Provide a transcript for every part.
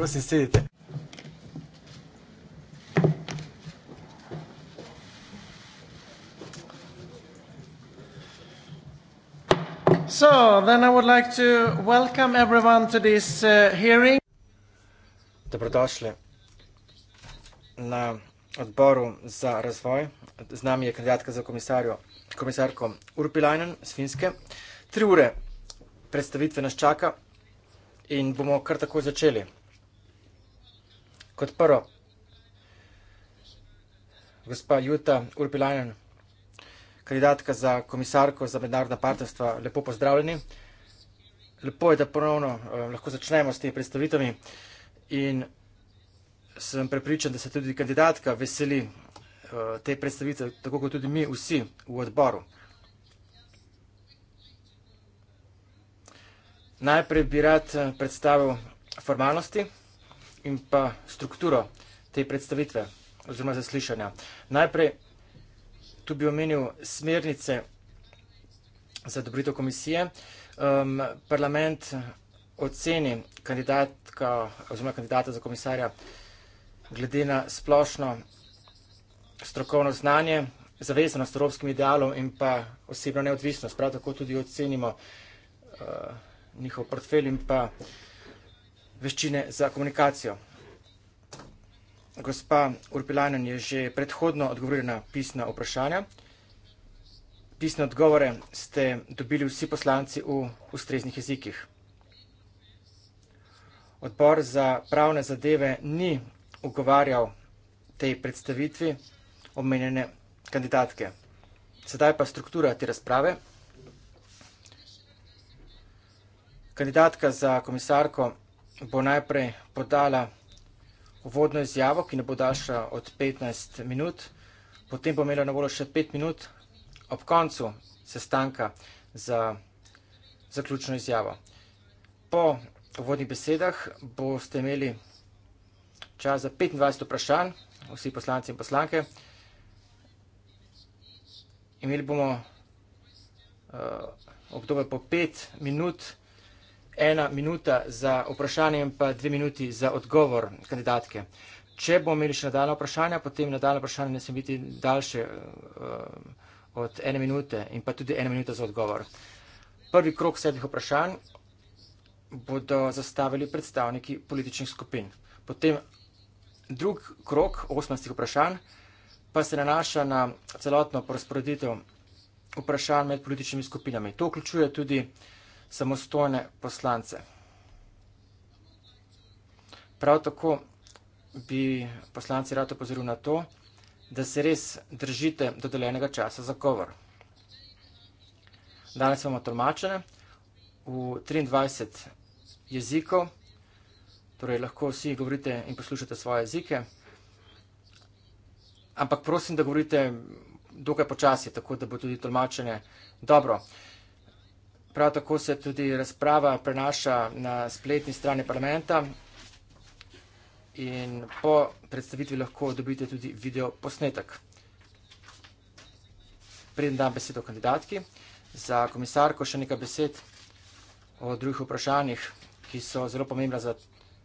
Prosim, sedite. So, then I would like to welcome everyone to this uh, hearing. Dobrodošli na odboru za razvoj. Z nami je kandidatka za komisarjo, komisarko Urpilainen z Finske. Tri ure predstavitve nas čaka in bomo kar tako začeli. Kot prvo, gospa Juta Urpilajan, kandidatka za komisarko za mednarodna partnerstva, lepo pozdravljeni. Lepo je, da ponovno eh, lahko začnemo s temi predstavitvami in sem prepričan, da se tudi kandidatka veseli eh, te predstavitve, tako kot tudi mi vsi v odboru. Najprej bi rad eh, predstavil formalnosti in pa strukturo te predstavitve oziroma zaslišanja. Najprej tu bi omenil smernice za dobrito komisije. Um, parlament oceni kandidatka oziroma kandidata za komisarja glede na splošno strokovno znanje, zavezanost evropskim idealom in pa osebno neodvisnost. Prav tako tudi ocenimo uh, njihov portfelj in pa uh, veščine za komunikacijo. Gospa Urpilajnen je že predhodno odgovorila na pisna vprašanja. Pisne odgovore ste dobili vsi poslanci v ustreznih jezikih. Odbor za pravne zadeve ni ugovarjal tej predstavitvi omenjene kandidatke. Sedaj pa struktura te razprave. Kandidatka za komisarko bo najprej podala uvodno izjavo, ki ne bo daljša od 15 minut, potem bo imela na voljo še 5 minut ob koncu sestanka za zaključno izjavo. Po uvodnih besedah boste imeli čas za 25 vprašanj, vsi poslanci in poslanke. Imeli bomo uh, obdobje po 5 minut ena minuta za vprašanje in pa dve minuti za odgovor kandidatke. Če bomo imeli še nadaljne vprašanja, potem nadaljne vprašanje ne sme biti daljše uh, od ene minute in pa tudi ena minuta za odgovor. Prvi krok sedmih vprašanj bodo zastavili predstavniki političnih skupin. Potem drug krok osmastih vprašanj pa se nanaša na celotno porazporeditev vprašanj med političnimi skupinami. To vključuje tudi uh, samostojne poslance. Prav tako bi poslanci rad opozoril na to, da se res držite dodeljenega časa za govor. Danes imamo tolmačene v 23 jezikov, torej lahko vsi govorite in poslušate svoje jezike, ampak prosim, da govorite dokaj počasi, tako da bo tudi tolmačenje dobro. Prav tako se tudi razprava prenaša na spletni strani parlamenta in po predstavitvi lahko dobite tudi video posnetek. Preden dam besedo kandidatki, za komisarko še nekaj besed o drugih vprašanjih, ki so zelo pomembna za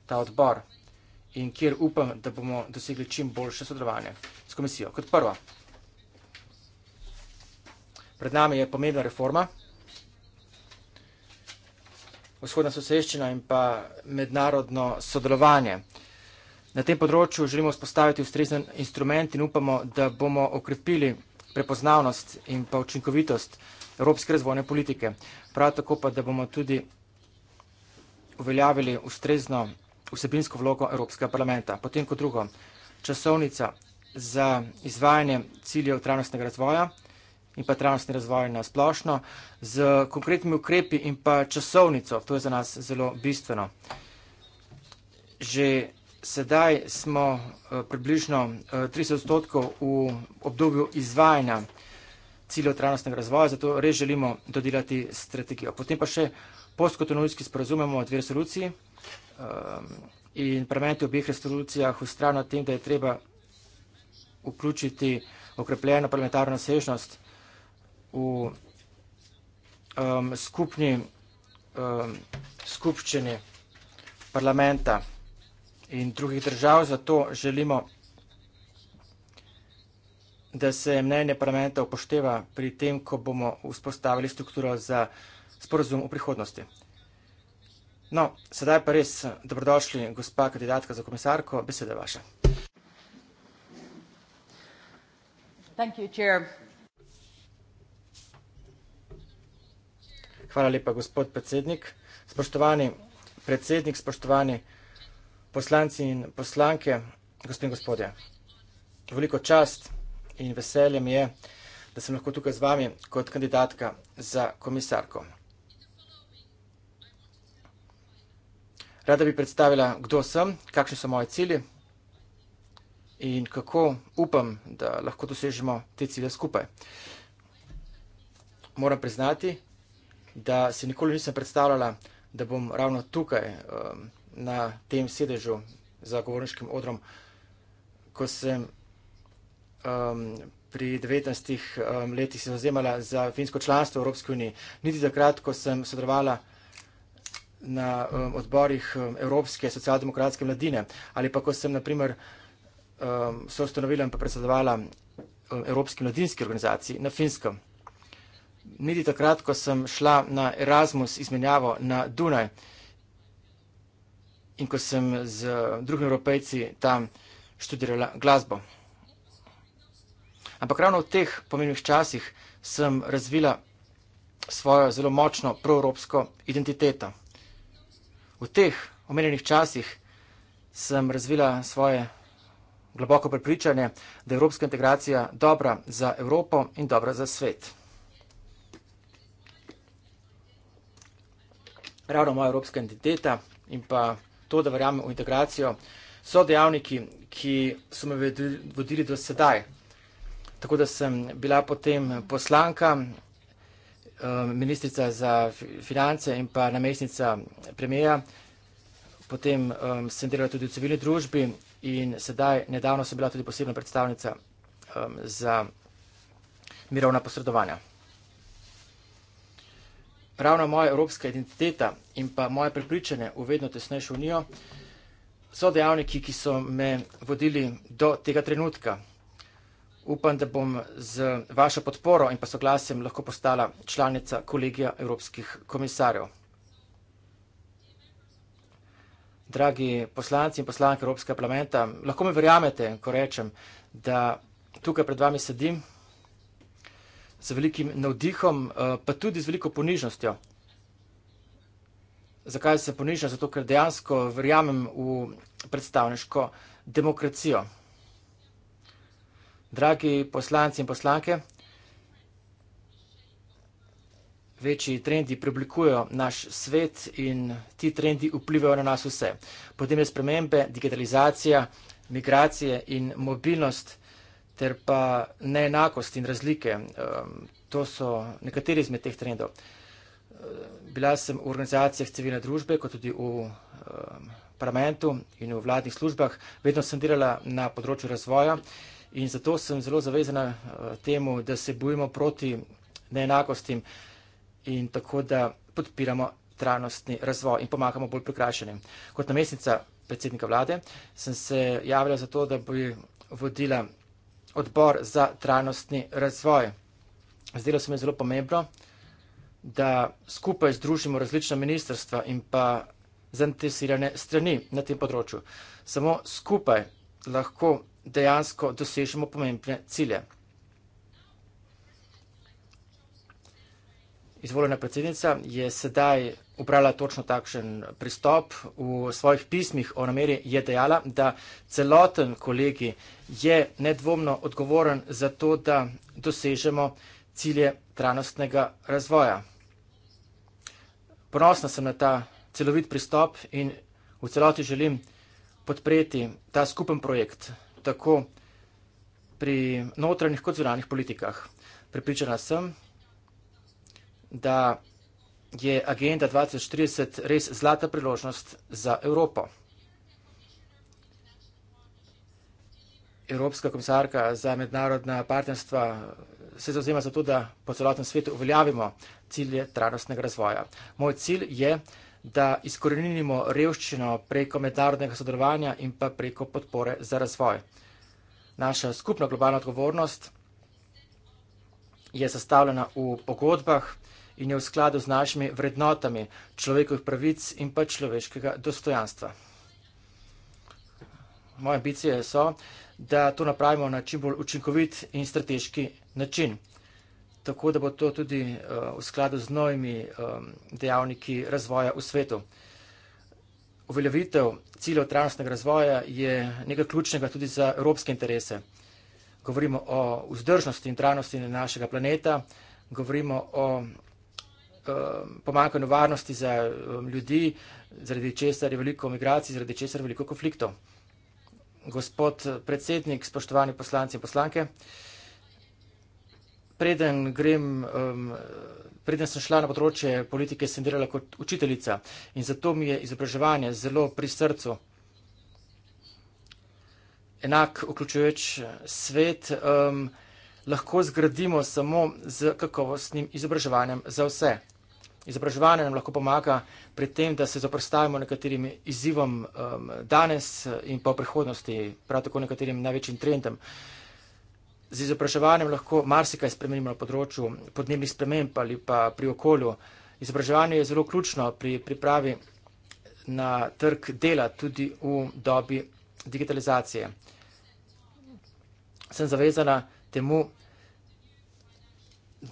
ta odbor in kjer upam, da bomo dosegli čim boljše sodelovanje s komisijo. Kot prvo, pred nami je pomembna reforma vzhodna soseščina in pa mednarodno sodelovanje. Na tem področju želimo spostaviti ustrezen instrument in upamo, da bomo okrepili prepoznavnost in pa učinkovitost Evropske razvojne politike. Prav tako pa, da bomo tudi uveljavili ustrezno vsebinsko vlogo Evropskega parlamenta. Potem kot drugo, časovnica za izvajanje ciljev trajnostnega razvoja, in pa trajnostni razvoj na splošno z konkretnimi ukrepi in pa časovnico. To je za nas zelo bistveno. Že sedaj smo eh, približno 30 eh, odstotkov v obdobju izvajanja ciljev trajnostnega razvoja, zato res želimo dodelati strategijo. Potem pa še postkotonovski sporozum imamo dve resoluciji eh, in parlamenti v obeh resolucijah ustrajajo na tem, da je treba vključiti okrepljeno parlamentarno sežnost u um, skupni um, skupščini parlamenta in drugih držav, zato želimo, da se mnenje parlamenta upošteva pri tem, ko bomo vzpostavili strukturo za sporozum v prihodnosti. No, sedaj pa res dobrodošli, gospa kandidatka za komisarko, beseda vaša. Thank you, Chair. Hvala lepa, gospod predsednik. Spoštovani predsednik, spoštovani poslanci in poslanke, gospod in gospodje. Veliko čast in veselje mi je, da sem lahko tukaj z vami kot kandidatka za komisarko. Rada bi predstavila, kdo sem, kakšni so moje cilji in kako upam, da lahko dosežemo te cilje skupaj. Moram priznati, da si nikoli nisem predstavljala, da bom ravno tukaj um, na tem sedežu za govorniškim odrom, ko sem um, pri 19 um, letih se zauzemala za finsko članstvo v Evropski uniji, niti takrat, ko sem sodelovala na um, odborih um, Evropske socialdemokratske mladine ali pa ko sem naprimer um, soustanovila in pa predsedovala um, Evropski mladinski organizaciji na finskem niti takrat, ko sem šla na Erasmus izmenjavo na Dunaj in ko sem z drugimi evropejci tam študirala glasbo. Ampak ravno v teh pomembnih časih sem razvila svojo zelo močno proevropsko identiteto. V teh omenjenih časih sem razvila svoje globoko prepričanje, da je evropska integracija dobra za Evropo in dobra za svet. ravno moja evropska identiteta in pa to, da verjamem v integracijo, so dejavniki, ki so me vodili do sedaj. Tako da sem bila potem poslanka, eh, ministrica za finance in pa namestnica premijeja. Potem um, sem delala tudi v civilni družbi in sedaj, nedavno, sem bila tudi posebna predstavnica um, za mirovna posredovanja ravno moja evropska identiteta in pa moje prepričanje v vedno tesnejšo unijo so dejavniki, ki so me vodili do tega trenutka. Upam, da bom z vašo podporo in pa soglasjem lahko postala članica kolegija evropskih komisarjev. Dragi poslanci in poslanke Evropskega parlamenta, lahko me verjamete, ko rečem, da tukaj pred vami sedim z velikim navdihom, eh, pa tudi z veliko ponižnostjo. Zakaj se ponižam? Zato, ker dejansko verjamem v predstavniško demokracijo. Dragi poslanci in poslanke, večji trendi preoblikujejo naš svet in ti trendi vplivajo na nas vse. Podnebne spremembe, digitalizacija, migracije in mobilnost ter pa neenakost in razlike. To so nekateri izmed teh trendov. Bila sem v organizacijah civilne družbe, kot tudi v parlamentu in v vladnih službah. Vedno sem delala na področju razvoja in zato sem zelo zavezana eh, temu, da se bojimo proti neenakostim in tako, da podpiramo trajnostni razvoj in pomagamo bolj prikrašenim. Kot namestnica predsednika vlade sem se javila za to, da bi vodila odbor za trajnostni razvoj. Zdelo se mi zelo pomembno, da skupaj združimo različna ministrstva in pa zainteresirane strani na tem področju. Samo skupaj lahko dejansko dosežemo pomembne cilje. Izvoljena predsednica je sedaj upravlja točno takšen pristop. V svojih pismih o nameri je dejala, da celoten kolegi je nedvomno odgovoren za to, da dosežemo cilje trajnostnega razvoja. Ponosna sem na ta celovit pristop in v celoti želim podpreti ta skupen projekt, tako pri notranjih kot zunanjih politikah. Pripričana sem, da je agenda 2030 res zlata priložnost za Evropo. Evropska komisarka za mednarodna partnerstva se zauzema za to, da po celotnem svetu uveljavimo cilje trajnostnega razvoja. Moj cilj je, da izkoreninimo revščino preko mednarodnega sodelovanja in pa preko podpore za razvoj. Naša skupna globalna odgovornost je sestavljena v pogodbah, in je v skladu z našimi vrednotami človekovih pravic in pa človeškega dostojanstva. Moje ambicije so, da to napravimo na čim bolj učinkovit in strateški način, tako da bo to tudi eh, v skladu z novimi eh, dejavniki razvoja v svetu. Uveljavitev ciljev trajnostnega razvoja je nekaj ključnega tudi za evropske interese. Govorimo o vzdržnosti in trajnosti našega planeta, govorimo o Um, pomankanju varnosti za um, ljudi, zaradi česar je veliko migracij, zaradi česar je veliko konfliktov. Gospod predsednik, spoštovani poslanci in poslanke, preden grem, um, preden sem šla na področje politike, sem delala kot učiteljica in zato mi je izobraževanje zelo pri srcu. Enak vključujoč svet um, lahko zgradimo samo z kakovostnim izobraževanjem za vse. Izobraževanje nam lahko pomaga pri tem, da se zoprstavimo nekaterim izzivom um, danes uh, in pa v prihodnosti, prav tako nekaterim največjim trendom. Z izobraževanjem lahko marsikaj spremenimo na področju podnebnih sprememb ali pa pri okolju. Izobraževanje je zelo ključno pri pripravi na trg dela tudi v dobi digitalizacije. Sem zavezana temu,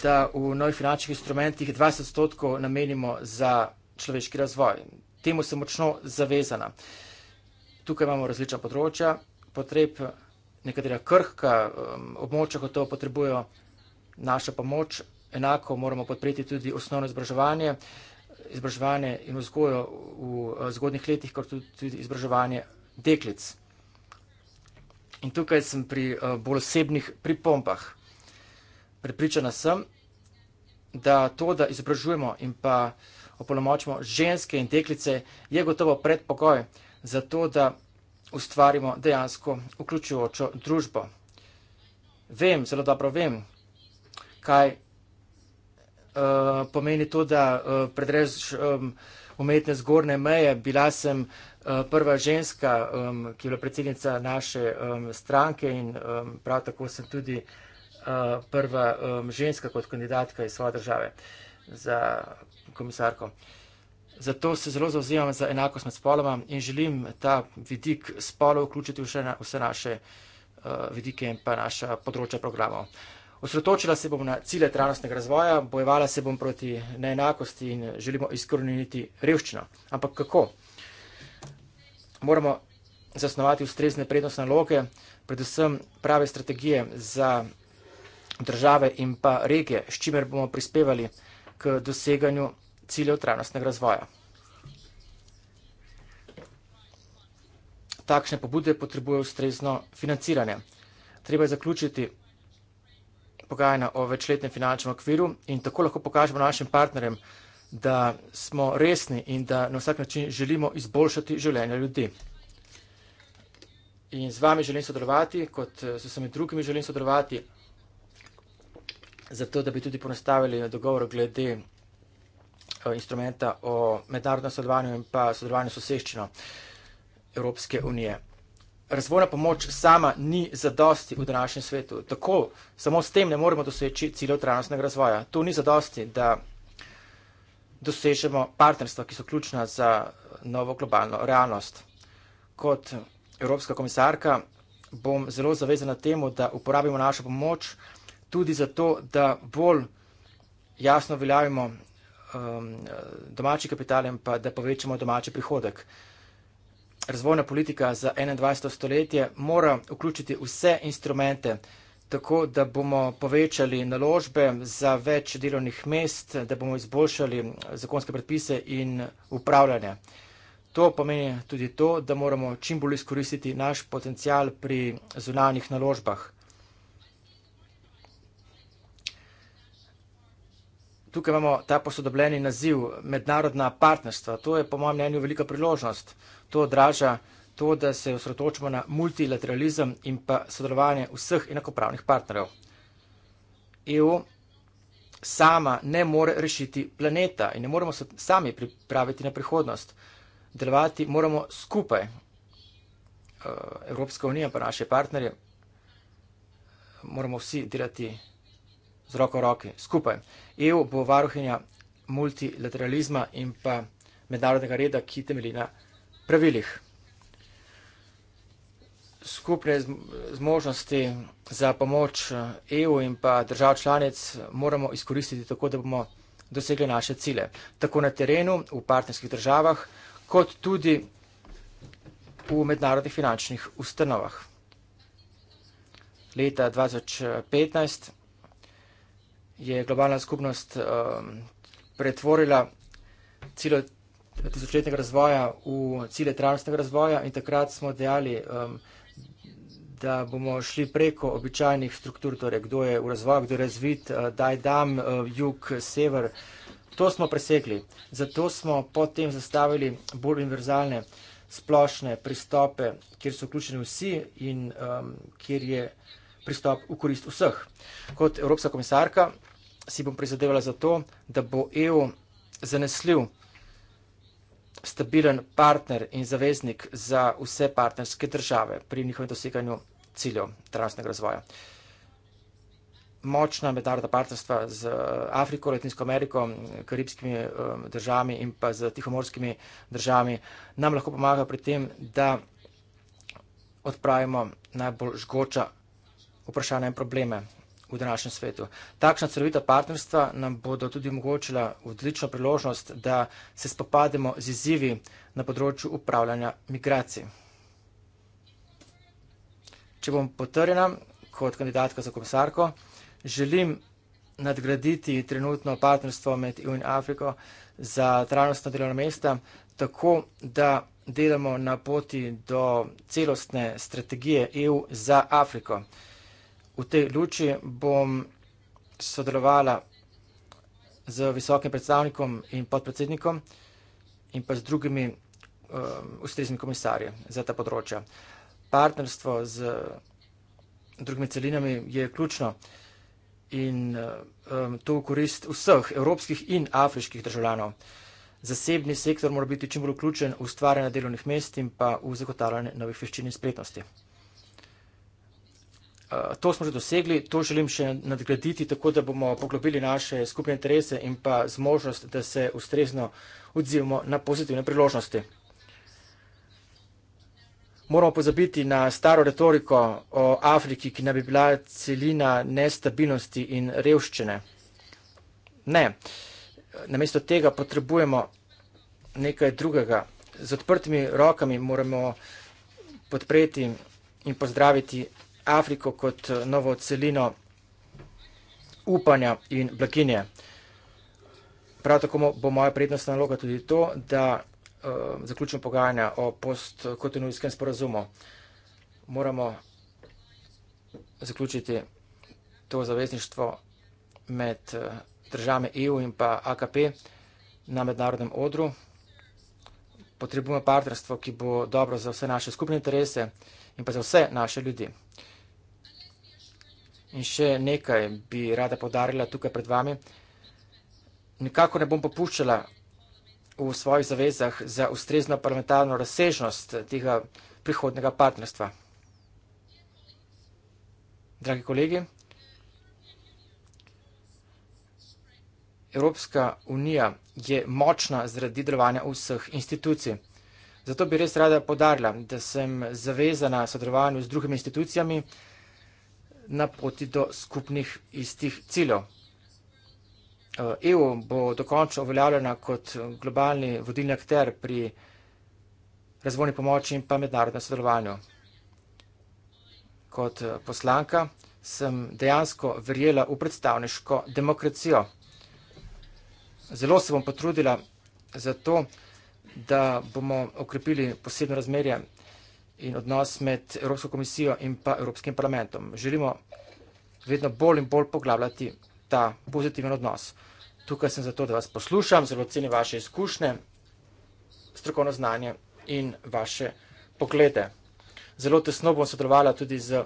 da v novih finančnih instrumentih 20 odstotkov namenimo za človeški razvoj. Temu sem močno zavezana. Tukaj imamo različna področja, potreb nekatera krhka um, območja, kot to potrebujo naša pomoč. Enako moramo podpreti tudi osnovno izobraževanje, izobraževanje in vzgojo v eh, zgodnih letih, kot tudi, tudi izobraževanje deklic. In tukaj sem pri eh, bolj osebnih pripombah. Pripričana sem, da to, da izobražujemo in pa opolnomočimo ženske in deklice, je gotovo predpogoj za to, da ustvarimo dejansko vključujočo družbo. Vem, zelo dobro vem, kaj uh, pomeni to, da uh, eh, predrežeš um, umetne zgorne meje. Bila sem uh, prva ženska, um, ki je bila predsednica naše um, stranke in um, prav tako sem tudi uh, Eh, prva um, ženska kot kandidatka iz svoje države za komisarko. Zato se zelo zauzemam za enakost med spoloma in želim ta vidik spolov vključiti v na, vse naše uh, vidike in pa naša področja programov. Osredotočila se bom na cilje trajnostnega razvoja, bojevala se bom proti neenakosti in želimo izkoreniti revščino. Ampak kako? Moramo zasnovati ustrezne prednostne naloge, predvsem prave strategije za države in pa regije, s čimer bomo prispevali k doseganju ciljev trajnostnega razvoja. Takšne pobude potrebuje ustrezno financiranje. Treba je zaključiti pogajanja o večletnem finančnem okviru in tako lahko pokažemo našim partnerjem, da smo resni in da na vsak način želimo izboljšati življenje ljudi. In z vami želim sodelovati, kot z vsemi drugimi želim sodelovati, zato da bi tudi ponastavili dogovor glede eh, instrumenta o mednarodnem sodelovanju in pa sodelovanju soseščino Evropske unije. Razvojna pomoč sama ni zadosti v današnjem svetu. Tako samo s tem ne moremo doseči ciljev trajnostnega razvoja. To ni zadosti, da dosežemo partnerstva, ki so ključna za novo globalno realnost. Kot Evropska komisarka bom zelo zavezana temu, da uporabimo našo pomoč, tudi zato, da bolj jasno veljavimo um, domači kapital in pa da povečamo domači prihodek. Razvojna politika za 21. stoletje mora vključiti vse instrumente, tako da bomo povečali naložbe za več delovnih mest, da bomo izboljšali zakonske predpise in upravljanje. To pomeni tudi to, da moramo čim bolj izkoristiti naš potencial pri zunanjih naložbah. Tukaj imamo ta posodobljeni naziv mednarodna partnerstva. To je po mojem mnenju velika priložnost. To odraža to, da se osredotočimo na multilateralizem in pa sodelovanje vseh enakopravnih partnerjev. EU sama ne more rešiti planeta in ne moremo se sami pripraviti na prihodnost. Delovati moramo skupaj. Eh, Evropska unija pa naše partnerje. Moramo vsi delati skupaj z roko v roki skupaj. EU bo varuhinja multilateralizma in pa mednarodnega reda, ki temelji na pravilih. Skupne zmožnosti za pomoč EU in pa držav članic moramo izkoristiti tako, da bomo dosegli naše cile. Tako na terenu, v partnerskih državah, kot tudi v mednarodnih finančnih ustanovah. Leta 2015 je globalna skupnost um, pretvorila cilj tisočletnega razvoja v cilje trajnostnega razvoja in takrat smo dejali, um, da bomo šli preko običajnih struktur, torej kdo je v razvoju, kdo je razvit, uh, daj dam, uh, jug, sever. To smo presegli, zato smo potem zastavili bolj univerzalne, splošne pristope, kjer so vključeni vsi in um, kjer je pristop v korist vseh. Kot Evropska komisarka si bom prizadevala za to, da bo EU zanesljiv, stabilen partner in zaveznik za vse partnerske države pri njihovem doseganju ciljev trajnostnega razvoja. Močna mednarodna partnerstva z Afriko, Latinsko Ameriko, karibskimi um, državami in pa z tihomorskimi državami nam lahko pomaga pri tem, da odpravimo najbolj žgoča vprašanja in probleme v današnjem svetu. Takšna celovita partnerstva nam bodo tudi omogočila odlično priložnost, da se spopademo z izzivi na področju upravljanja migracij. Če bom potrjena kot kandidatka za komisarko, želim nadgraditi trenutno partnerstvo med EU in Afriko za trajnostna delovna mesta, tako da delamo na poti do celostne strategije EU za Afriko. V tej luči bom sodelovala z visokim predstavnikom in podpredsednikom in pa z drugimi um, ustreznimi komisarji za ta področja. Partnerstvo z drugimi celinami je ključno in um, to v korist vseh evropskih in afriških državljanov. Zasebni sektor mora biti čim bolj vključen v stvarjanje delovnih mest in pa v zagotavljanje novih veščin in spretnosti. Eh, to smo že dosegli, to želim še nadgraditi, tako da bomo poglobili naše skupne interese in pa zmožnost, da se ustrezno odzivamo na pozitivne priložnosti. Moramo pozabiti na staro retoriko o Afriki, ki naj bi bila celina nestabilnosti in revščine. Ne, namesto tega potrebujemo nekaj drugega. Z odprtimi rokami moramo podpreti in pozdraviti Afriko kot eh, novo celino upanja in blaginje. Prav tako bo moja prednostna naloga tudi to, da uh, zaključim pogajanja o postkotinovskem sporazumu. Moramo zaključiti to zavezništvo med eh, državami EU in pa AKP na mednarodnem odru. Potrebujemo partnerstvo, ki bo dobro za vse naše skupne interese in pa za vse naše ljudi. In še nekaj bi rada podarila tukaj pred vami. Nikako ne bom popuščala v svojih zavezah za ustrezno parlamentarno razsežnost tega prihodnega partnerstva. Dragi kolegi, Evropska unija je močna zaradi delovanja vseh institucij. Zato bi res rada podarila, da sem zavezana sodelovanju z drugimi institucijami, na poti do skupnih istih ciljev. EU eh, e bo dokončno uveljavljena kot eh, globalni vodilni akter pri razvojni pomoči in pa mednarodnem sodelovanju. Kot eh, poslanka sem dejansko verjela v predstavniško demokracijo. Zelo se bom potrudila za to, da bomo okrepili posebno razmerje in odnos med Evropsko komisijo in pa Evropskim parlamentom. Želimo vedno bolj in bolj poglavljati ta pozitiven odnos. Tukaj sem zato, da vas poslušam, zelo cenim vaše izkušnje, strokovno znanje in vaše poglede. Zelo tesno bom sodelovala tudi z uh,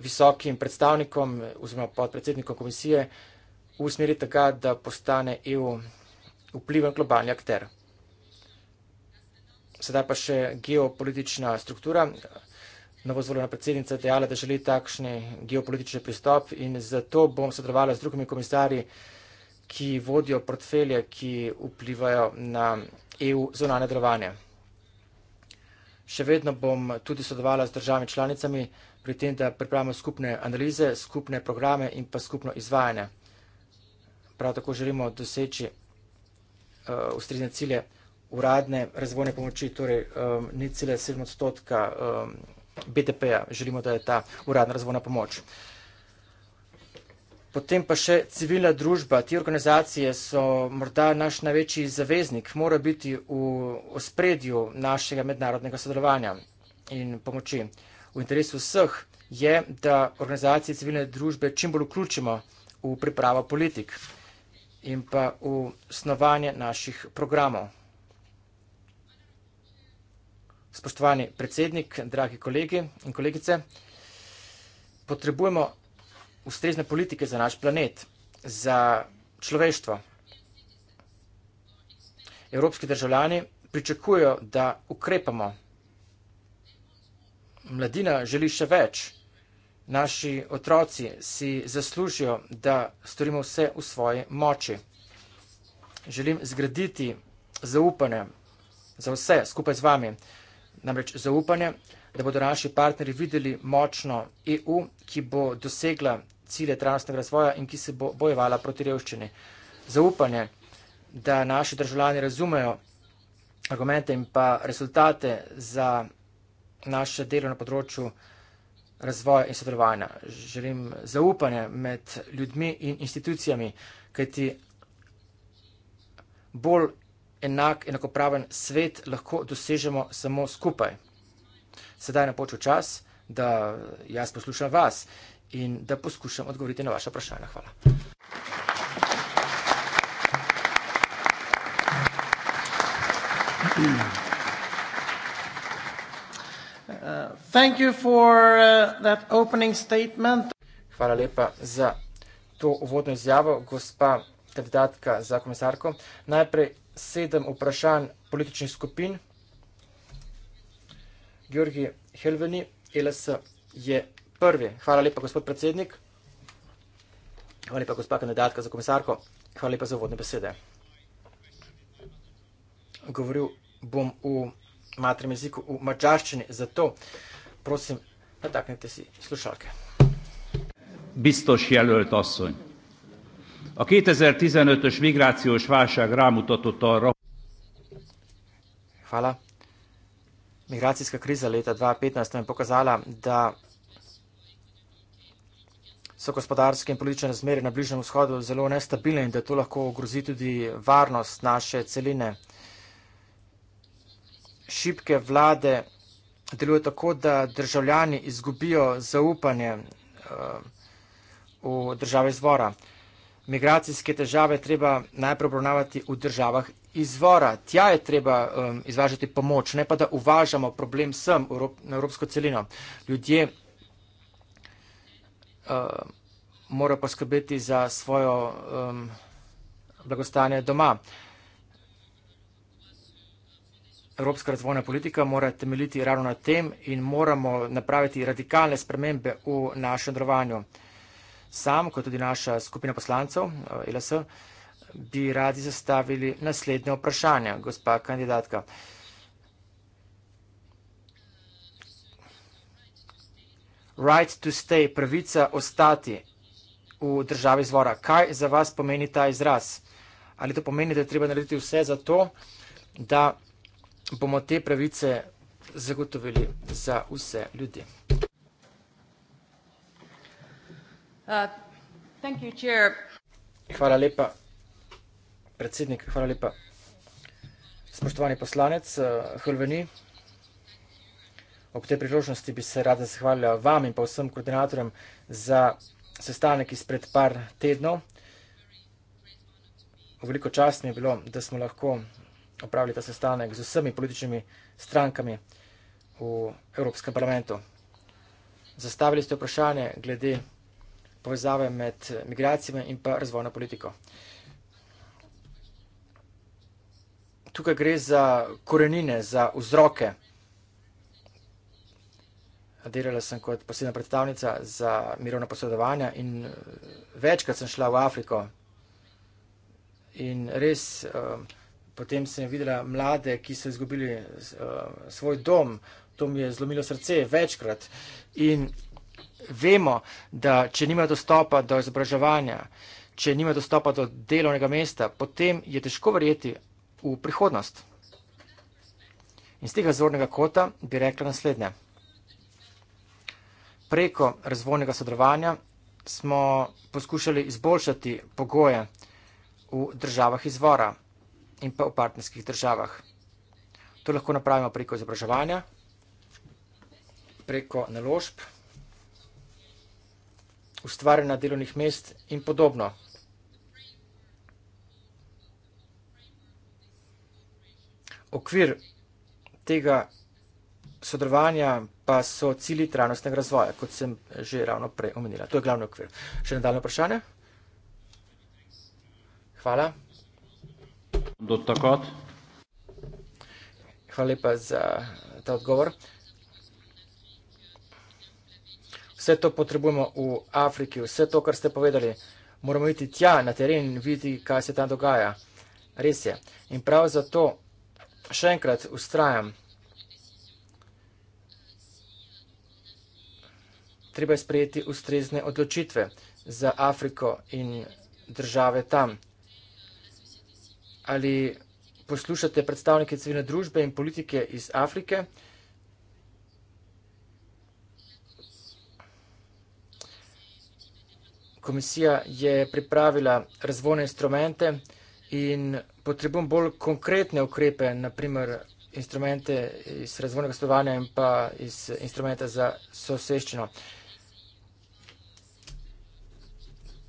visokim predstavnikom oziroma podpredsednikom komisije v smeri tega, da postane EU vpliven globalni akter. Sedaj pa še geopolitična struktura. Novozvoljena predsednica je dejala, da želi takšni geopolitični pristop in zato bom sodelovala z drugimi komisarji, ki vodijo portfelje, ki vplivajo na EU zunanje delovanje. Še vedno bom tudi sodelovala z državami članicami pri tem, da pripravimo skupne analize, skupne programe in pa skupno izvajanje. Prav tako želimo doseči uh, ustrezne cilje uradne razvojne pomoči, torej um, nicele 7 odstotka um, BDP-ja, želimo, da je ta uradna razvojna pomoč. Potem pa še civilna družba, ti organizacije so morda naš največji zaveznik, mora biti v spredju našega mednarodnega sodelovanja in pomoči. V interesu vseh je, da organizacije civilne družbe čim bolj vključimo v pripravo politik in pa v snovanje naših programov. Spoštovani predsednik, dragi kolegi in kolegice, potrebujemo ustrezne politike za naš planet, za človeštvo. Evropski državljani pričakujejo, da ukrepamo. Mladina želi še več. Naši otroci si zaslužijo, da storimo vse v svoji moči. Želim zgraditi zaupanje za vse skupaj z vami. Namreč zaupanje, da bodo naši partneri videli močno EU, ki bo dosegla cilje trajnostnega razvoja in ki se bo bojevala proti revščini. Zaupanje, da naši državljani razumejo argumente in pa rezultate za naše delo na področju razvoja in sodelovanja. Želim zaupanje med ljudmi in institucijami, kajti bolj enak, enakopraven svet lahko dosežemo samo skupaj. Sedaj je na poču čas, da jaz poslušam vas in da poskušam odgovoriti na vaše vprašanje. Hvala. Uh, Hvala lepa za to uvodno izjavo, gospa kandidatka za komisarko. Najprej sedem vprašanj političnih skupin. Georgi Helveni, LS je prvi. Hvala lepa, gospod predsednik. Hvala lepa, gospod kandidatka za komisarko. Hvala lepa za vodne besede. Govoril bom v materem jeziku, v mačarščini, zato prosim, nataknite si slušalke. Bistoš jelujete osvojnje. A 2015-ös migrációs válság rámutatott arra, Hvala. Migracijska kriza leta 2015 nam je pokazala, da so gospodarske in politične razmere na Bližnem vzhodu zelo nestabilne in da to lahko ogrozi tudi varnost naše celine. Šipke vlade delujejo tako, da državljani izgubijo zaupanje uh, v države izvora. Uh, migracijske težave treba najprej obravnavati v državah izvora. Tja je treba um, izvažati pomoč, ne pa da uvažamo problem sem na evropsko celino. Ljudje uh, morajo poskrbeti za svojo um, blagostanje doma. Evropska razvojna politika mora temeljiti ravno na tem in moramo napraviti radikalne spremembe v našem delovanju sam, kot tudi naša skupina poslancev eh, LS, bi radi zastavili naslednje vprašanje, gospa kandidatka. Right to stay, pravica ostati v državi zvora. Kaj za vas pomeni ta izraz? Ali to pomeni, da je treba narediti vse za to, da bomo te pravice zagotovili za vse ljudi? Hvala lepa, predsednik, hvala lepa. Spoštovani poslanec eh, Hrveni, ob tej priložnosti bi se rada zahvalila vam in pa vsem koordinatorjem za sestanek izpred par tednov. Veliko čast mi je bilo, da smo lahko opravili ta sestanek z vsemi političnimi strankami v Evropskem parlamentu. Zastavili ste vprašanje glede povezave med migracijami in pa razvojno politiko. Tukaj gre za korenine, za vzroke. Delala sem kot posebna predstavnica za mirovna posredovanja in eh, večkrat sem šla v Afriko in res eh, potem sem videla mlade, ki so izgubili eh, svoj dom. To mi je zlomilo srce večkrat in vemo, da če nima dostopa do izobraževanja, če nima dostopa do delovnega mesta, potem je težko verjeti v prihodnost. In z tega zornega kota bi rekla naslednje. Preko razvojnega sodelovanja smo poskušali izboljšati pogoje v državah izvora in pa v partnerskih državah. To lahko napravimo preko izobraževanja, preko naložb ustvarjena delovnih mest in podobno. Okvir tega sodelovanja pa so cilji trajnostnega razvoja, kot sem že ravno prej omenila. To je glavni okvir. Še nadaljne vprašanje? Hvala. Do takrat. Hvala lepa za ta odgovor vse to potrebujemo v Afriki, vse to, kar ste povedali, moramo iti tja na teren in videti, kaj se tam dogaja. Res je. In prav zato še enkrat ustrajam. Treba je sprejeti ustrezne odločitve za Afriko in države tam. Ali poslušate predstavnike civilne družbe in politike iz Afrike? komisija je pripravila razvojne instrumente in potrebujem bolj konkretne ukrepe, naprimer instrumente iz razvojnega sodelovanja in pa iz instrumenta za soseščino.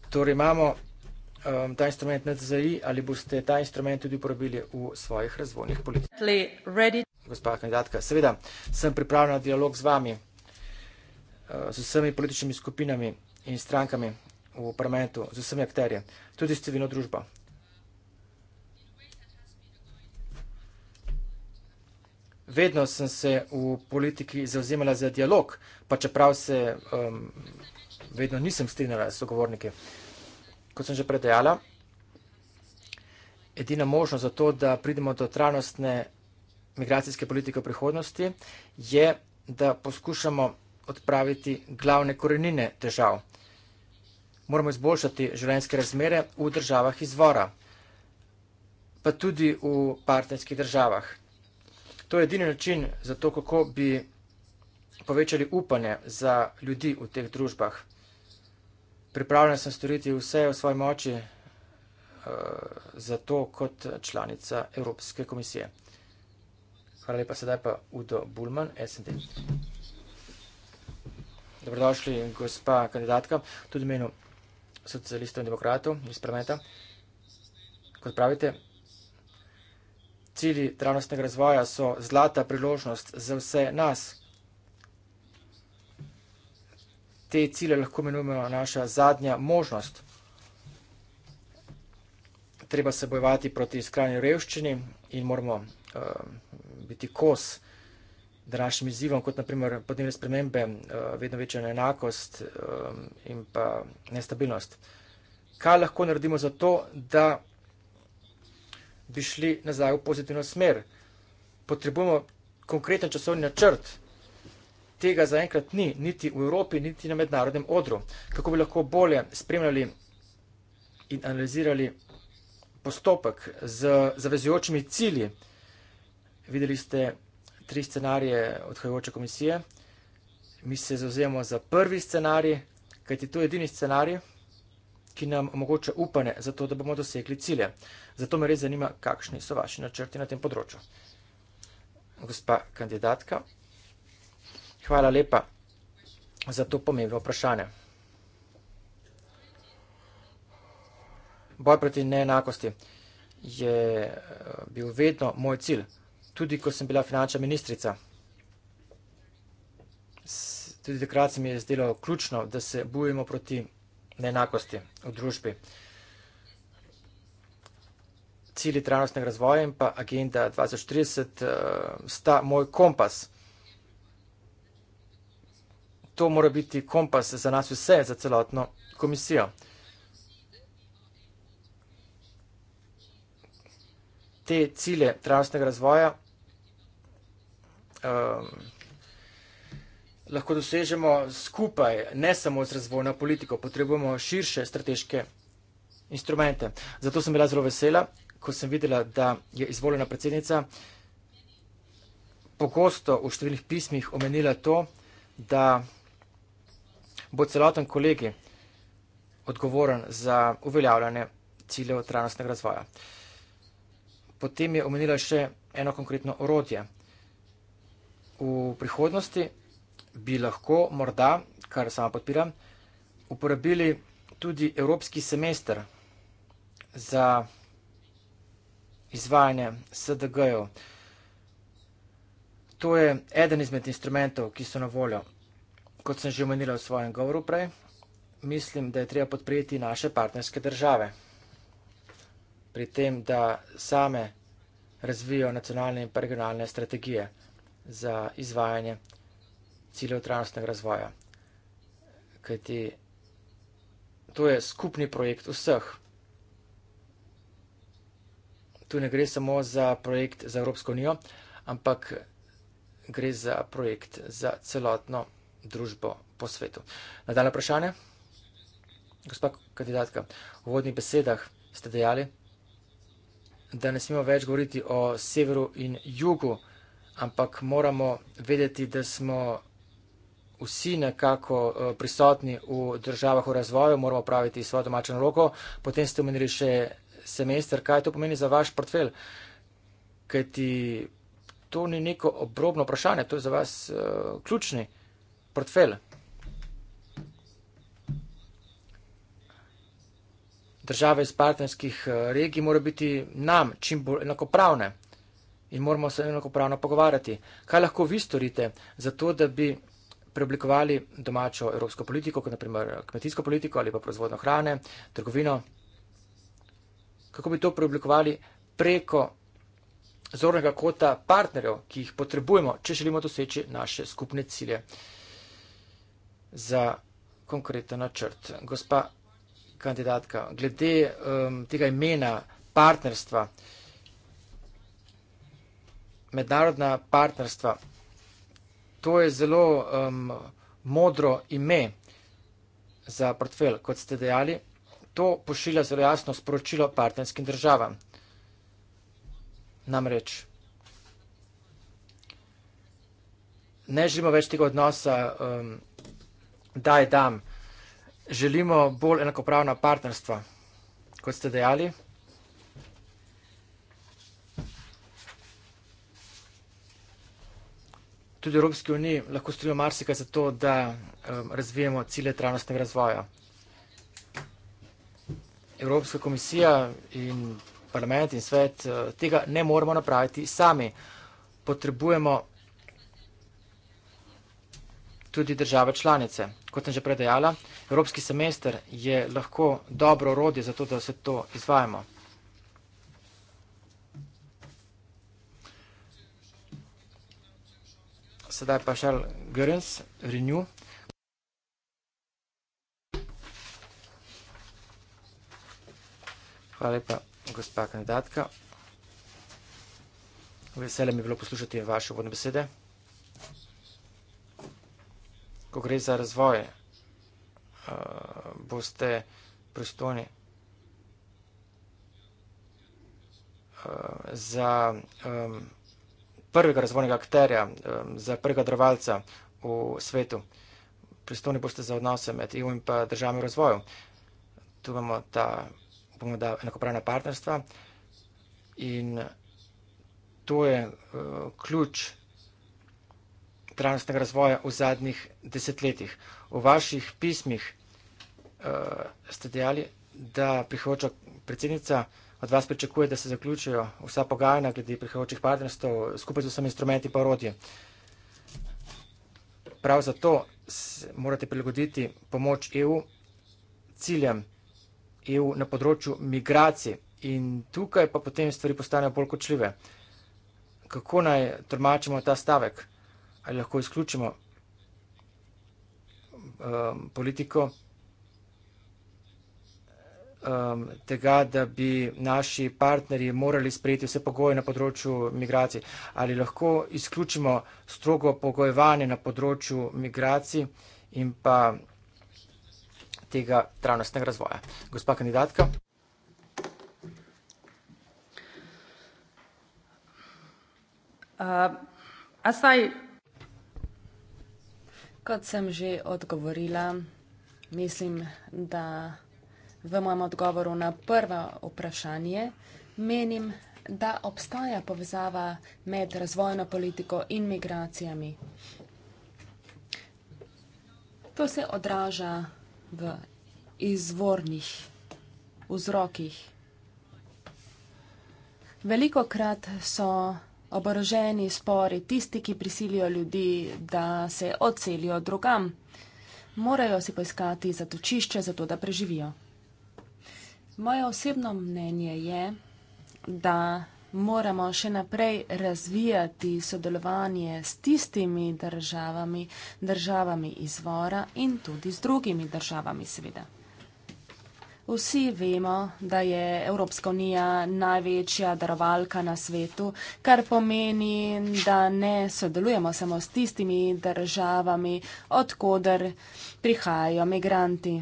Torej imamo um, ta instrument na CZI, ali boste ta instrument tudi uporabili v svojih razvojnih politikah? Gospa kandidatka, seveda sem pripravljen na dialog z vami, uh, z vsemi političnimi skupinami in strankami v parlamentu z vsemi akterje, tudi s civilno družbo. Vedno sem se v politiki zauzemala za dialog, pa čeprav se um, vedno nisem strinjala s sogovorniki. Kot sem že predajala, edina možnost za to, da pridemo do trajnostne migracijske politike v prihodnosti, je, da poskušamo odpraviti glavne korenine težav moramo izboljšati življenjske razmere v državah izvora, pa tudi v partnerskih državah. To je edini način za to, kako bi povečali upanje za ljudi v teh družbah. Pripravljena sem storiti vse v svoji moči uh, za to kot članica Evropske komisije. Hvala lepa, sedaj pa Udo Bulman, SND. Dobrodošli, gospa kandidatka, tudi menu socialistov in demokratov iz premeta. Kot pravite, cilji trajnostnega razvoja so zlata priložnost za vse nas. Te cilje lahko imenujemo naša zadnja možnost. Treba se bojevati proti skrajni revščini in moramo uh, biti kos današnjim izzivom, kot naprimer podnebne spremembe, eh, vedno večja neenakost eh, in pa nestabilnost. Kaj lahko naredimo za to, da bi šli nazaj v pozitivno smer? Potrebujemo konkreten časovni načrt. Tega zaenkrat ni, niti v Evropi, niti na mednarodnem odru. Kako bi lahko bolje spremljali in analizirali postopek z zavezujočimi cilji? Videli ste tri scenarije odhajajoče komisije. Mi se zauzemamo za prvi scenarij, kajti to je edini scenarij, ki nam omogoča upanje za to, da bomo dosegli cilje. Zato me res zanima, kakšni so vaši načrti na tem področju. Gospa kandidatka, hvala lepa za to pomembno vprašanje. Boj proti neenakosti je eh, bil vedno moj cilj tudi ko sem bila finančna ministrica. Tudi takrat se mi je zdelo ključno, da se bojimo proti neenakosti v družbi. Cili trajnostnega razvoja in pa agenda 2030 eh, sta moj kompas. To mora biti kompas za nas vse, za celotno komisijo. te cilje trajnostnega razvoja um, lahko dosežemo skupaj, ne samo z razvojno politiko, potrebujemo širše strateške instrumente. Zato sem bila zelo vesela, ko sem videla, da je izvoljena predsednica pogosto v številnih pismih omenila to, da bo celoten kolegi odgovoren za uveljavljanje ciljev trajnostnega razvoja. Potem je omenila še eno konkretno orodje. V prihodnosti bi lahko, morda, kar sama podpiram, uporabili tudi evropski semester za izvajanje SDG-jev. To je eden izmed instrumentov, ki so na voljo. Kot sem že omenila v svojem govoru prej, mislim, da je treba podpreti naše partnerske države pri tem, da same razvijo nacionalne in regionalne strategije za izvajanje ciljev trajnostnega razvoja. Kajti to je skupni projekt vseh. Tu ne gre samo za projekt za Evropsko unijo, ampak gre za projekt za celotno družbo po svetu. Nadaljne vprašanje? Gospa kandidatka, v vodnih besedah ste dejali, da ne smemo več govoriti o severu in jugu, ampak moramo vedeti, da smo vsi nekako eh, prisotni v državah v razvoju, moramo praviti svojo domačo nalogo. Potem ste omenili še semester, kaj to pomeni za vaš portfel. Kaj ti to ni neko obrobno vprašanje, to je za vas uh, ključni portfel. države iz partnerskih eh, regij mora biti nam čim bolj enakopravne in moramo se enakopravno pogovarjati. Kaj lahko vi storite za to, da bi preoblikovali domačo evropsko politiko, kot naprimer eh, kmetijsko politiko ali pa proizvodno hrane, trgovino? Kako bi to preoblikovali preko zornega kota partnerjev, ki jih potrebujemo, če želimo doseči naše skupne cilje za konkreten načrt? Gospa kandidatka, glede um, tega imena partnerstva, mednarodna partnerstva, to je zelo um, modro ime za portfel, kot ste dejali. To pošilja zelo jasno sporočilo partnerskim državam. Namreč ne želimo več tega odnosa, um, da je dam želimo bolj enakopravna partnerstva, kot ste dejali. Tudi Evropski uniji lahko storijo marsikaj za to, da um, razvijemo cilje trajnostnega razvoja. Evropska komisija in parlament in svet uh, tega ne moremo napraviti sami. Potrebujemo tudi države članice. Kot sem že prej dejala, evropski semester je lahko dobro orodje za to, da se to izvajamo. Sedaj pa šel Gerens, Renew. Hvala lepa, gospa kandidatka. Vesele mi je bilo poslušati vaše vodne besede ko gre za razvoj, eh, boste pristojni eh, za prvega razvojnega akterja, za prvega drvalca v svetu. Pristojni boste za odnose med EU in pa državami v razvoju. Tu imamo ta, bomo da enakopravna partnerstva in to je eh, ključ, trajnostnega razvoja v zadnjih desetletjih. V vaših pismih uh, ste dejali, da prihodoča predsednica od vas pričakuje, da se zaključijo vsa pogajanja glede prihodočih partnerstv skupaj z vsemi instrumenti pa orodje. Prav zato morate prilagoditi pomoč EU ciljem EU na področju migracij in tukaj pa potem stvari postanejo bolj kočljive. Kako naj tormačimo ta stavek? ali lahko izključimo um, politiko um, tega, da bi naši partnerji morali sprejeti vse pogoje na področju migracij, ali lahko izključimo strogo pogojevanje na področju migracij in pa tega trajnostnega razvoja. Gospa kandidatka. Uh, a saj Kot sem že odgovorila, mislim, da v mojem odgovoru na prvo vprašanje menim, da obstaja povezava med razvojno politiko in migracijami. To se odraža v izvornih vzrokih. Veliko krat so oboroženi spori, tisti, ki prisilijo ljudi, da se odselijo drugam. Morajo si poiskati zatočišče, zato da preživijo. Moje osebno mnenje je, da moramo še naprej razvijati sodelovanje s tistimi državami, državami izvora in tudi z drugimi državami, seveda. Vsi vemo, da je Evropska unija največja darovalka na svetu, kar pomeni, da ne sodelujemo samo s tistimi državami, odkuder prihajajo migranti.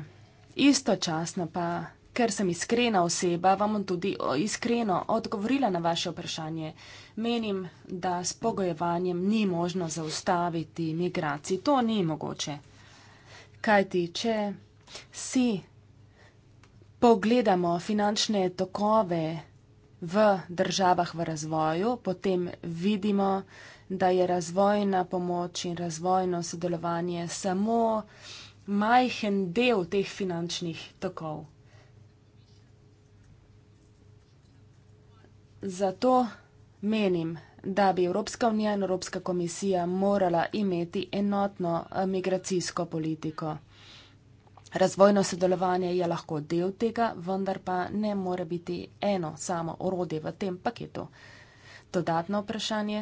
Istočasno pa, ker sem iskrena oseba, vam bom tudi iskreno odgovorila na vaše vprašanje. Menim, da s pogojevanjem ni možno zaustaviti migracij. To ni mogoče. Kaj ti, če si pogledamo finančne tokove v državah v razvoju, potem vidimo, da je razvojna pomoč in razvojno sodelovanje samo majhen del teh finančnih tokov. Zato menim, da bi Evropska unija in Evropska komisija morala imeti enotno eh, migracijsko politiko. Razvojno sodelovanje je lahko del tega, vendar pa ne more biti eno samo orodje v tem paketu. Dodatno vprašanje.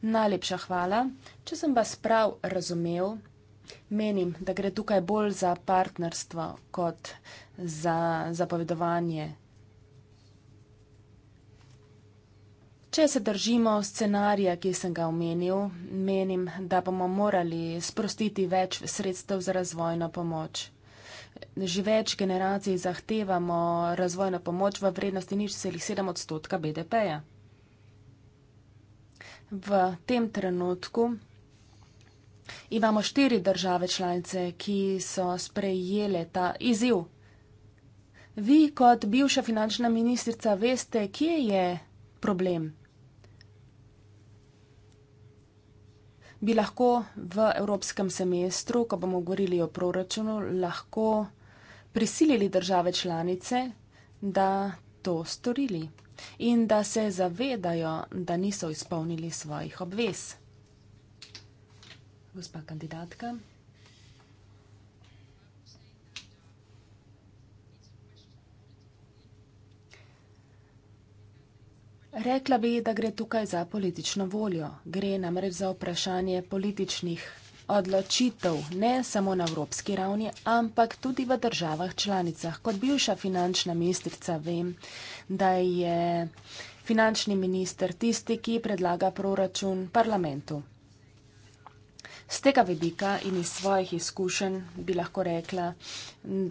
Najlepša hvala. Če sem vas prav razumel, menim, da gre tukaj bolj za partnerstvo kot za zapovedovanje. Če se držimo scenarija, ki sem ga omenil, menim, da bomo morali sprostiti več sredstev za razvojno pomoč že več generacij zahtevamo razvojno pomoč v vrednosti nič celih sedem odstotka BDP-ja. V tem trenutku imamo štiri države članice, ki so sprejele ta izziv. Vi kot bivša finančna ministrica veste, kje je problem. bi lahko v evropskem semestru, ko bomo govorili o proračunu, lahko prisilili države članice, da to storili in da se zavedajo, da niso izpolnili svojih obvez. Gospa kandidatka. Rekla bi, da gre tukaj za politično voljo. Gre namreč za vprašanje političnih odločitev, ne samo na evropski ravni, ampak tudi v državah članicah. Kot bivša finančna ministrica vem, da je finančni minister tisti, ki predlaga proračun parlamentu. Z tega vidika in iz svojih izkušenj bi lahko rekla,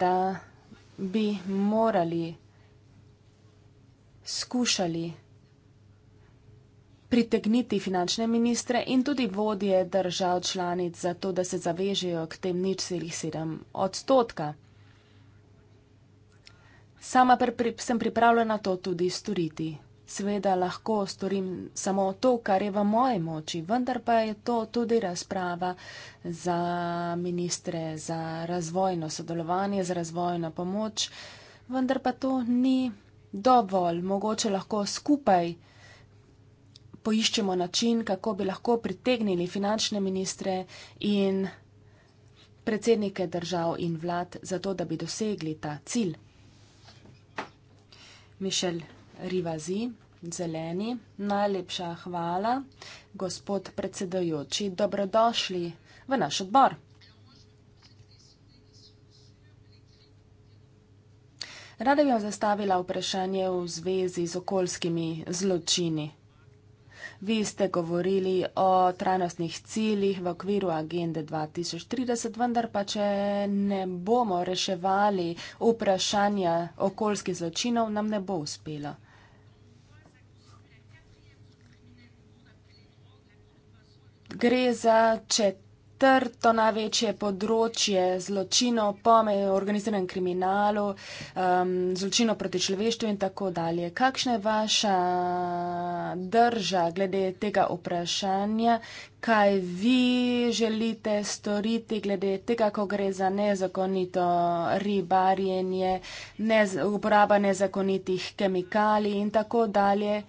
da bi morali skušali pritegniti finančne ministre in tudi vodje držav članic za to, da se zavežejo k tem nič celih sedem odstotka. Sama pri, sem pripravljena to tudi storiti. Seveda lahko storim samo to, kar je v moji moči, vendar pa je to tudi razprava za ministre, za razvojno sodelovanje, za razvojno pomoč, vendar pa to ni dovolj. Mogoče lahko skupaj poiščemo način, kako bi lahko pritegnili finančne ministre in predsednike držav in vlad, zato da bi dosegli ta cilj. Mišel Rivazi, zeleni, najlepša hvala, gospod predsedojoči, dobrodošli v naš odbor. Rada bi vam zastavila vprašanje v zvezi z okoljskimi zločini. Vi ste govorili o trajnostnih ciljih v okviru agende 2030, vendar pa, če ne bomo reševali vprašanja okoljskih zločinov, nam ne bo uspelo. Gre za četrti četrto največje področje zločinov po organiziranem kriminalu, um, zločinov proti človeštvu in tako dalje. Kakšna je vaša drža glede tega vprašanja, kaj vi želite storiti glede tega, ko gre za nezakonito ribarjenje, ne, uporaba nezakonitih kemikalij in tako dalje?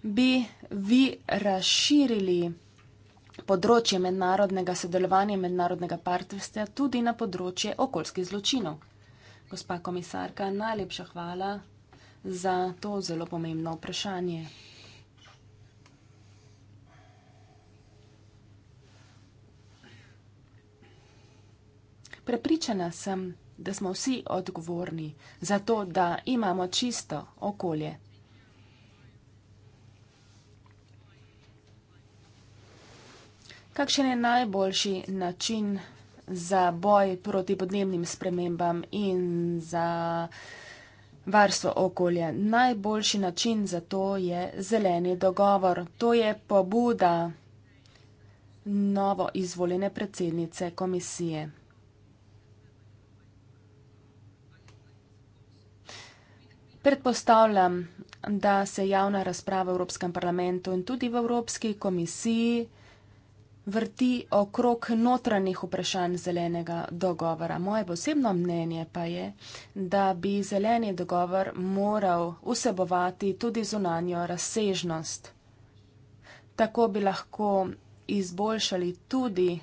Bi vi razširili področje mednarodnega sodelovanja in mednarodnega partnerstva tudi na področje okoljskih zločinov. Gospa komisarka, najlepša hvala za to zelo pomembno vprašanje. Prepričana sem, da smo vsi odgovorni za to, da imamo čisto okolje Kakšen je najboljši način za boj proti podnebnim spremembam in za varstvo okolja? Najboljši način za to je zeleni dogovor. To je pobuda novo izvoljene predsednice komisije. Predpostavljam, da se javna razprava v Evropskem parlamentu in tudi v Evropski komisiji vrti okrog notranjih vprašanj zelenega dogovora. Moje posebno mnenje pa je, da bi zeleni dogovor moral vsebovati tudi zunanjo razsežnost. Tako bi lahko izboljšali tudi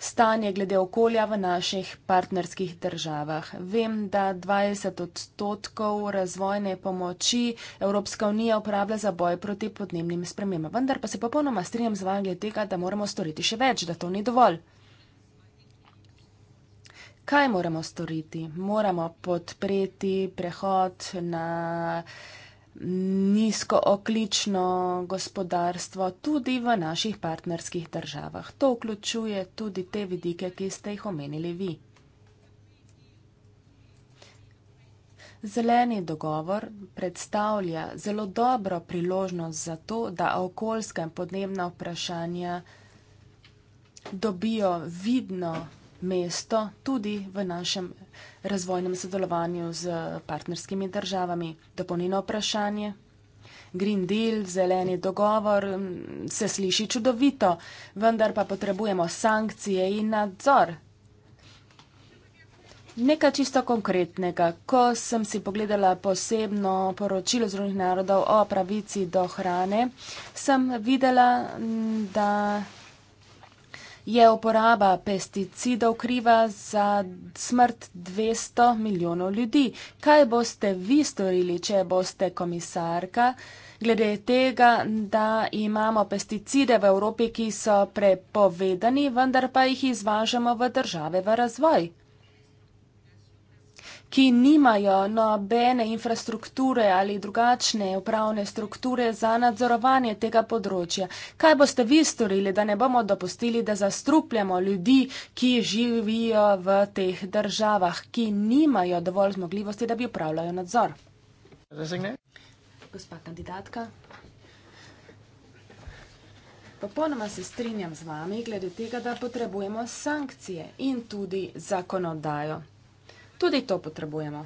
stanje glede okolja v naših partnerskih državah. Vem, da 20 odstotkov razvojne pomoči Evropska unija uporablja za boj proti podnebnim spremembam, vendar pa se popolnoma strinjam z vami glede tega, da moramo storiti še več, da to ni dovolj. Kaj moramo storiti? Moramo podpreti prehod na nizkooklično gospodarstvo tudi v naših partnerskih državah. To vključuje tudi te vidike, ki ste jih omenili vi. Zeleni dogovor predstavlja zelo dobro priložnost za to, da okoljska in podnebna vprašanja dobijo vidno mesto tudi v našem razvojnem sodelovanju z partnerskimi državami. Dopolnjeno vprašanje. Green Deal, zeleni dogovor mm, se sliši čudovito, vendar pa potrebujemo sankcije in nadzor. Nekaj čisto konkretnega. Ko sem si pogledala posebno poročilo Združenih narodov o pravici do hrane, sem videla, mm, da je uporaba pesticidov kriva za smrt 200 milijonov ljudi. Kaj boste vi storili, če boste komisarka, glede tega, da imamo pesticide v Evropi, ki so prepovedani, vendar pa jih izvažamo v države v razvoj? ki nimajo nobene infrastrukture ali drugačne upravne strukture za nadzorovanje tega področja. Kaj boste vi storili, da ne bomo dopustili, da zastrupljamo ljudi, ki živijo v teh državah, ki nimajo dovolj zmogljivosti, da bi upravljali nadzor? Gospa kandidatka. Popolnoma se strinjam z vami glede tega, da potrebujemo sankcije in tudi zakonodajo. Tudi to potrebujemo.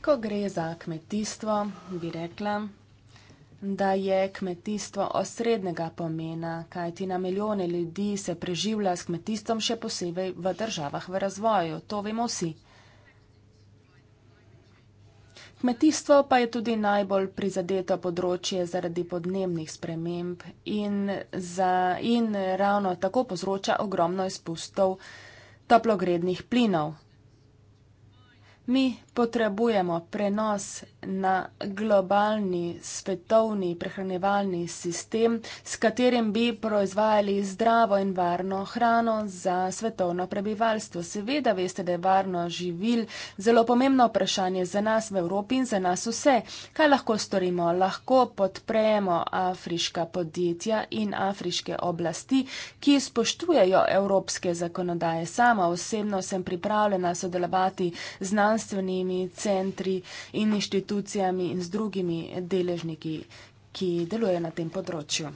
Ko gre za kmetijstvo, bi rekla, da je kmetijstvo osrednjega pomena, kajti na milijone ljudi se preživlja s kmetijstvom, še posebej v državah v razvoju. To vemo vsi. Kmetijstvo pa je tudi najbolj prizadeto področje zaradi podnebnih sprememb in, za, in ravno tako povzroča ogromno izpustov toplogrednih plinov. Mi potrebujemo prenos na globalni, svetovni prehranevalni sistem, s katerim bi proizvajali zdravo in varno hrano za svetovno prebivalstvo. Seveda veste, da je varno živil zelo pomembno vprašanje za nas v Evropi in za nas vse. Kaj lahko storimo? Lahko podpremo afriška podjetja in afriške oblasti, ki spoštujejo evropske zakonodaje. Sama osebno sem pripravljena sodelovati z znanstvenimi mednarodnimi centri in inštitucijami in z drugimi deležniki, ki delujejo na tem področju.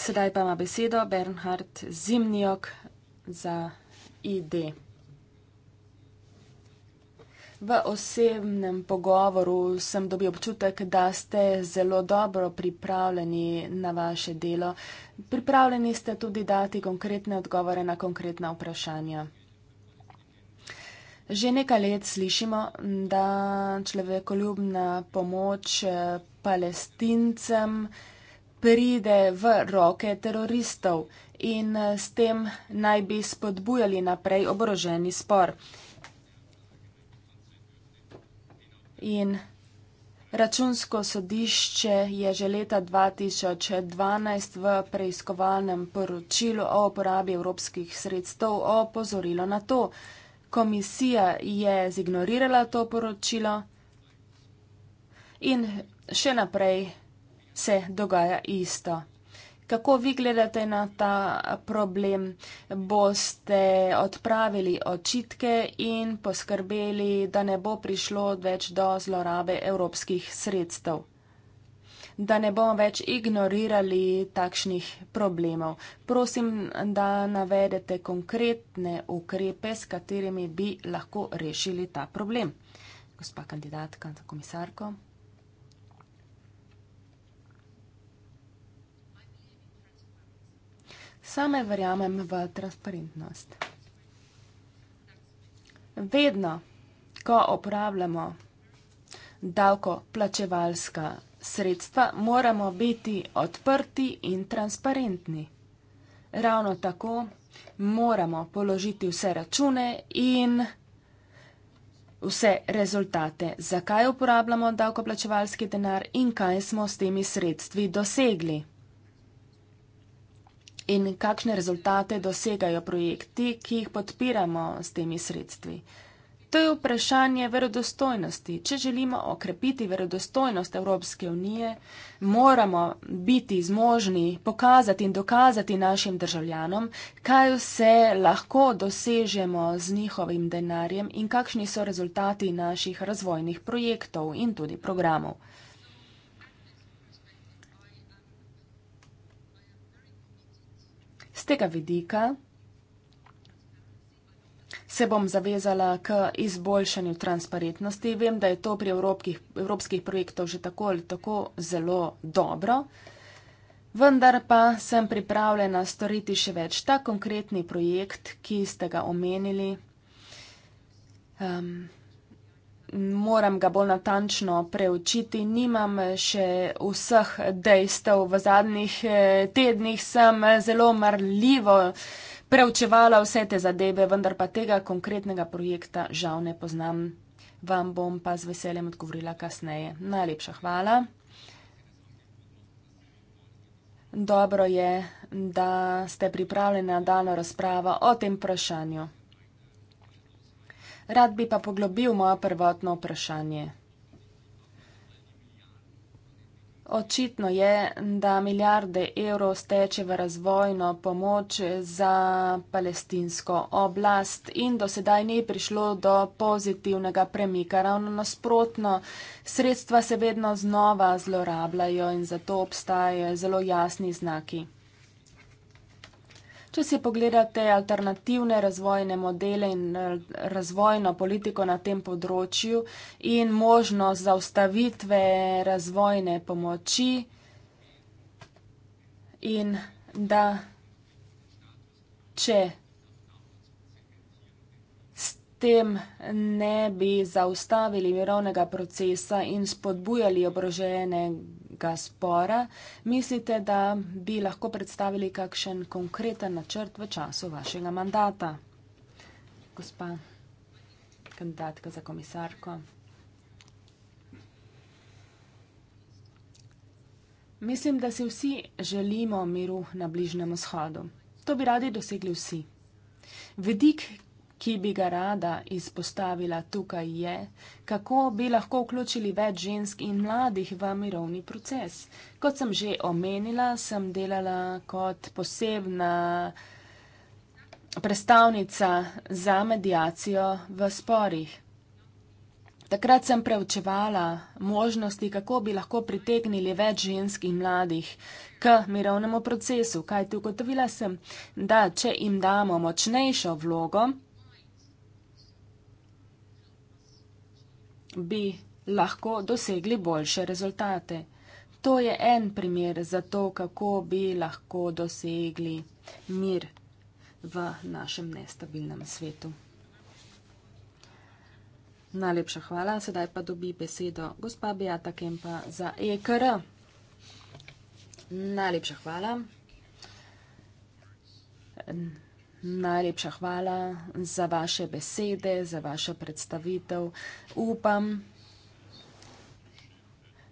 Sedaj pa ima besedo Bernhard Zimniok za ID. V osebnem pogovoru sem dobil občutek, da ste zelo dobro pripravljeni na vaše delo. Pripravljeni ste tudi dati konkretne odgovore na konkretna vprašanja. Že nekaj let slišimo, mm, da človekoljubna pomoč eh, palestincem pride v roke teroristov in eh, s tem naj bi spodbujali naprej oboroženi spor. In računsko sodišče je že leta 2012 v preiskovalnem poročilu o uporabi evropskih sredstev opozorilo na to, Komisija je zignorirala to poročilo in še naprej se dogaja isto. Kako vi gledate na ta problem? Boste odpravili očitke in poskrbeli, da ne bo prišlo več do zlorabe evropskih sredstev? da ne bomo več ignorirali takšnih problemov. Prosim, da navedete konkretne ukrepe, s katerimi bi lahko rešili ta problem. Gospa kandidatka za komisarko. Same verjamem v transparentnost. Vedno, ko opravljamo davkoplačevalska sredstva moramo biti odprti in transparentni. Ravno tako moramo položiti vse račune in vse rezultate, zakaj uporabljamo davkoplačevalski denar in kaj smo s temi sredstvi dosegli. In kakšne rezultate dosegajo projekti, ki jih podpiramo s temi sredstvi. To je vprašanje verodostojnosti. Če želimo okrepiti verodostojnost Evropske unije, moramo biti zmožni pokazati in dokazati našim državljanom, kaj vse lahko dosežemo z njihovim denarjem in kakšni so rezultati naših razvojnih projektov in tudi programov. Z tega vidika se bom zavezala k izboljšanju transparentnosti. Vem, da je to pri evropskih, evropskih projektov že tako ali tako zelo dobro. Vendar pa sem pripravljena storiti še več. Ta konkretni projekt, ki ste ga omenili, um, moram ga bolj natančno preučiti. Nimam še vseh dejstev. V zadnjih eh, tednih sem zelo marljivo uh, preučevala vse te zadeve, vendar pa tega konkretnega projekta žal ne poznam. Vam bom pa z veseljem odgovorila kasneje. Najlepša hvala. Dobro je, da ste pripravljeni na dano razpravo o tem vprašanju. Rad bi pa poglobil moje prvotno vprašanje. Očitno je, da milijarde evrov steče v razvojno pomoč za palestinsko oblast in do sedaj ni prišlo do pozitivnega premika. Ravno nasprotno, sredstva se vedno znova zlorabljajo in zato obstajajo zelo jasni znaki bistvu si pogledate alternativne razvojne modele in eh, razvojno politiko na tem področju in možnost zaustavitve razvojne pomoči in da če tem ne bi zaustavili mirovnega procesa in spodbujali obrožene tega spora, mislite, da bi lahko predstavili kakšen konkreten načrt v času vašega mandata? Gospa kandidatka za komisarko. Mislim, da si vsi želimo miru na Bližnjem vzhodu. To bi radi dosegli vsi. Vedik, ki bi ga rada izpostavila tukaj, je, kako bi lahko vključili več žensk in mladih v mirovni proces. Kot sem že omenila, sem delala kot posebna predstavnica za medijacijo v sporih. Takrat sem preučevala možnosti, kako bi lahko pritegnili več žensk in mladih k mirovnemu procesu, kajti ugotovila sem, da če jim damo močnejšo vlogo, bi lahko dosegli boljše rezultate. To je en primer za to, kako bi lahko dosegli mir v našem nestabilnem svetu. Najlepša hvala, sedaj pa dobi besedo gospa Beata Kempa za EKR. Najlepša hvala. Najlepša hvala za vaše besede, za vašo predstavitev. Upam,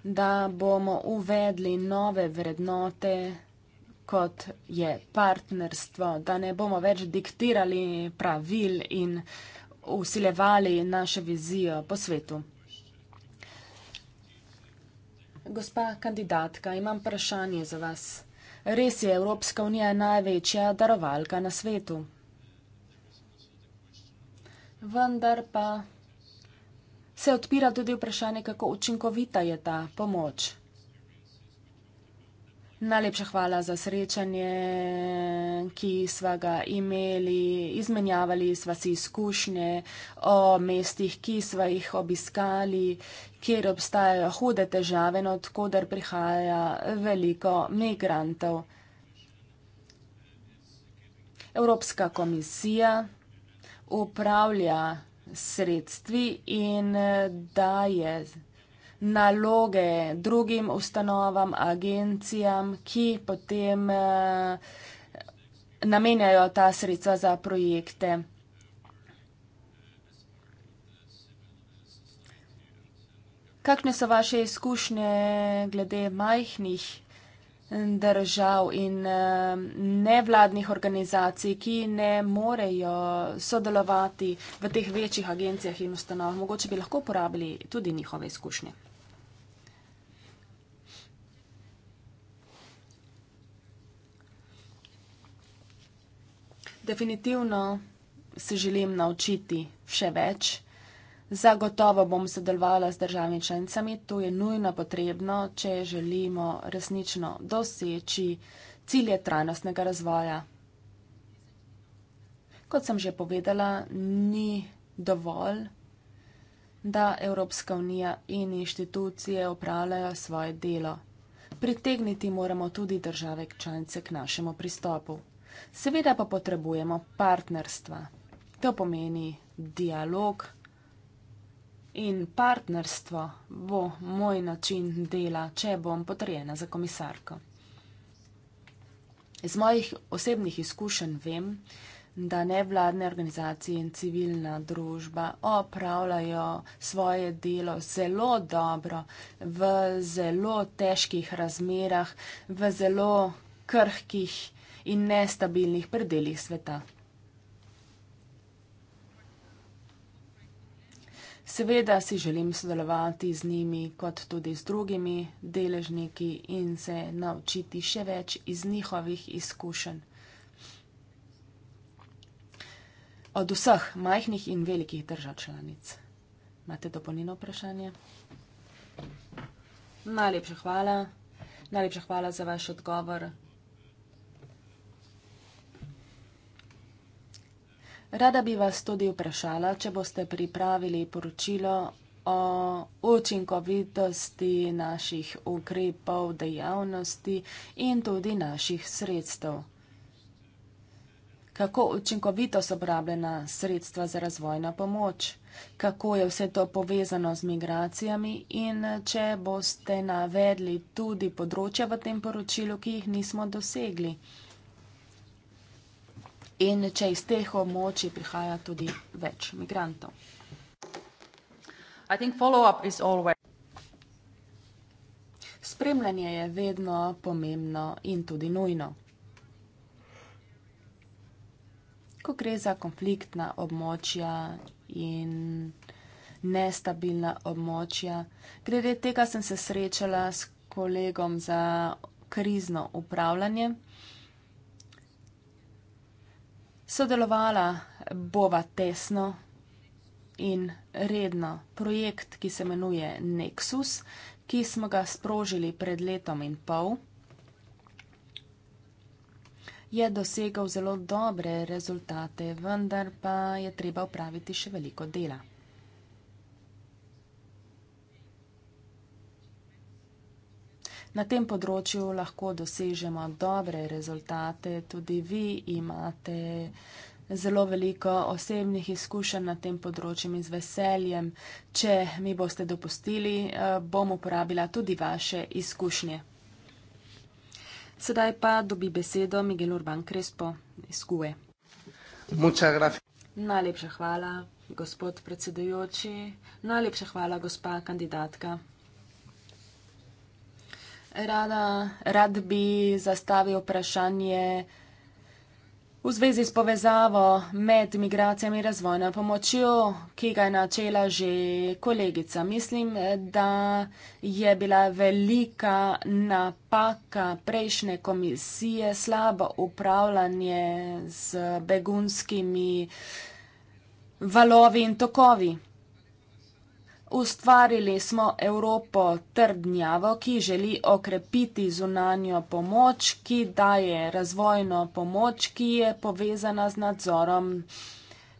da bomo uvedli nove vrednote, kot je partnerstvo, da ne bomo več diktirali pravil in usilevali naše vizijo po svetu. Gospa kandidatka, imam vprašanje za vas. Res je, Evropska unija je največja darovalka na svetu. Vendar pa se odpira tudi vprašanje, kako učinkovita je ta pomoč. Najlepša hvala za srečanje, ki sva ga imeli, izmenjavali sva si izkušnje o mestih, ki sva jih obiskali, kjer obstajajo hude težave, no, odkudar prihaja veliko migrantov. Evropska komisija upravlja sredstvi in daje naloge drugim ustanovam, agencijam, ki potem eh, namenjajo ta sredstva za projekte. Kakšne so vaše izkušnje glede majhnih držav in eh, nevladnih organizacij, ki ne morejo sodelovati v teh večjih agencijah in ustanovah? Mogoče bi lahko uporabili tudi njihove izkušnje. Definitivno se želim naučiti še več. Zagotovo bom sodelovala z državami članicami, to je nujno potrebno, če želimo resnično doseči cilje trajnostnega razvoja. Kot sem že povedala, ni dovolj, da Evropska unija in inštitucije upravljajo svoje delo. Pritegniti moramo tudi države članice k našemu pristopu. Seveda pa potrebujemo partnerstva. To pomeni dialog in partnerstvo bo moj način dela, če bom potrjena za komisarko. Iz mojih osebnih izkušenj vem, da nevladne organizacije in civilna družba opravljajo svoje delo zelo dobro v zelo težkih razmerah, v zelo krhkih razmerah in nestabilnih predeljih sveta. Seveda si želim sodelovati z njimi, kot tudi z drugimi deležniki in se naučiti še več iz njihovih izkušenj. Od vseh majhnih in velikih držav članic. Imate dopolnjeno vprašanje? Najlepša hvala. Najlepša hvala za vaš odgovor. Rada bi vas tudi vprašala, če boste pripravili poročilo o učinkovitosti naših ukrepov, dejavnosti in tudi naših sredstev. Kako učinkovito so obrabljena sredstva za razvojno pomoč, kako je vse to povezano z migracijami in če boste navedli tudi področja v tem poročilu, ki jih nismo dosegli in če iz teh območij prihaja tudi več migrantov. Spremljanje je vedno pomembno in tudi nujno. Ko gre za konfliktna območja in nestabilna območja, glede tega sem se srečala s kolegom za krizno upravljanje sodelovala bova tesno in redno projekt, ki se imenuje Nexus, ki smo ga sprožili pred letom in pol. Je dosegal zelo dobre rezultate, vendar pa je treba upraviti še veliko dela. na tem področju lahko dosežemo dobre rezultate. Tudi vi imate zelo veliko osebnih izkušenj na tem področju in z veseljem, če mi boste dopustili, eh, bom uporabila tudi vaše izkušnje. Sedaj pa dobi besedo Miguel Urban Crespo iz GUE. Najlepša hvala, gospod predsedujoči. Najlepša hvala, gospa kandidatka rada, rad bi zastavil vprašanje v zvezi s povezavo med migracijami in razvojno pomočjo, ki ga je načela že kolegica. Mislim, da je bila velika napaka prejšnje komisije, slabo upravljanje z begunskimi valovi in tokovi. Ustvarili smo Evropo trdnjavo, ki želi okrepiti zunanjo pomoč, ki daje razvojno pomoč, ki je povezana z nadzorom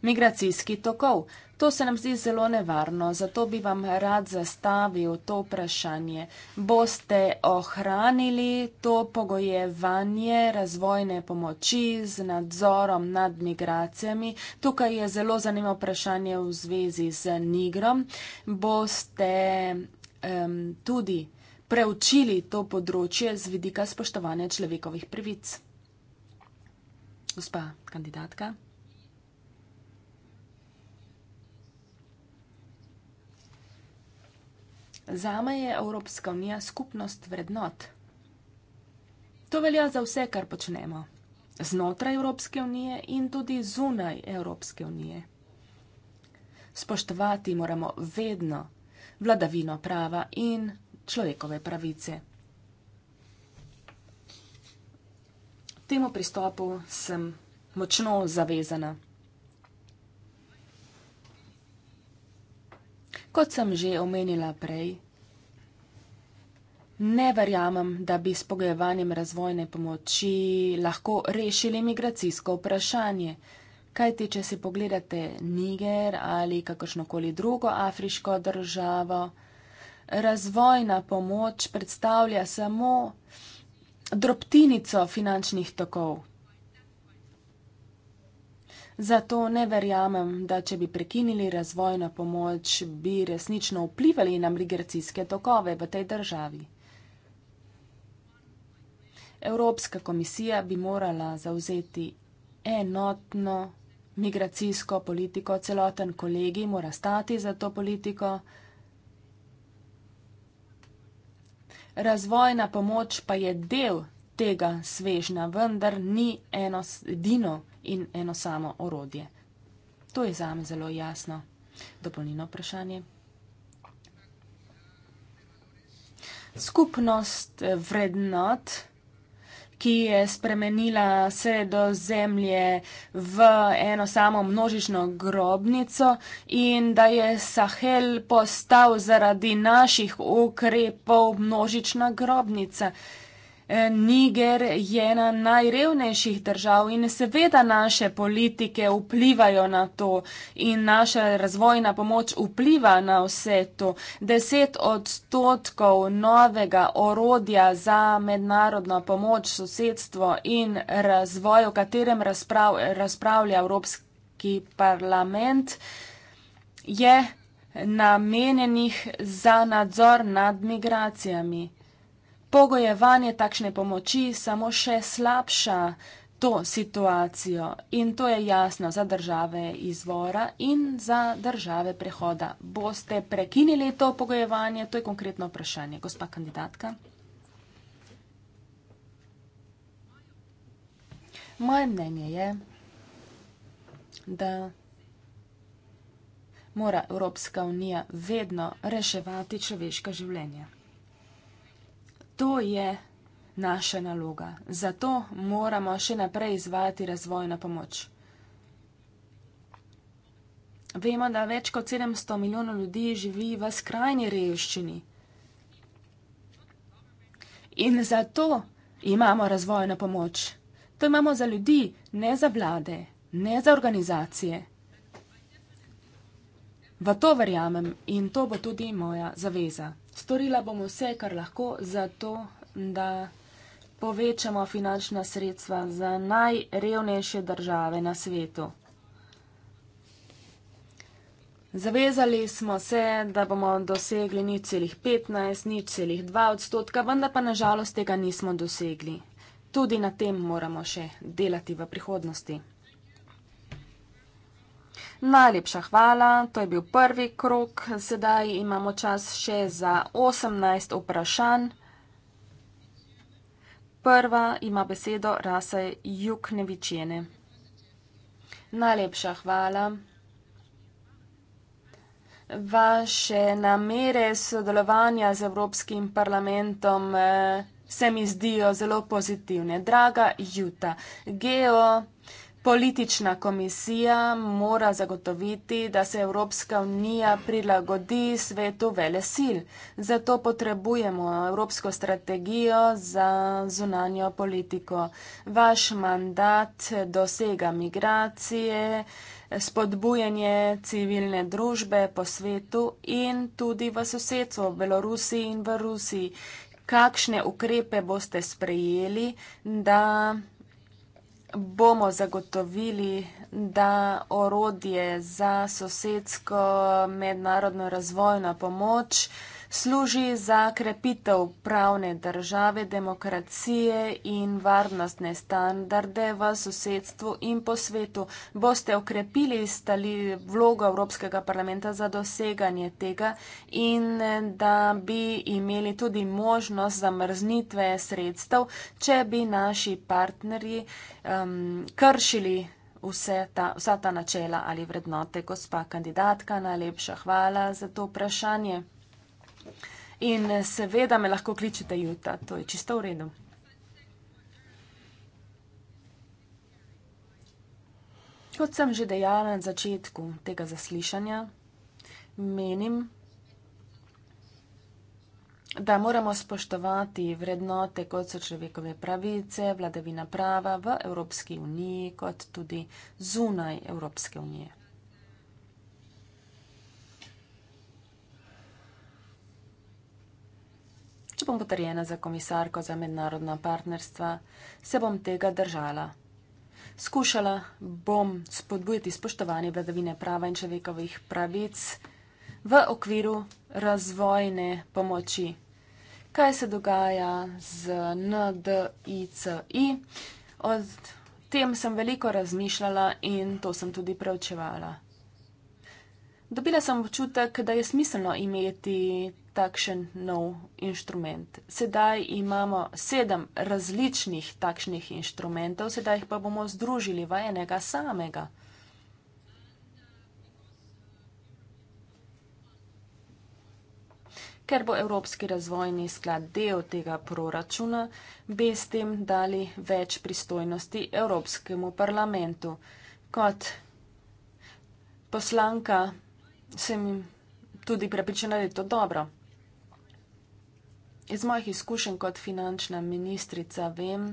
migracijskih tokov. To se nam zdi zelo nevarno, zato bi vam rad zastavil to vprašanje. Boste ohranili to pogojevanje razvojne pomoči z nadzorom nad migracijami? Tukaj je zelo zanimivo vprašanje v zvezi z Nigrom. Boste um, tudi preučili to področje z vidika spoštovanja človekovih prvic? Gospa kandidatka. Zame je Evropska unija skupnost vrednot. To velja za vse, kar počnemo. Znotraj Evropske unije in tudi zunaj Evropske unije. Spoštovati moramo vedno vladavino prava in človekove pravice. Temu pristopu sem močno zavezana. Kot sem že omenila prej, ne verjamem, da bi s pogojevanjem razvojne pomoči lahko rešili migracijsko vprašanje. Kajti, če si pogledate Niger ali kakršnokoli drugo afriško državo, razvojna pomoč predstavlja samo drobtinico finančnih tokov Zato ne verjamem, da če bi prekinili razvojno pomoč, bi resnično vplivali na migracijske tokove v tej državi. Evropska komisija bi morala zauzeti enotno migracijsko politiko, celoten kolegi mora stati za to politiko. Razvojna pomoč pa je del tega svežna, vendar ni eno edino in eno samo orodje. To je zame zelo jasno. Dopolnilno vprašanje. Skupnost eh, vrednot, ki je spremenila vse do zemlje v eno samo množično grobnico in da je Sahel postal zaradi naših ukrepov množična grobnica. Niger je ena najrevnejših držav in seveda naše politike vplivajo na to in naša razvojna pomoč vpliva na vse to. Deset odstotkov novega orodja za mednarodno pomoč, sosedstvo in razvoj, o katerem razprav, razpravlja Evropski parlament, je namenjenih za nadzor nad migracijami pogojevanje takšne pomoči samo še slabša to situacijo in to je jasno za države izvora in za države prehoda. Boste prekinili to pogojevanje? To je konkretno vprašanje, gospa kandidatka. Moje mnenje je, da mora Evropska unija vedno reševati človeška življenja. To je naša naloga. Zato moramo še naprej izvajati razvojno pomoč. Vemo, da več kot 700 milijonov ljudi živi v skrajni revščini. In zato imamo razvojno pomoč. To imamo za ljudi, ne za vlade, ne za organizacije. V to verjamem in to bo tudi moja zaveza. Storila bomo vse, kar lahko, zato da povečamo finančna sredstva za najrevnejše države na svetu. Zavezali smo se, da bomo dosegli nič celih 15, nič celih 2 odstotka, vendar pa nažalost tega nismo dosegli. Tudi na tem moramo še delati v prihodnosti. Najlepša hvala, to je bil prvi krok, sedaj imamo čas še za 18 vprašanj. Prva ima besedo Rasej Juknevičene. Najlepša hvala. Vaše namere sodelovanja z Evropskim parlamentom eh, se mi zdijo zelo pozitivne. Draga Juta, geo Politična komisija mora zagotoviti, da se Evropska unija prilagodi svetu vele sil. Zato potrebujemo Evropsko strategijo za zunanjo politiko. Vaš mandat dosega migracije, spodbujanje civilne družbe po svetu in tudi v sosedstvu, v Belorusiji in v Rusiji. Kakšne ukrepe boste sprejeli, da bomo zagotovili, da orodje za sosedsko mednarodno razvojno pomoč služi za krepitev pravne države, demokracije in varnostne standarde v sosedstvu in po svetu. Boste okrepili stali vlogo Evropskega parlamenta za doseganje tega in da bi imeli tudi možnost zamrznitve sredstev, če bi naši partnerji um, kršili. Vse ta, vsa ta načela ali vrednote, gospa kandidatka, najlepša hvala za to vprašanje. In eh, seveda me lahko kličete Juta, to je čisto v redu. Kot sem že dejala na začetku tega zaslišanja, menim, da moramo spoštovati vrednote, kot so človekove pravice, vladavina prava v Evropski uniji, kot tudi zunaj Evropske unije. bom potrjena za komisarko za mednarodna partnerstva, se bom tega držala. Skušala bom spodbujati spoštovanje vladavine prava in človekovih pravic v okviru razvojne pomoči. Kaj se dogaja z NDICI? O tem sem veliko razmišljala in to sem tudi preučevala. Dobila sem občutek, da je smiselno imeti takšen nov inštrument. Sedaj imamo sedem različnih takšnih inštrumentov, sedaj jih pa bomo združili v enega samega. Ker bo Evropski razvojni sklad del tega proračuna, bi s tem dali več pristojnosti Evropskemu parlamentu. Kot poslanka sem tudi prepričana, da je to dobro. Iz mojih izkušenj kot finančna ministrica vem,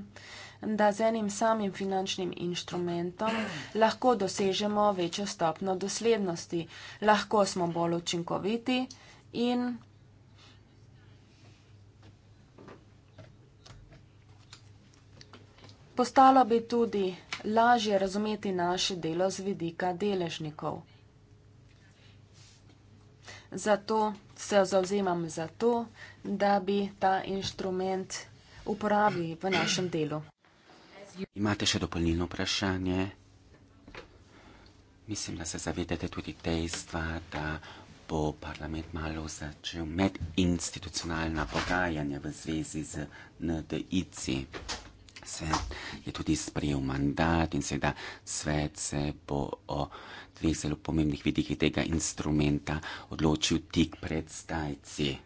da z enim samim finančnim inštrumentom lahko dosežemo večjo stopno doslednosti, lahko smo bolj učinkoviti in postalo bi tudi lažje razumeti naše delo z vidika deležnikov. Zato se zauzemam za to, da bi ta inštrument uporabili v našem delu. Imate še dopolnilno vprašanje? Mislim, da se zavedate tudi dejstva, da bo parlament malo začel medinstitucionalna pogajanja v zvezi z NDIC se je tudi sprejel mandat in seveda svet se bo o dveh zelo pomembnih vidikih tega instrumenta odločil tik pred stajci.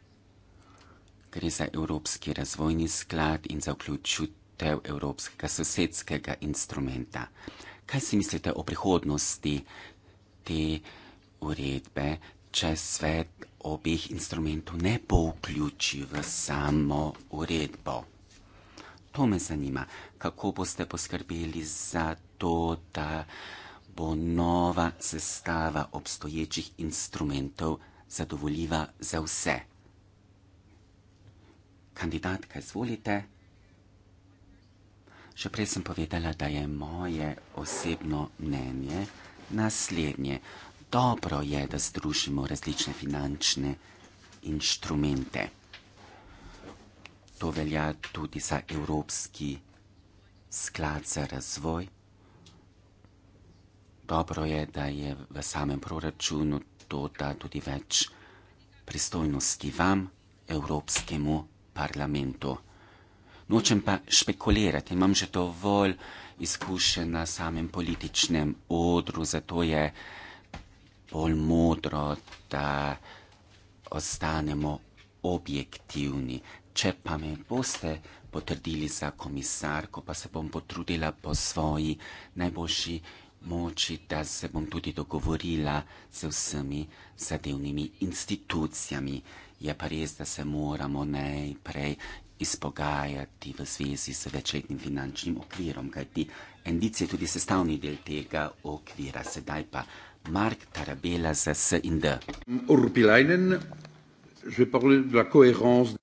Gre za Evropski razvojni sklad in za vključitev Evropskega sosedskega instrumenta. Kaj si mislite o prihodnosti te uredbe, če svet obih instrumentov ne bo vključil v samo uredbo? To me zanima, kako boste poskrbeli za to, da bo nova sestava obstoječih instrumentov zadovoljiva za vse. Kandidatka, izvolite. Še prej sem povedala, da je moje osebno mnenje naslednje. Dobro je, da združimo različne finančne inštrumente. To velja tudi za Evropski sklad za razvoj. Dobro je, da je v samem proračunu to, da tudi več pristojnosti vam, Evropskemu parlamentu. Nočem pa špekulirati, imam že dovolj izkušen na samem političnem odru, zato je bolj modro, da ostanemo objektivni, Če pa me boste potrdili za komisarko, pa se bom potrudila po svoji najboljši moči, da se bom tudi dogovorila z vsemi zadevnimi institucijami. Je pa res, da se moramo najprej izpogajati v zvezi s večletnim finančnim okvirom, kajti NDC je tudi sestavni del tega okvira. Sedaj pa Mark Tarabela za S in D. Urpilajnen, že pa govorim o kohezivnosti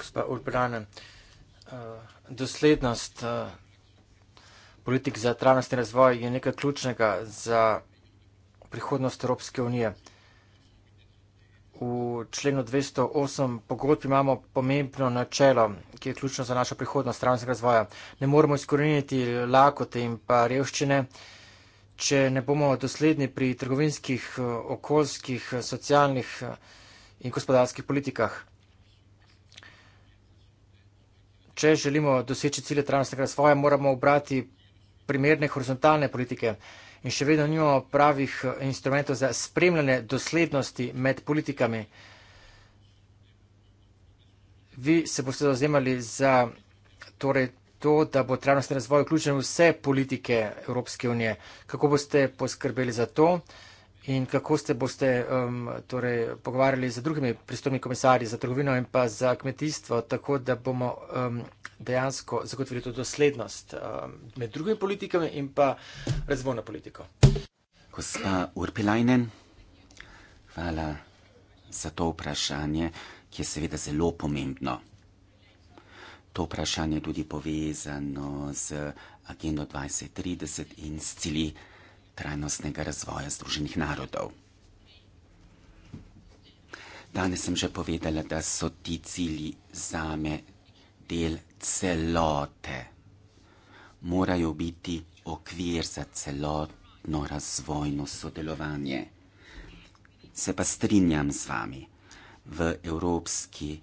gospa Urbana, eh, doslednost eh, politik za trajnostni razvoj je nekaj ključnega za prihodnost Evropske unije. V členu 208 pogodb imamo pomembno načelo, ki je ključno za našo prihodnost trajnostnega razvoja. Ne moremo izkoreniti lakote in pa revščine, če ne bomo dosledni pri trgovinskih, eh, okoljskih, socialnih in gospodarskih politikah. če želimo doseči cilje trajnostnega razvoja, moramo obrati primerne horizontalne politike in še vedno nimamo pravih instrumentov za spremljanje doslednosti med politikami. Vi se boste zauzemali za torej, to, da bo trajnostni razvoj vključen v vse politike Evropske unije. Kako boste poskrbeli za to? In kako ste boste um, torej, pogovarjali z drugimi pristojnimi komisarji za trgovino in pa za kmetijstvo, tako da bomo um, dejansko zagotovili to doslednost um, med drugimi politikami in pa razvojno politiko. Gospa Urpilajnen, hvala za to vprašanje, ki je seveda zelo pomembno. To vprašanje je tudi povezano z agendo 2030 in s cili trajnostnega razvoja Združenih narodov. Danes sem že povedala, da so ti cilji zame del celote. Morajo biti okvir za celotno razvojno sodelovanje. Se pa strinjam z vami, v Evropski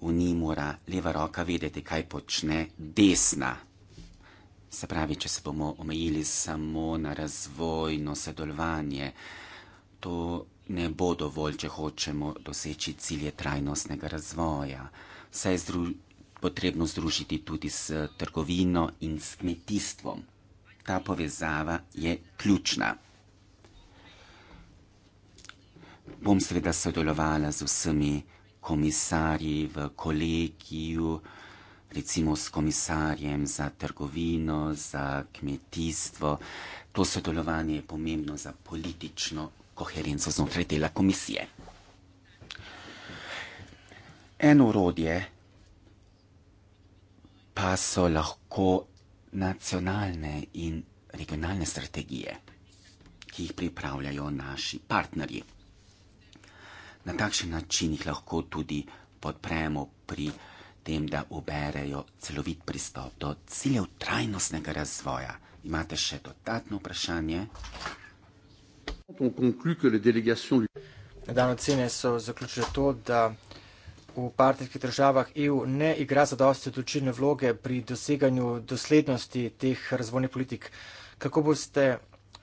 uniji mora leva roka vedeti, kaj počne desna. Se pravi, če se bomo omejili samo na razvojno sodelovanje, to ne bo dovolj, če hočemo doseči cilje trajnostnega razvoja. Vse je zru potrebno združiti tudi s trgovino in s kmetijstvom. Ta povezava je ključna. Bom seveda sodelovala z vsemi komisarji v kolegiju recimo s komisarjem za trgovino, za kmetijstvo. To sodelovanje je pomembno za politično koherenco znotraj dela komisije. Eno urodje pa so lahko nacionalne in regionalne strategije, ki jih pripravljajo naši partnerji. Na takšen način jih lahko tudi podpremo pri uh, tem, da uberejo celovit pristop do ciljev trajnostnega razvoja. Imate še dodatno vprašanje? Nedavno cene so zaključile to, da v partnerskih državah EU ne igra zadosti odločilne vloge pri doseganju doslednosti teh razvojnih politik. Kako boste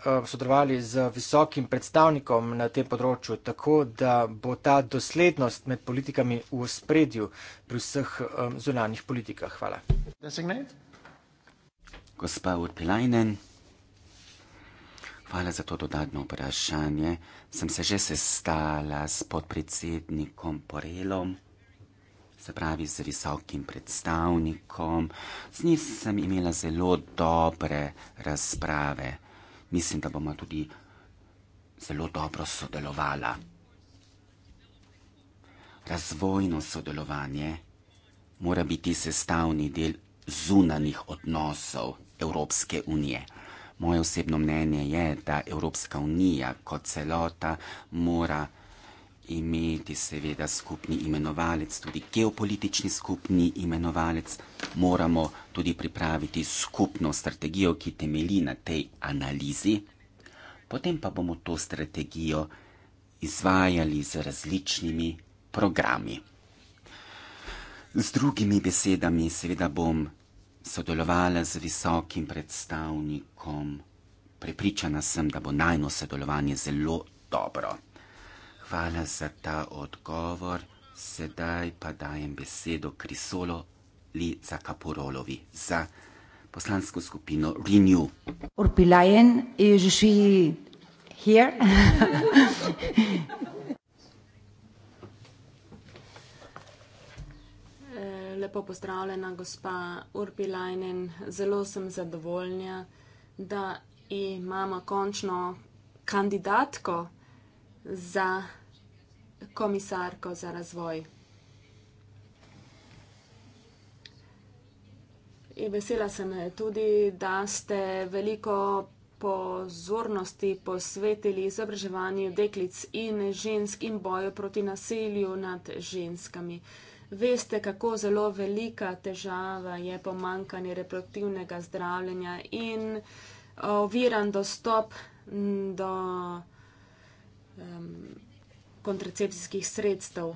Eh, sodelovali z visokim predstavnikom na tem področju, tako da bo ta doslednost med politikami v spredju pri vseh eh, zunanjih politikah. Hvala. Gospa Urpilajnen, hvala za to dodatno vprašanje. Sem se že sestala s podpredsednikom Porelom, se pravi z visokim predstavnikom. Z njim sem imela zelo dobre razprave mislim, da bomo tudi zelo dobro sodelovali. Razvojno sodelovanje mora biti sestavni del zunanih odnosov Evropske unije. Moje osebno mnenje je, da Evropska unija kot celota mora imeti seveda skupni imenovalec, tudi geopolitični skupni imenovalec, moramo tudi pripraviti skupno strategijo, ki temelji na tej analizi, potem pa bomo to strategijo izvajali z različnimi programi. Z drugimi besedami seveda bom sodelovala z visokim predstavnikom, prepričana sem, da bo najno sodelovanje zelo dobro. Hvala za ta odgovor. Sedaj pa dajem besedo Krisolo Li za Kaporolovi za poslansko skupino Renew. Urpilajen, je že tukaj? Lepo pozdravljena, gospa Urpilajen. Zelo sem zadovoljna, da imamo končno kandidatko za komisarko za razvoj. In vesela sem tudi, da ste veliko pozornosti posvetili izobraževanju deklic in žensk in boju proti nasilju nad ženskami. Veste, kako zelo velika težava je pomankanje reproduktivnega zdravljenja in eh, oviran dostop do. Um, kontracepcijskih sredstev.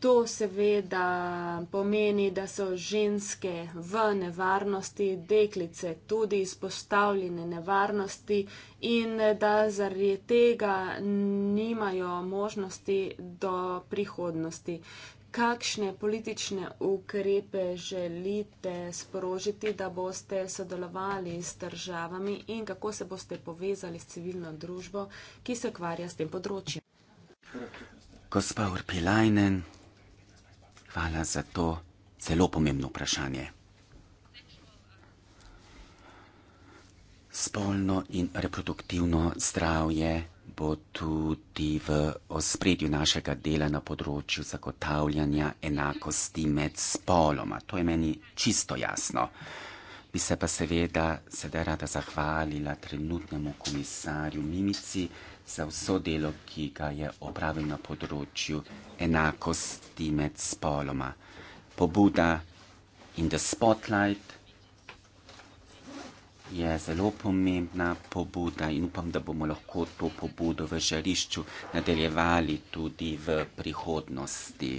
To seveda pomeni, da so ženske v nevarnosti, deklice tudi izpostavljene nevarnosti in da zaradi tega nimajo možnosti do prihodnosti. Kakšne politične ukrepe želite sprožiti, da boste sodelovali s državami in kako se boste povezali s civilno družbo, ki se ukvarja s tem področjem? Gospa Urpilajnen, hvala za to zelo pomembno vprašanje. Spolno in reproduktivno zdravje bo tudi v ospredju našega dela na področju zagotavljanja enakosti med spoloma. To je meni čisto jasno. Bi se pa seveda sedaj rada zahvalila trenutnemu komisarju Mimici za vso delo, ki ga je opravil na področju enakosti med spoloma. Pobuda in the spotlight je zelo pomembna pobuda in upam, da bomo lahko to pobudo v žarišču nadaljevali tudi v prihodnosti.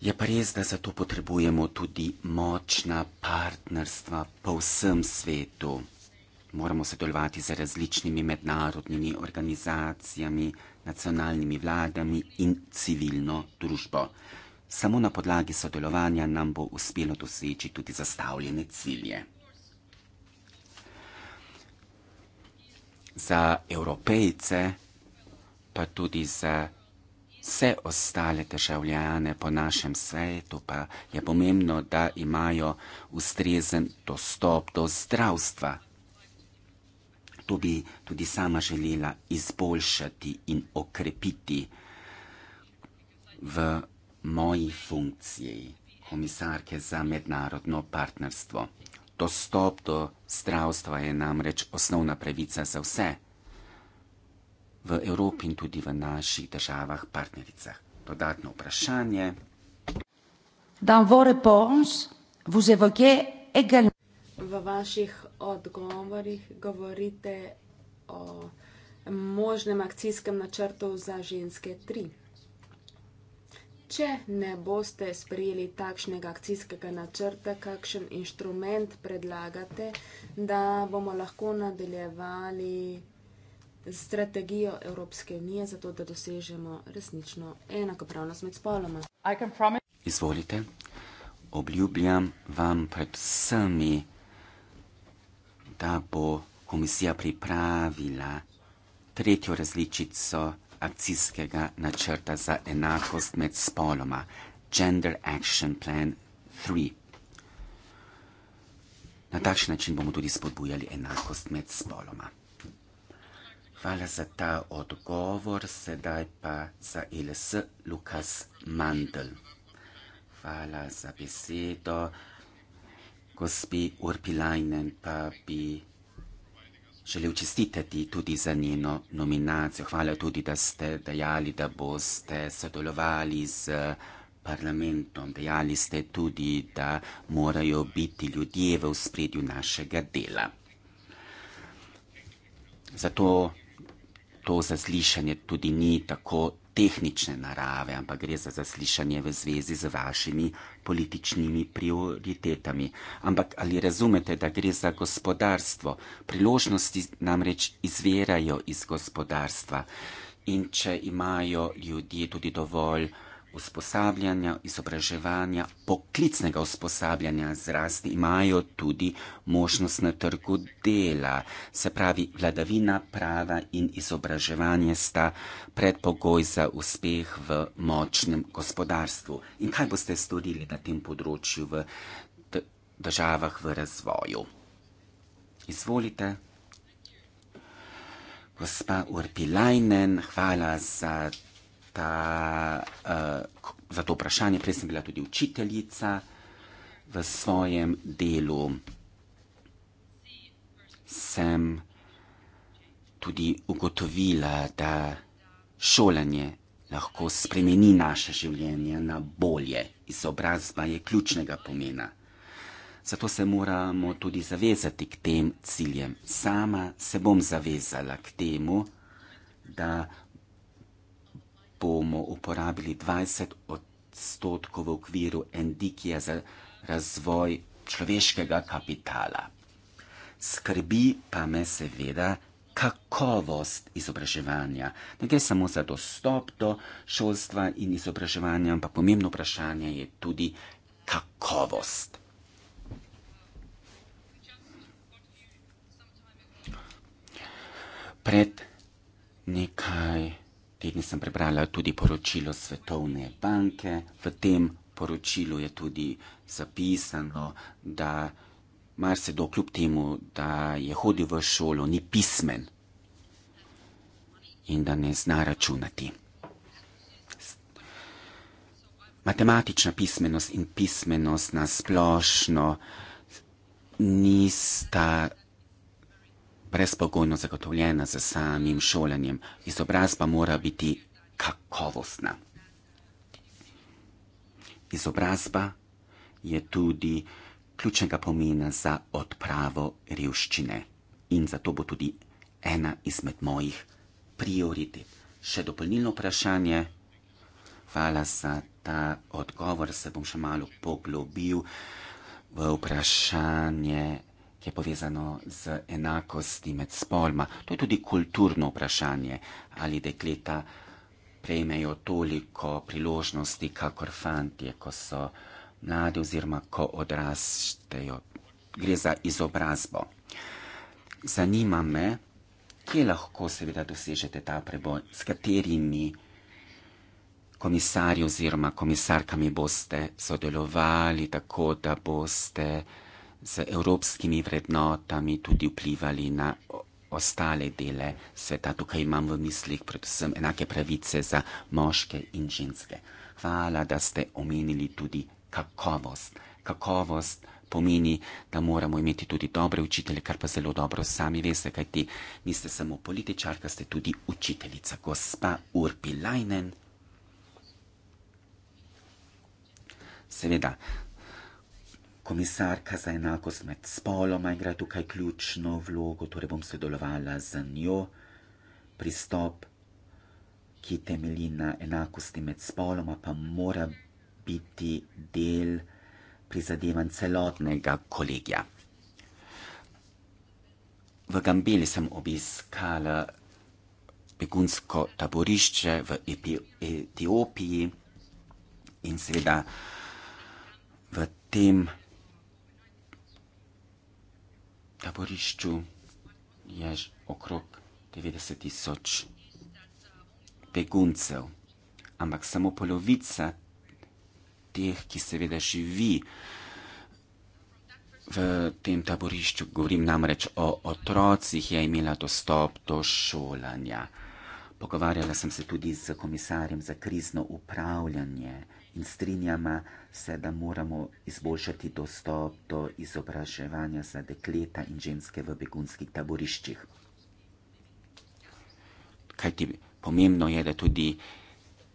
Je pa res, da zato potrebujemo tudi močna partnerstva po vsem svetu moramo sodelovati z različnimi mednarodnimi organizacijami, nacionalnimi vladami in civilno družbo. Samo na podlagi sodelovanja nam bo uspelo doseči tudi zastavljene cilje. Za evropejce, pa tudi za vse ostale državljane po našem svetu, pa je pomembno, da imajo ustrezen dostop do zdravstva, to bi tudi sama želela izboljšati in okrepiti v moji funkciji komisarke za mednarodno partnerstvo. Dostop do zdravstva je namreč osnovna pravica za vse v Evropi in tudi v naših državah partnericah. Dodatno vprašanje. Dan vore pons, vuzevoke egal v vaših odgovorih govorite o možnem akcijskem načrtu za ženske tri. Če ne boste sprejeli takšnega akcijskega načrta, kakšen inštrument predlagate, da bomo lahko nadaljevali strategijo Evropske unije za to, da dosežemo resnično enakopravnost med spoloma? Izvolite. Obljubljam vam pred vsemi da bo komisija pripravila tretjo različico akcijskega načrta za enakost med spoloma, Gender Action Plan 3. Na takšen način bomo tudi spodbujali enakost med spoloma. Hvala za ta odgovor, sedaj pa za ILS e Lukas Mandl. Hvala za besedo gospi Urpilajnen, pa bi želel čestitati tudi za njeno nominacijo. Hvala tudi, da ste dejali, da boste sodelovali z parlamentom. Dejali ste tudi, da morajo biti ljudje v spredju našega dela. Zato to zaslišanje tudi ni tako tehnične narave, ampak gre za zaslišanje v zvezi z vašimi političnimi prioritetami. Ampak ali razumete, da gre za gospodarstvo? Priložnosti namreč izvirajo iz gospodarstva. In če imajo ljudje tudi dovolj usposabljanja, izobraževanja, poklicnega usposabljanja zrasti imajo tudi možnost na trgu dela. Se pravi, vladavina prava in izobraževanje sta predpogoj za uspeh v močnem gospodarstvu. In kaj boste storili na tem področju v državah v razvoju? Izvolite. Gospa Urpilajnen, hvala za to ta, uh, za to vprašanje. Prej sem bila tudi učiteljica v svojem delu. Sem tudi ugotovila, da šolanje lahko spremeni naše življenje na bolje. Izobrazba je ključnega pomena. Zato se moramo tudi zavezati k tem ciljem. Sama se bom zavezala k temu, da bomo uporabili 20 odstotkov v okviru endikija za razvoj človeškega kapitala. Skrbi pa me seveda kakovost izobraževanja. Ne gre samo za dostop do šolstva in izobraževanja, ampak pomembno vprašanje je tudi kakovost. Pred nekaj časom tedni sem prebrala tudi poročilo Svetovne banke. V tem poročilu je tudi zapisano, da mar se do kljub temu, da je hodil v šolo, ni pismen in da ne zna računati. Matematična pismenost in pismenost na splošno nista brezpogojno zagotovljena z samim šolanjem. Izobrazba mora biti kakovostna. Izobrazba je tudi ključnega pomena za odpravo revščine in zato bo tudi ena izmed mojih prioritet. Še dopolnilno vprašanje. Hvala za ta odgovor. Se bom še malo poglobil v vprašanje je povezano z enakosti med spolma. To je tudi kulturno vprašanje, ali dekleta prejmejo toliko priložnosti, kakor fantje, ko so mladi oziroma ko odrastejo. Gre za izobrazbo. Zanima me, kje lahko seveda dosežete ta preboj, s katerimi komisarji oziroma komisarkami boste sodelovali, tako da boste z evropskimi vrednotami tudi vplivali na ostale dele sveta. Tukaj imam v mislih predvsem enake pravice za moške in ženske. Hvala, da ste omenili tudi kakovost. Kakovost pomeni, da moramo imeti tudi dobre učitelje, kar pa zelo dobro sami veste, kajti niste samo političarka, ste tudi učiteljica. Gospa Urpi Lajnen. Seveda, komisarka za enakost med spoloma igra tukaj ključno vlogo, torej bom sodelovala z njo. Pristop, ki temelji na enakosti med spoloma, pa mora biti del prizadevanj celotnega kolegija. V Gambeli sem obiskala begunsko taborišče v Epi Etiopiji in seveda v tem taborišču je okrog 90 tisoč beguncev, ampak samo polovica teh, ki seveda živi v tem taborišču, govorim namreč o otrocih, je imela dostop do šolanja. Pogovarjala sem se tudi z komisarjem za krizno upravljanje in strinjamo se, da moramo izboljšati dostop do izobraževanja za dekleta in ženske v begunskih taboriščih. Kaj ti pomembno je, da tudi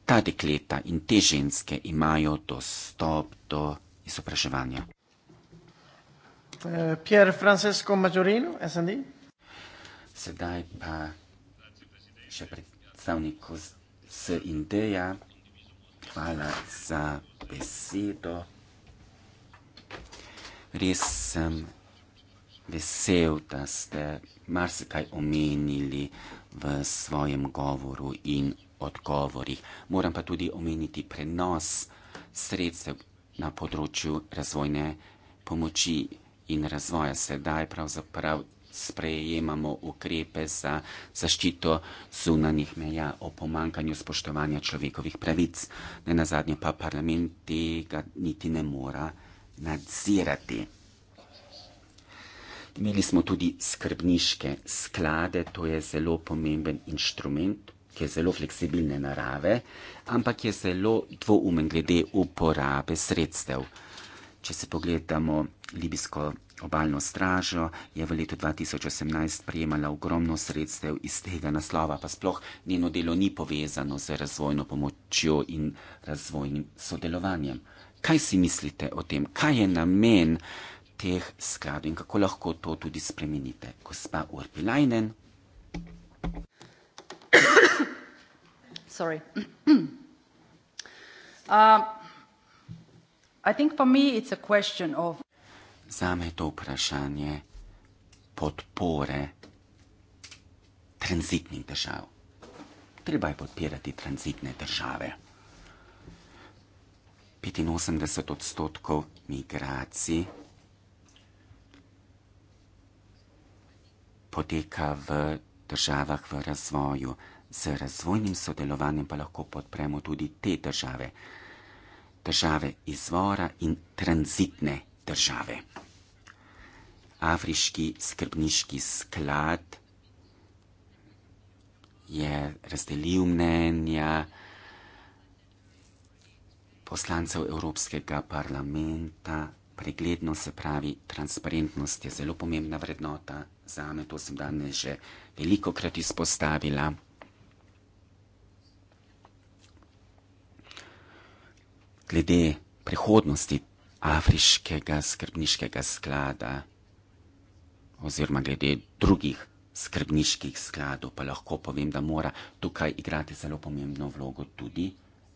ta dekleta in te ženske imajo dostop do izobraževanja. Eh, Pier Francesco Maggiorino, SND. Sedaj pa še predstavnik SND. -ja hvala za besedo. Res sem vesel, da ste marsikaj omenili v svojem govoru in odgovorih. Moram pa tudi omeniti prenos sredstev na področju razvojne pomoči in razvoja. Sedaj pravzaprav sprejemamo ukrepe za zaščito zunanjih meja o pomankanju spoštovanja človekovih pravic. Ne na zadnje pa parlament tega niti ne mora nadzirati. Imeli smo tudi skrbniške sklade, to je zelo pomemben inštrument, ki je zelo fleksibilne narave, ampak je zelo dvoumen glede uporabe sredstev. Če se pogledamo libijsko Obalno stražo je v letu 2018 prejemala ogromno sredstev iz tega naslova, pa sploh njeno delo ni povezano z razvojno pomočjo in razvojnim sodelovanjem. Kaj si mislite o tem, kaj je namen teh skladov in kako lahko to tudi spremenite? Gospa Urpilajnen. Uh, um, I think for me it's a question of zame je to vprašanje podpore tranzitnih držav. Treba je podpirati tranzitne države. 85 odstotkov migracij poteka v državah v razvoju. Z razvojnim sodelovanjem pa lahko podpremo tudi te države. Države izvora in tranzitne države. Afriški skrbniški sklad je razdelil mnenja poslancev Evropskega parlamenta. Pregledno se pravi, transparentnost je zelo pomembna vrednota za me, to sem danes že veliko krat izpostavila. Glede prihodnosti afriškega skrbniškega sklada oziroma glede drugih skrbniških skladov, pa lahko povem, da mora tukaj igrati zelo pomembno vlogo tudi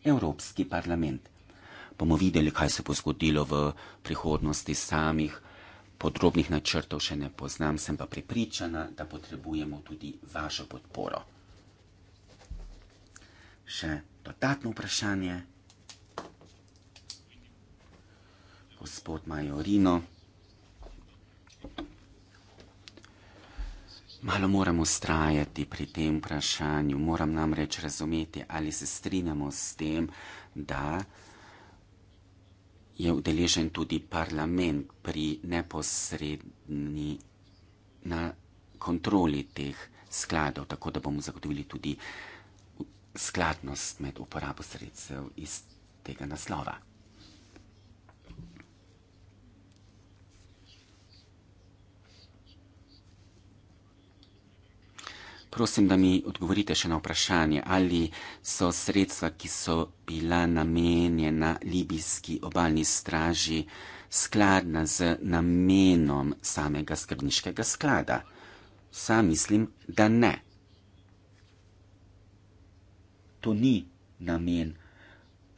Evropski parlament. Bomo videli, kaj se bo zgodilo v prihodnosti samih. Podrobnih načrtov še ne poznam, sem pa pripričana, da potrebujemo tudi vašo podporo. Še dodatno vprašanje. gospod Majorino. Malo moramo ustrajati pri tem vprašanju, moram namreč razumeti, ali se strinjamo s tem, da je udeležen tudi parlament pri neposredni na kontroli teh skladov, tako da bomo zagotovili tudi skladnost med uporabo sredstev iz tega naslova. Prosim, da mi odgovorite še na vprašanje, ali so sredstva, ki so bila namenjena libijski obaljni straži, skladna z namenom samega skrbniškega sklada. Sam mislim, da ne. To ni namen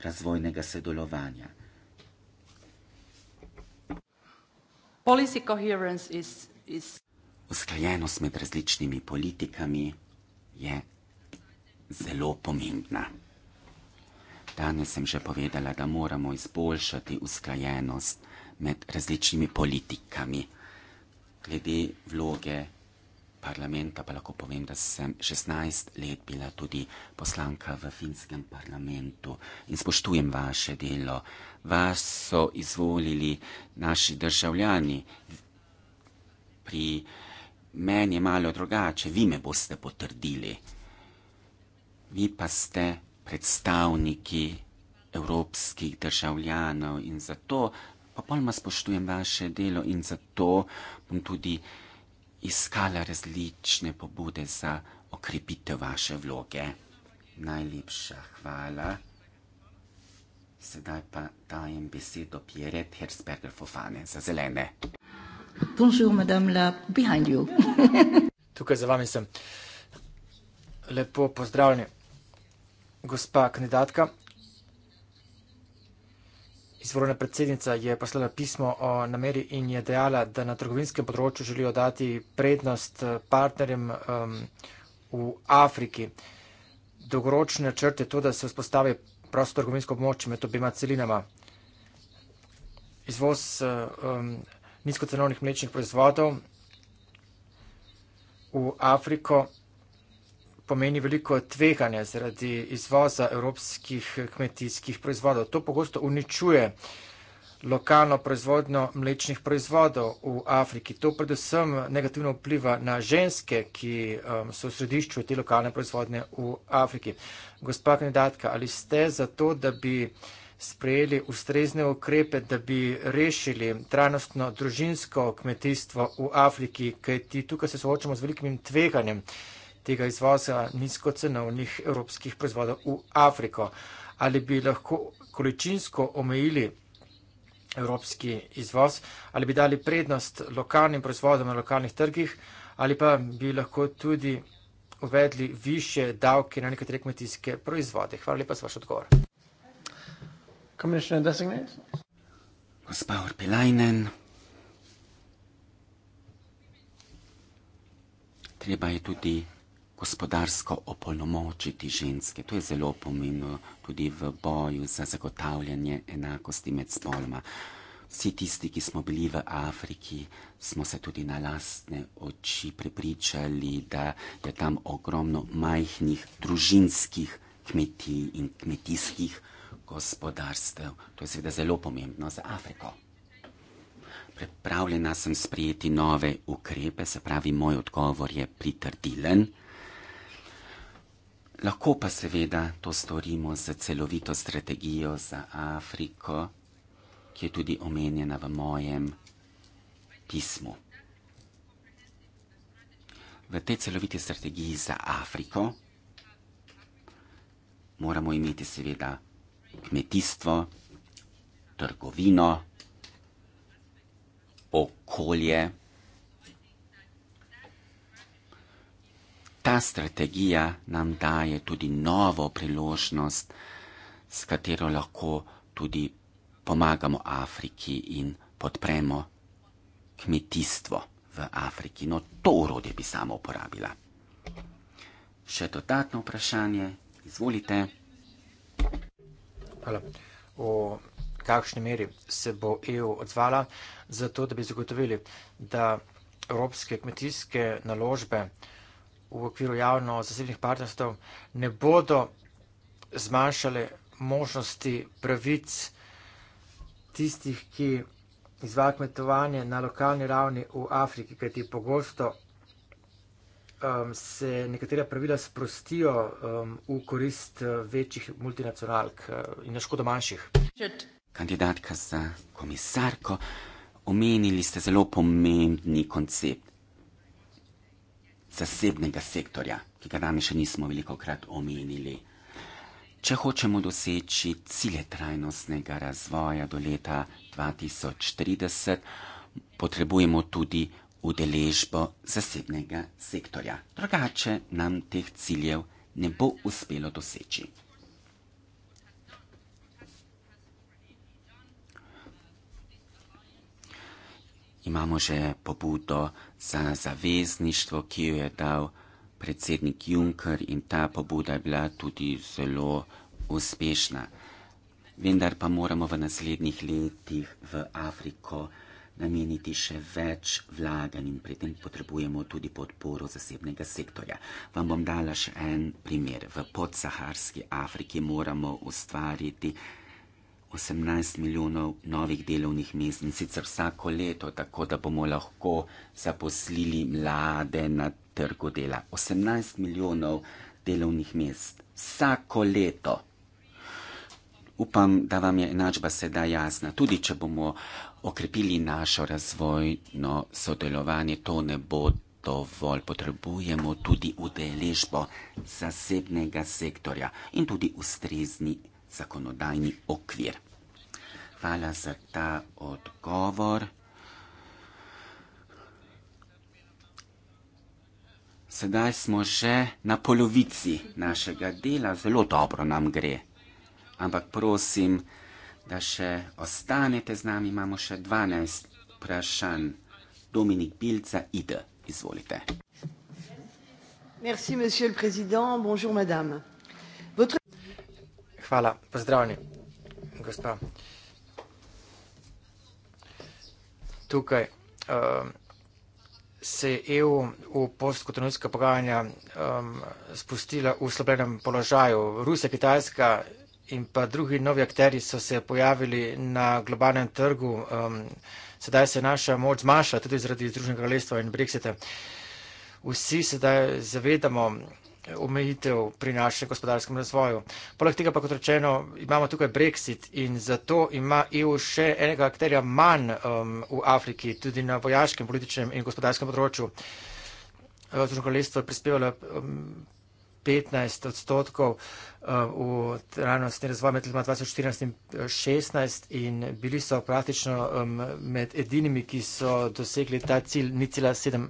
razvojnega sodelovanja. Policy coherence is, is usklajenost med različnimi politikami je zelo pomembna. Danes sem že povedala, da moramo izboljšati usklajenost med različnimi politikami. Glede vloge parlamenta pa lahko povem, da sem 16 let bila tudi poslanka v finskem parlamentu in spoštujem vaše delo. Vas so izvolili naši državljani pri meni je malo drugače, vi me boste potrdili. Vi pa ste predstavniki evropskih državljanov in zato popolnoma spoštujem vaše delo in zato bom tudi iskala različne pobude za okrepitev vaše vloge. Najlepša hvala. Sedaj pa dajem besedo Pierre Herzberger Fofane za zelene. Bonjour, madame, la behind you. Tukaj za vami sem. Lepo pozdravljeni, gospa kandidatka. Izvorna predsednica je poslala pismo o nameri in je dejala, da na trgovinskem področju želijo dati prednost eh, partnerjem um, v Afriki. Dolgoročni načrt je to, da se vzpostavi prosto trgovinsko območje med obima celinama. Izvoz um, nizkocenovnih mlečnih proizvodov v Afriko pomeni veliko tveganja zaradi izvoza evropskih kmetijskih proizvodov. To pogosto uničuje lokalno proizvodno mlečnih proizvodov v Afriki. To predvsem negativno vpliva na ženske, ki um, so v središču te lokalne proizvodne v Afriki. Gospa kandidatka, ali ste za to, da bi sprejeli ustrezne ukrepe, da bi rešili trajnostno družinsko kmetijstvo v Afriki, kajti tukaj se soočamo z velikim tveganjem tega izvoza nizkocenovnih evropskih proizvodov v Afriko. Ali bi lahko količinsko omejili evropski izvoz, ali bi dali prednost lokalnim proizvodom na lokalnih trgih, ali pa bi lahko tudi uvedli više davke na nekatere kmetijske proizvode. Hvala lepa za vaš odgovor. Commissioner designate. Gospa Urpilainen. Treba je tudi gospodarsko opolnomočiti ženske. To je zelo pomembno tudi v boju za zagotavljanje enakosti med spoloma. Vsi tisti, ki smo bili v Afriki, smo se tudi na lastne oči prepričali, da je tam ogromno majhnih družinskih kmetij in kmetijskih družin gospodarstev. To je seveda zelo pomembno za Afriko. Pripravljena sem sprejeti nove ukrepe, se pravi, moj odgovor je pritrdilen. Lahko pa seveda to storimo z celovito strategijo za Afriko, ki je tudi omenjena v mojem pismu. V tej celoviti strategiji za Afriko moramo imeti seveda kmetijstvo, trgovino, okolje. Ta strategija nam daje tudi novo priložnost, s katero lahko tudi pomagamo Afriki in podpremo kmetijstvo v Afriki. No, to urodje bi samo uporabila. Še dodatno vprašanje, izvolite. Thank you. Hvala. O kakšni meri se bo EU odzvala za to, da bi zagotovili, da evropske kmetijske naložbe v okviru javno-zasebnih partnerstv ne bodo zmanjšale možnosti pravic tistih, ki izvajajo kmetovanje na lokalni ravni v Afriki, kajti pogosto um, se nekatera pravila sprostijo um, v korist uh, večjih multinacionalk uh, in na škodo manjših. Kandidatka za komisarko, omenili ste zelo pomembni koncept zasebnega sektorja, ki ga danes še nismo veliko krat omenili. Če hočemo doseči cilje trajnostnega razvoja do leta 2030, potrebujemo tudi udeležbo zasebnega sektorja. Drugače nam teh ciljev ne bo uspelo doseči. Imamo že pobudo za zavezništvo, ki jo je dal predsednik Juncker in ta pobuda je bila tudi zelo uspešna. Vendar pa moramo v naslednjih letih v Afriko nameniti še več vlaganj in pri tem potrebujemo tudi podporo zasebnega sektorja. Vam bom dala še en primer. V podsaharski Afriki moramo ustvariti 18 milijonov novih delovnih mest in sicer vsako leto, tako da bomo lahko zaposlili mlade na trgu dela. 18 milijonov delovnih mest vsako leto upam, da vam je enačba sedaj jasna. Tudi če bomo okrepili našo razvojno sodelovanje, to ne bo dovolj. Potrebujemo tudi udeležbo zasebnega sektorja in tudi ustrezni zakonodajni okvir. Hvala za ta odgovor. Sedaj smo že na polovici našega dela, zelo dobro nam gre ampak prosim, da še ostanete z nami. Imamo še 12 vprašanj. Dominik Bilca, ID, izvolite. Merci, monsieur le président. Bonjour, madame. Votre... Hvala, pozdravljeni, gospa. Tukaj uh, se je EU v postkotonovska pogajanja um, spustila v slabem položaju. Rusija, Kitajska in pa drugi novi akteri so se pojavili na globalnem trgu. Um, sedaj se naša moč zmaša tudi zaradi Združenega kraljestva in Brexita. Vsi sedaj zavedamo omejitev pri našem gospodarskem razvoju. Poleg tega pa, kot rečeno, imamo tukaj Brexit in zato ima EU še enega akterja manj um, v Afriki, tudi na vojaškem, političnem in gospodarskem področju. Uh, Združeno kraljestvo je prispevalo. Um, 15 odstotkov eh, v trajnostni razvoj med letoma 2014 in 2016 eh, in bili so praktično med edinimi, ki so dosegli ta cilj 0,7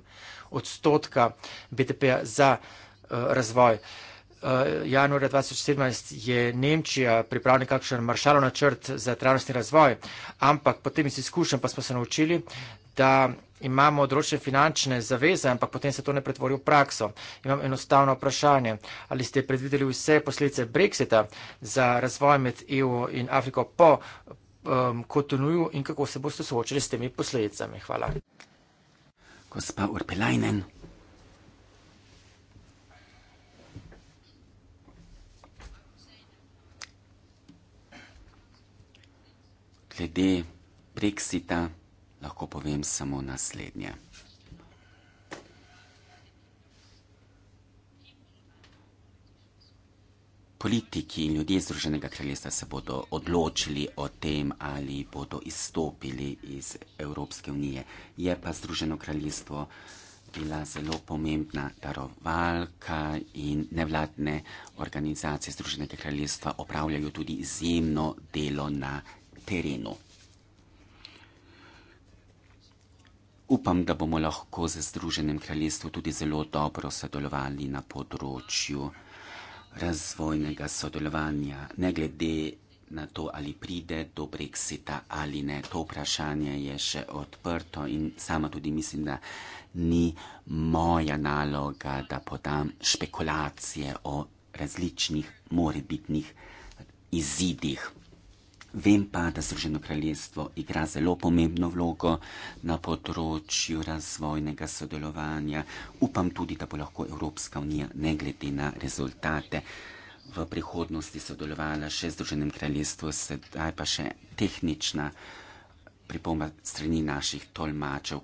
odstotka BDP-ja za eh, razvoj. Januarja 2017 je Nemčija pripravila nekakšen maršalov načrt za trajnostni razvoj, ampak potem iz izkušenj pa smo se naučili, da imamo odročne finančne zaveze, ampak potem se to ne pretvori v prakso. Imam enostavno vprašanje, ali ste predvideli vse posledice Brexita za razvoj med EU in Afriko po um, Kotonuju in kako se boste soočili s temi posledicami? Hvala. Gospa Urpelajnen. Glede Brexita lahko povem samo naslednje. Politiki in ljudje Združenega kraljestva se bodo odločili o tem, ali bodo izstopili iz Evropske unije. Je pa Združeno kraljestvo bila zelo pomembna darovalka in nevladne organizacije Združenega kraljestva opravljajo tudi izjemno delo na terenu. Upam, da bomo lahko z Združenim kraljestvom tudi zelo dobro sodelovali na področju razvojnega sodelovanja, ne glede na to, ali pride do brexita ali ne. To vprašanje je še odprto in sama tudi mislim, da ni moja naloga, da podam špekulacije o različnih morebitnih izidih. Vem pa, da Združeno kraljestvo igra zelo pomembno vlogo na področju razvojnega sodelovanja. Upam tudi, da bo lahko Evropska unija, ne glede na rezultate, v prihodnosti sodelovala še z Združenim kraljestvom, sedaj pa še tehnična pripomba strani naših tolmačev.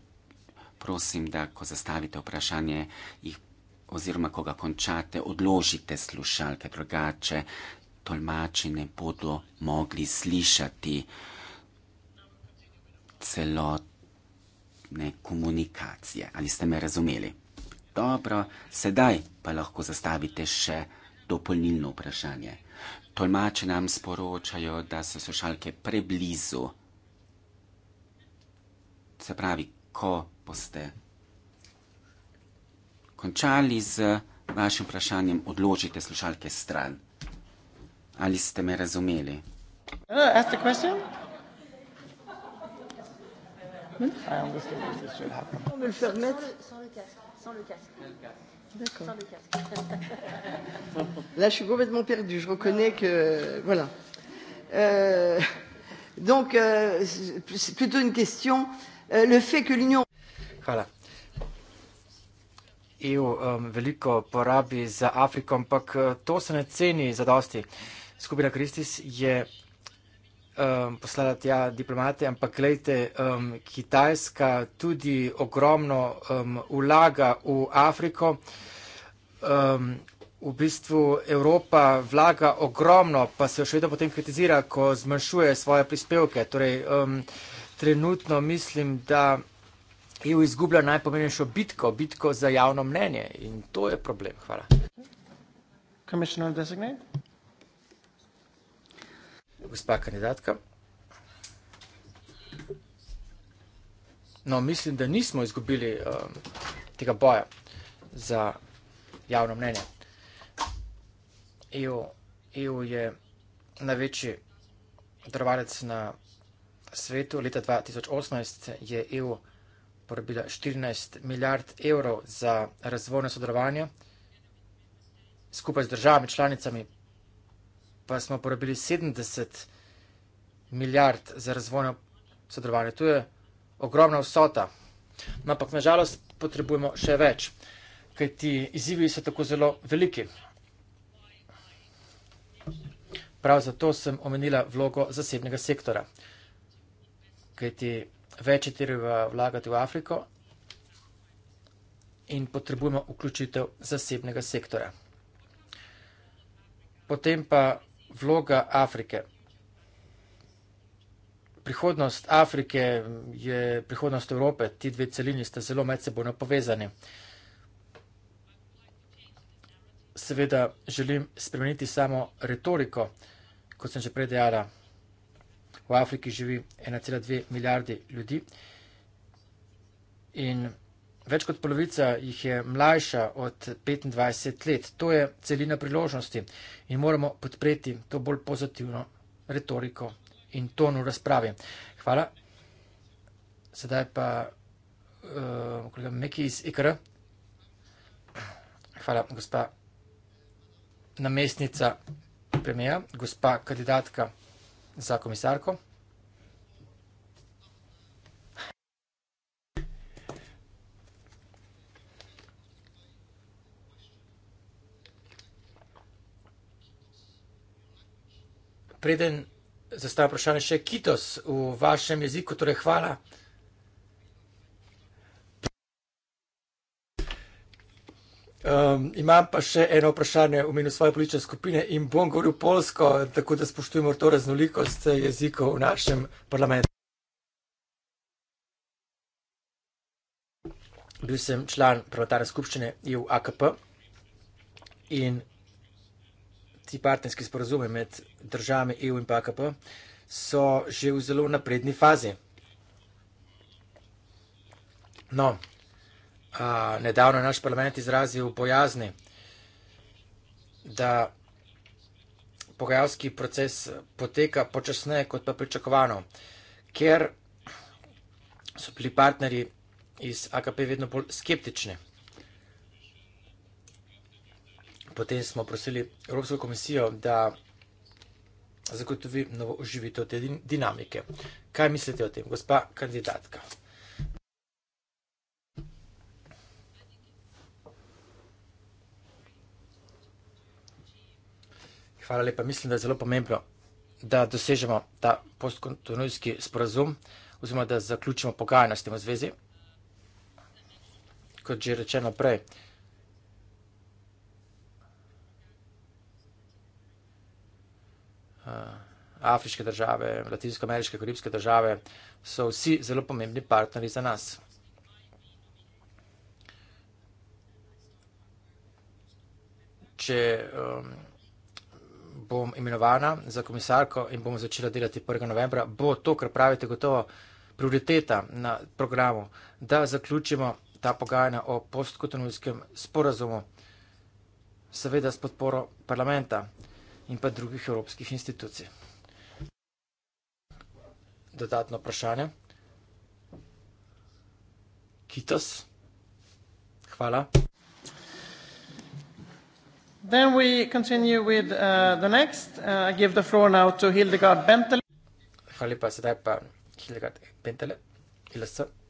Prosim, da ko zastavite vprašanje, jih oziroma ko ga končate, odložite slušalke drugače, tolmači ne bodo mogli slišati celotne komunikacije. Ali ste me razumeli? Dobro, sedaj pa lahko zastavite še dopolnilno vprašanje. Tolmači nam sporočajo, da so sošalke preblizu. Se pravi, ko boste končali z vašim vprašanjem, odložite sošalke stran. Ali ste me razumeli? Uh, hmm? Là, je suis complètement perdue. Je reconnais que. Voilà. Euh, donc, euh, c'est plutôt une question. Euh, le fait que l'Union. Voilà. EU um, veliko porabi za Afriko, ampak uh, to se ne ceni za dosti. Uh, skupina Kristis je um, poslala tja diplomate, ampak gledajte, um, Kitajska tudi ogromno um, vlaga v Afriko. Um, v bistvu Evropa vlaga ogromno, pa se še vedno potem kritizira, ko zmanjšuje svoje prispevke. Torej, um, trenutno mislim, da EU izgublja najpomembnejšo bitko, bitko za javno mnenje in to je problem. Hvala. Commissioner designate gospa kandidatka. No, mislim, da nismo izgubili um, tega boja za javno mnenje. EU, EU je največji trvalec na svetu. Leta 2018 je EU porabila 14 milijard evrov za razvojno sodelovanje skupaj z državami članicami, pa smo porabili 70 milijard za razvojno sodelovanje. To je ogromna vsota. No, ampak nažalost potrebujemo še več, kaj ti izzivi so tako zelo veliki. Prav zato sem omenila vlogo zasebnega sektora, kaj ti več je treba vlagati v Afriko in potrebujemo vključitev zasebnega sektora. Potem pa vloga Afrike. Prihodnost Afrike je prihodnost Evrope, ti dve celini sta zelo medsebojno povezani. Seveda želim spremeniti samo retoriko, kot sem že prej dejala. V Afriki živi 1,2 milijardi ljudi in vsega, Več kot polovica jih je mlajša od 25 let. To je celina priložnosti in moramo podpreti to bolj pozitivno retoriko in tono razprave. Hvala. Sedaj pa uh, kolega Meki iz IKR. Hvala, gospa namestnica premija, gospa kandidatka za komisarko. preden zastavim vprašanje, še kitos v vašem jeziku, torej hvala. Um, imam pa še eno vprašanje v imenu svoje politične skupine in bom govoril polsko, tako da spoštujemo to raznolikost jezikov v našem parlamentu. Bil sem član parlamentarne skupščine EU AKP in ti partnerski sporozumi med državami EU in PKP so že v zelo napredni fazi. No, a, nedavno je naš parlament izrazil bojazni, da pogajalski proces poteka počasneje kot pa pričakovano, ker so bili partnerji iz AKP vedno bolj skeptični. Potem smo prosili Evropsko komisijo, da zagotovi novo oživitev te dinamike. Kaj mislite o tem, gospa kandidatka? Hvala lepa. Mislim, da je zelo pomembno, da dosežemo ta postkontinuljski sporazum oziroma, da zaključimo pogajanja s tem v zvezi. Kot že rečeno prej, uh, afriške države, latinsko-ameriške, karibske države, so vsi zelo pomembni partnerji za nas. Če um, bom imenovana za komisarko in bomo začela delati 1. novembra, bo to, kar pravite, gotovo prioriteta na programu, da zaključimo ta pogajanja o postkotonovskem sporazumu, seveda s podporo parlamenta in pa drugih evropskih institucij. Dodatno vprašanje. Kitos. Hvala. Then we continue with uh, the next. Uh, I give the floor now to Hildegard Bentele. Hvala lepa, sedaj pa Hildegard Bentele. Hildegard Bentele.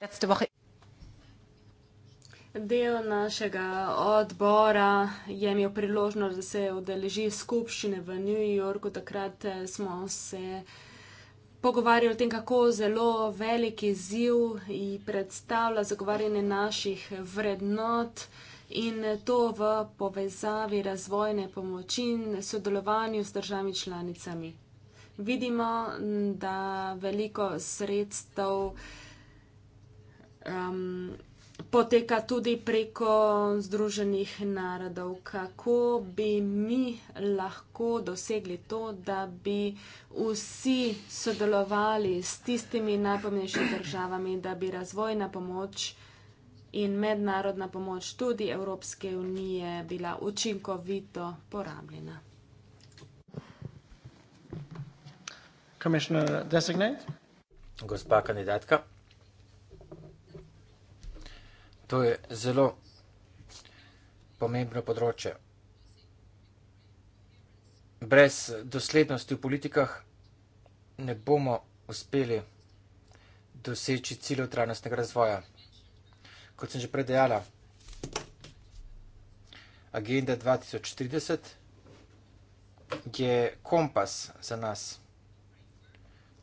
letzte Woche. Del našega odbora je imel priložnost, da se odeleži skupščine v New Yorku. Takrat eh, smo se pogovarjali o tem, kako zelo velik izziv predstavlja zagovarjanje naših vrednot. In to v povezavi razvojne pomoči in sodelovanju s državami članicami. Vidimo, da veliko sredstev um, poteka tudi preko Združenih narodov. Kako bi mi lahko dosegli to, da bi vsi sodelovali s tistimi najpomembnejšimi državami, da bi razvojna pomoč in mednarodna pomoč tudi Evropske unije bila učinkovito porabljena? Commissioner designate. Gospa kandidatka. To je zelo pomembno področje. Brez doslednosti v politikah ne bomo uspeli doseči ciljev trajnostnega razvoja. Kot sem že predejala, Agenda 2030 je kompas za nas.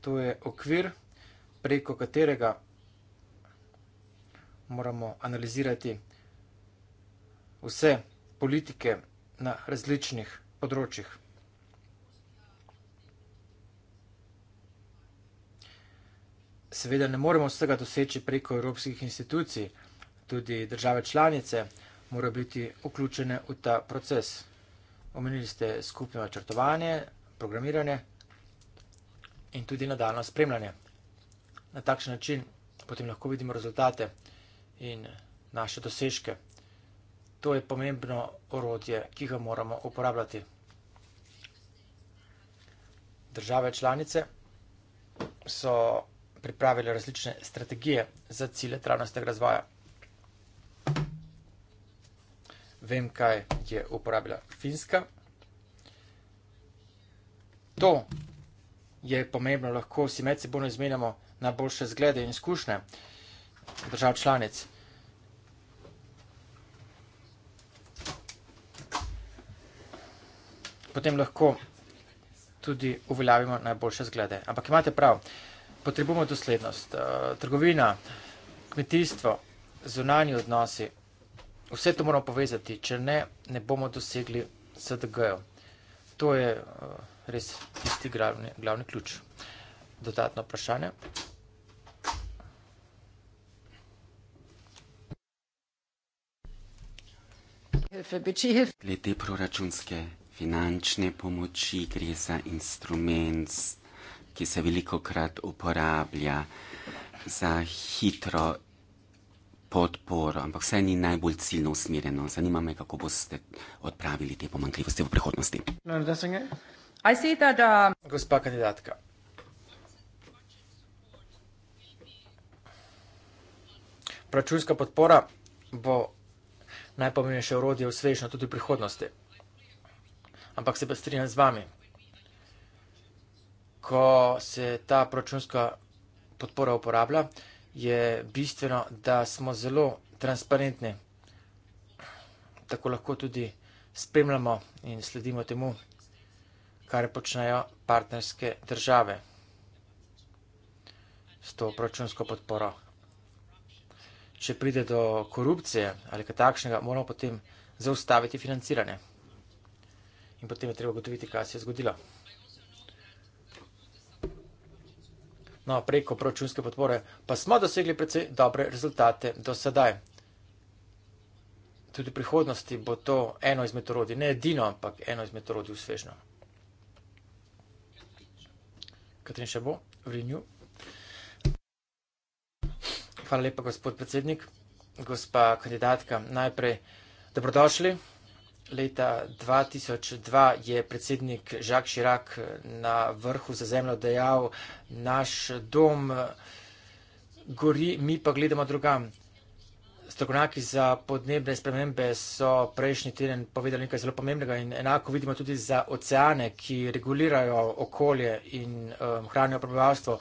To je okvir, preko katerega moramo analizirati vse politike na različnih področjih. Seveda ne moremo vsega doseči preko evropskih institucij, tudi države članice morajo biti vključene v ta proces. Omenili ste skupno načrtovanje, programiranje in tudi nadaljno spremljanje. Na takšen način potem lahko vidimo rezultate in naše dosežke. To je pomembno orodje, ki ga moramo uporabljati. Države članice so pripravili različne strategije za cilje trajnostnega razvoja. Vem, kaj je uporabila Finska. To je pomembno, lahko si medsebojno izmenjamo najboljše zglede in izkušnje držav članic. potem lahko tudi uveljavimo najboljše zglede. Ampak imate prav, potrebujemo doslednost. Eh, trgovina, kmetijstvo, zunanji odnosi, vse to moramo povezati, če ne, ne bomo dosegli SDG-jo. To je eh, res tisti glavni, glavni ključ. Dodatno vprašanje. Glede proračunske finančne pomoči, gre za instrument, ki se veliko krat uporablja za hitro podporo, ampak vse ni najbolj ciljno usmerjeno. Zanima me, kako boste odpravili te pomankljivosti v prihodnosti. Uh, Gospa kandidatka. Proračunska podpora bo najpomembnejše orodje uspešno tudi v prihodnosti ampak se pa strinjam z vami. Ko se ta proračunska podpora uporablja, je bistveno, da smo zelo transparentni. Tako lahko tudi spremljamo in sledimo temu, kar počnejo partnerske države s to proračunsko podporo. Če pride do korupcije ali kaj takšnega, moramo potem zaustaviti financiranje in potem je treba gotoviti, kaj se je zgodilo. No, preko proračunske podpore pa smo dosegli precej dobre rezultate do sedaj. Tudi v prihodnosti bo to eno izmed orodij, ne edino, ampak eno izmed orodij svežno. Katrin še bo v Rinju. Hvala lepa, gospod predsednik, gospa kandidatka. Najprej, dobrodošli. Leta 2002 je predsednik Jacques Chirac eh, na vrhu za zemljo dejal, naš dom eh, gori, mi pa gledamo drugam. Strokovnjaki za podnebne spremembe so prejšnji teden povedali nekaj zelo pomembnega in enako vidimo tudi za oceane, ki regulirajo okolje in um, hranijo prebivalstvo.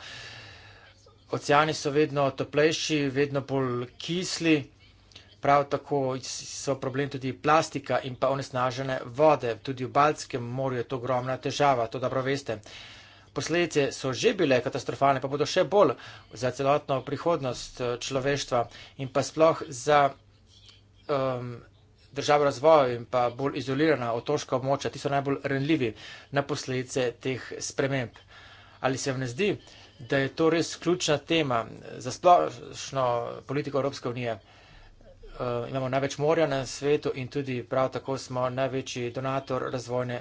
Oceani so vedno toplejši, vedno bolj kisli. Prav tako so problem tudi plastika in pa onesnažene vode. Tudi v Baltskem morju je to ogromna težava, to dobro veste. Posledice so že bile katastrofalne, pa bodo še bolj za celotno prihodnost eh, človeštva in pa sploh za um, državo razvoja in pa bolj izolirana otoška območja. Ti so najbolj renljivi na posledice teh sprememb. Ali se vam ne zdi, da je to res ključna tema za splošno politiko Evropske unije? Eh, imamo največ morja na svetu in tudi prav tako smo največji donator razvojne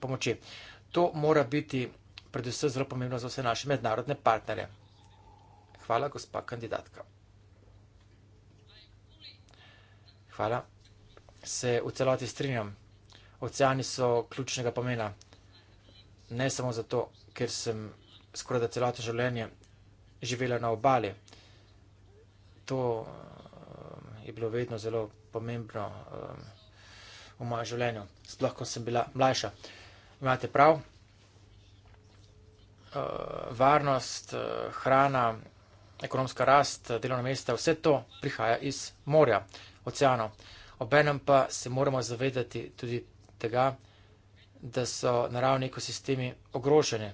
pomoči. To mora biti predvsem zelo pomembno za vse naše mednarodne partnerje. Hvala, gospa kandidatka. Hvala. Se v celoti strinjam. Oceani so ključnega pomena. Ne samo zato, ker sem skoraj da celoto življenje živela na obali. To je bilo vedno zelo pomembno um, v mojem življenju, sploh ko sem bila mlajša. Imate prav, uh, varnost, uh, hrana, ekonomska rast, delovna mesta, vse to prihaja iz morja, oceano. Obenem pa se moramo zavedati tudi tega, da so naravni ekosistemi ogroženi,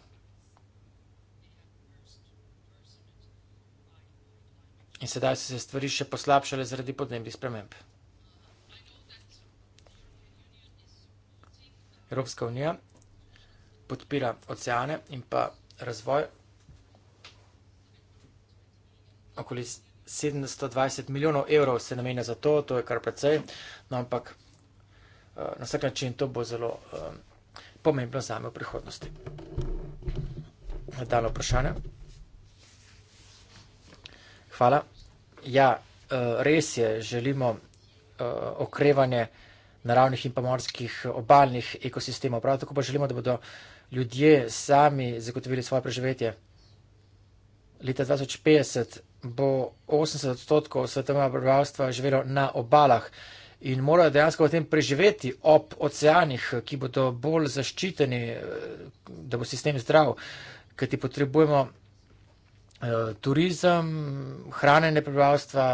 In sedaj so se stvari še poslabšale zaradi podnebnih sprememb. Evropska unija podpira oceane in pa razvoj okoli 720 milijonov evrov se namenja za to, to je kar precej, no ampak eh, na vsak način to bo zelo um, pomembno zame v prihodnosti. Nadaljno vprašanje. Hvala. Ja, eh, res je, želimo eh, okrevanje naravnih in pa morskih obalnih ekosistemov. Prav tako pa želimo, da bodo ljudje sami zagotovili svoje preživetje. Leta 2050 bo 80 odstotkov svetovnega prebivalstva živelo na obalah in morajo dejansko v tem preživeti ob oceanih, ki bodo bolj zaščiteni, eh, da bo sistem zdrav, kajti potrebujemo Eh, turizem, hranjenje prebivalstva,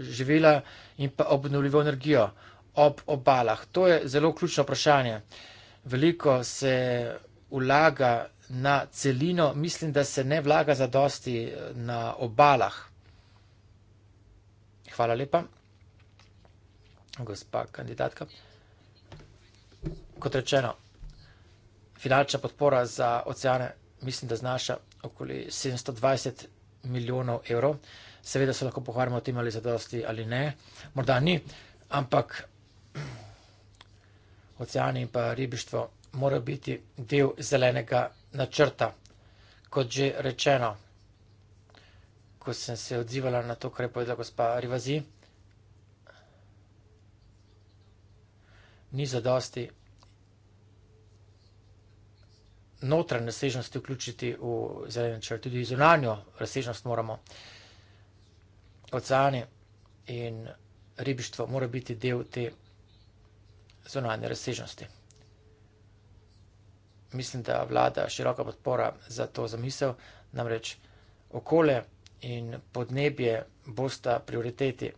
živela in pa obnovljivo energijo ob obalah. To je zelo ključno vprašanje. Veliko se vlaga na celino, mislim, da se ne vlaga za dosti eh, na obalah. Hvala lepa, gospa kandidatka. Kot rečeno, finančna podpora za oceane mislim, da znaša okoli 720 milijonov evrov. Seveda se lahko pohvarjamo o tem, ali zadosti ali ne. Morda ni, ampak oceani in pa ribištvo morajo biti del zelenega načrta. Kot že rečeno, ko sem se odzivala na to, kar je povedala gospa Rivazi, ni zadosti notranje razsežnosti vključiti v zeleni črt, tudi zunanjo razsežnost moramo. Oceani in ribištvo mora biti del te zunanje razsežnosti. Mislim, da vlada široka podpora za to zamisel, namreč okolje in podnebje bosta prioriteti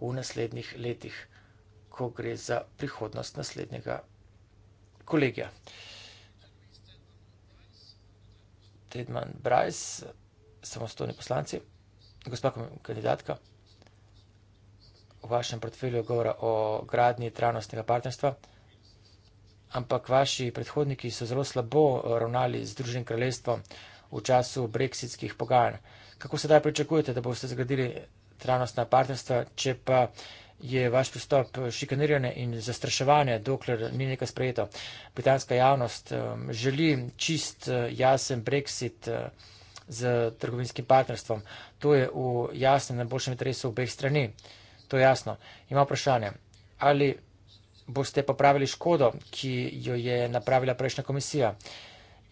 v naslednjih letih, ko gre za prihodnost naslednjega kolegija. Tedman Brajs, samostojni poslanci, gospa kandidatka, v vašem portfelju govora o gradni trajnostnega partnerstva, ampak vaši predhodniki so zelo slabo eh, ravnali z Združenim kraljestvom v času brexitskih pogajanj. Kako sedaj pričakujete, da boste zgradili trajnostna partnerstva, če pa je vaš pristop eh, šikaniranje in zastraševanje, dokler ni nekaj sprejeto. Britanska javnost ehm, želi čist eh, jasen brexit eh, z trgovinskim partnerstvom. To je v jasnem, najboljšem interesu obeh strani. To je jasno. Ima vprašanje, ali boste popravili škodo, ki jo je napravila prejšnja komisija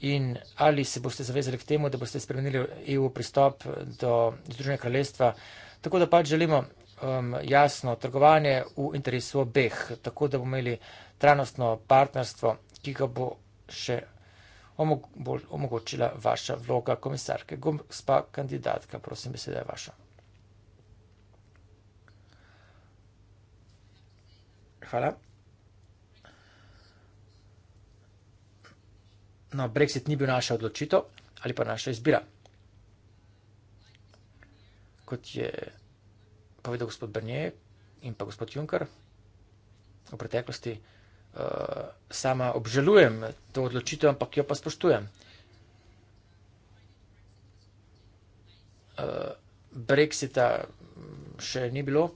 in ali se boste zavezali k temu, da boste spremenili EU pristop do Združenja kraljestva. Tako da pač želimo um, jasno trgovanje v interesu obeh, tako da bomo imeli trajnostno partnerstvo, ki ga bo še omog bolj omogočila vaša vloga komisarke. Gospa kandidatka, prosim, beseda je vaša. Hvala. No, Brexit ni bil naša odločitev ali pa naša izbira. Kot je povedal gospod Brnjev in pa gospod Juncker v preteklosti, uh, sama obžalujem to odločitev, ampak jo pa spoštujem. Uh, Brexita mm, še ni bilo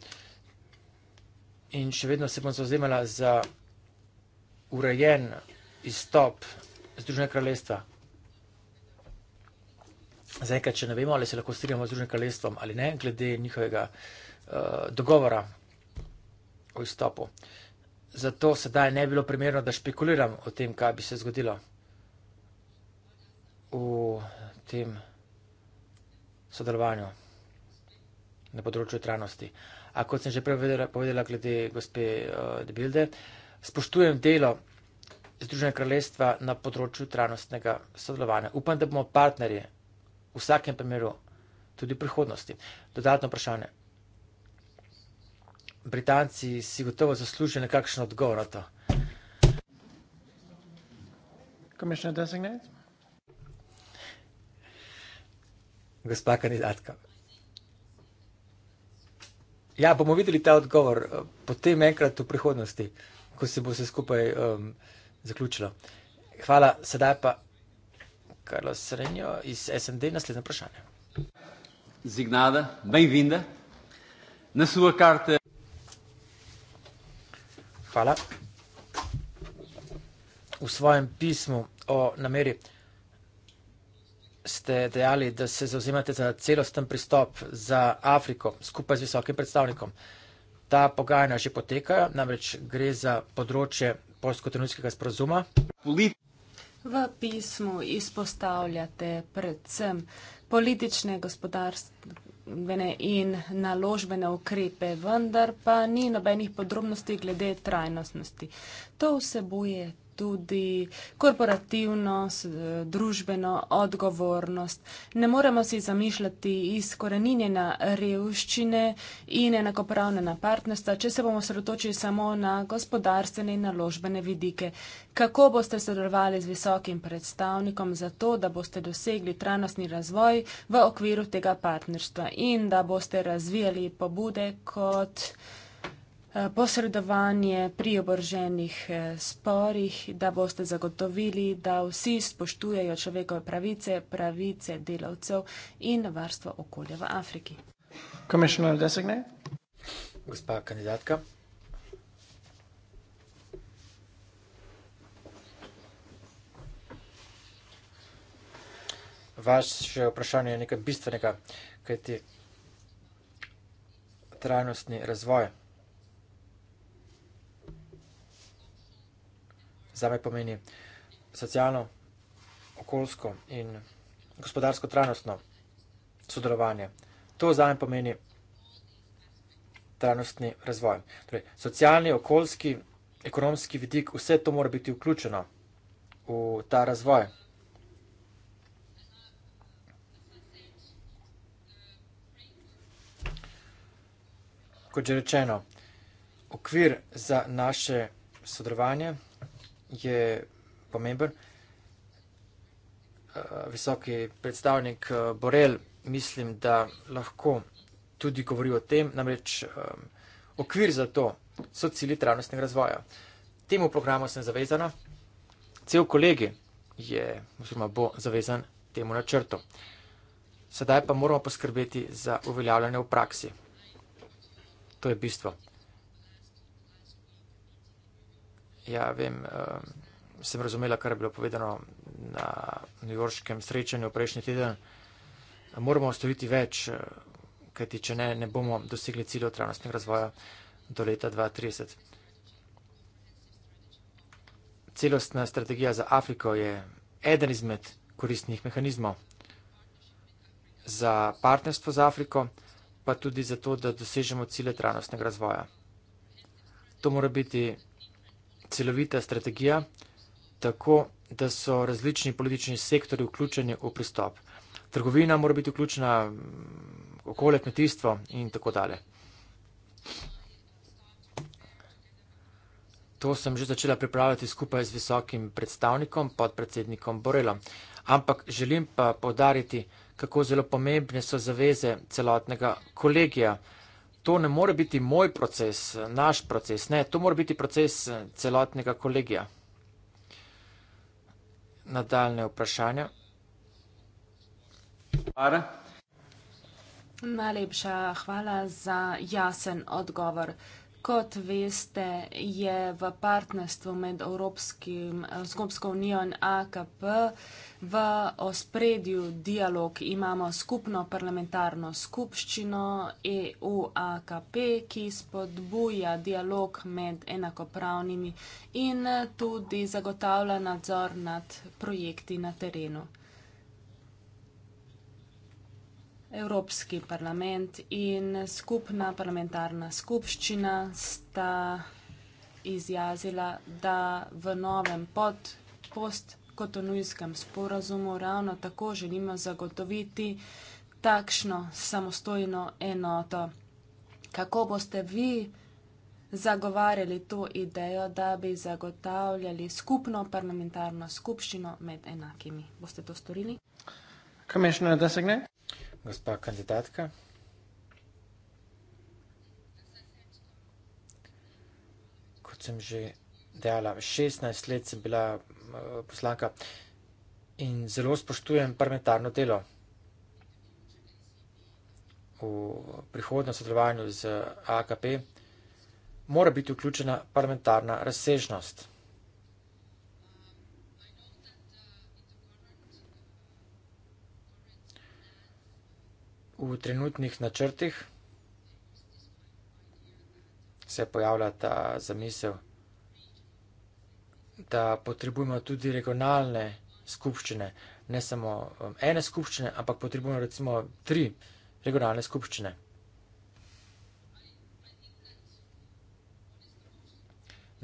in še vedno se bom zauzemala za urejen izstop Združenega kraljestva. Zdaj, ker če ne vemo, ali se lahko strinjamo z Združenim kraljestvom ali ne, glede njihovega uh, Eh, dogovora o izstopu. Zato sedaj ne bi bilo primerno, da špekuliram o tem, kaj bi se zgodilo v tem sodelovanju na področju trajnosti. A kot sem že prej povedala, povedala glede gospe uh, eh, Debilde, spoštujem delo Združenega kraljestva na področju trajnostnega sodelovanja. Upam, da bomo partnerje v vsakem primeru tudi v prihodnosti. Dodatno vprašanje. Britanci si gotovo zaslužijo nekakšen odgovor na to. Gospa kandidatka. Ja, bomo videli ta odgovor eh, potem enkrat v prihodnosti, ko se bo vse skupaj um, zaključilo. Hvala, sedaj pa Karlo Srenjo iz SND, naslednje vprašanje. Zignada, bem vinda. Na svojo karte. Hvala. V svojem pismu o nameri ste dejali, da se zauzemate za celosten pristop za Afriko skupaj z visokim predstavnikom. Ta pogajanja že potekajo, namreč gre za področje polsko-trenutskega sporozuma. V pismu izpostavljate predvsem politične gospodarstvo in naložbene ukrepe, vendar pa ni nobenih podrobnosti glede trajnostnosti. To vsebuje tudi korporativnost, eh, družbeno odgovornost. Ne moremo si zamišljati izkoreninjena revščine in enakopravnena partnerstva, če se bomo sredotočili samo na gospodarstvene in naložbene vidike. Kako boste sodelovali z visokim predstavnikom za to, da boste dosegli trajnostni razvoj v okviru tega partnerstva in da boste razvijali pobude kot. Eh, posredovanje pri oboroženih eh, sporih, da boste zagotovili, da vsi spoštujejo človekove pravice, pravice delavcev in varstvo okolja v Afriki. Gospa kandidatka. Vaše vprašanje je nekaj bistvenega, kajti trajnostni razvoj za me pomeni socialno, okoljsko in gospodarsko trajnostno sodelovanje. To za me pomeni trajnostni razvoj. Torej, socialni, okoljski, ekonomski vidik, vse to mora biti vključeno v ta razvoj. Kot že rečeno, okvir za naše sodelovanje je pomemben. Eh, visoki predstavnik eh, Borel mislim, da lahko tudi govori o tem, namreč eh, okvir za to so cilji trajnostnega razvoja. Temu programu sem zavezana, cel kolegi je oziroma bo zavezan temu načrtu. Sedaj pa moramo poskrbeti za uveljavljanje v praksi. To je bistvo. Ja, vem, uh, sem razumela, kar je bilo povedano na nevorškem srečanju prejšnji teden. Moramo ostaviti več, eh, kajti če ne, ne bomo dosegli ciljev trajnostnega razvoja do leta 2030. Celostna strategija za Afriko je eden izmed koristnih mehanizmov za partnerstvo z Afriko, pa tudi za to, da dosežemo cilje trajnostnega razvoja. To mora biti celovita strategija, tako da so različni politični sektori vključeni v pristop. Trgovina mora biti vključena, mm, okolje, kmetijstvo in tako dalje. To sem že začela pripravljati skupaj z visokim predstavnikom, podpredsednikom Borelom. Ampak želim pa podariti, kako zelo pomembne so zaveze celotnega kolegija to ne more biti moj proces, naš proces, ne, to mora biti proces eh, celotnega kolegija. Nadaljne vprašanja. Hvala. Najlepša hvala za jasen odgovor. Kot veste, je v partnerstvu med eh, Evropsko unijo in AKP v ospredju dialog imamo skupno parlamentarno skupščino EUAKP, ki spodbuja dialog med enakopravnimi in tudi zagotavlja nadzor nad projekti na terenu. Evropski parlament in skupna parlamentarna skupščina sta izjazila, da v novem pod post kotonujskem sporazumu ravno tako želimo zagotoviti takšno samostojno enoto. Kako boste vi zagovarjali to idejo, da bi zagotavljali skupno parlamentarno skupščino med enakimi? Boste to storili? Gospa kandidatka. Kot sem že dejala. 16 let sem bila eh, poslanka in zelo spoštujem parlamentarno delo. V prihodnem sodelovanju z AKP mora biti vključena parlamentarna razsežnost. V trenutnih načrtih se pojavlja ta zamisel da potrebujemo tudi regionalne skupščine, ne samo um, ene skupščine, ampak potrebujemo recimo tri regionalne skupščine.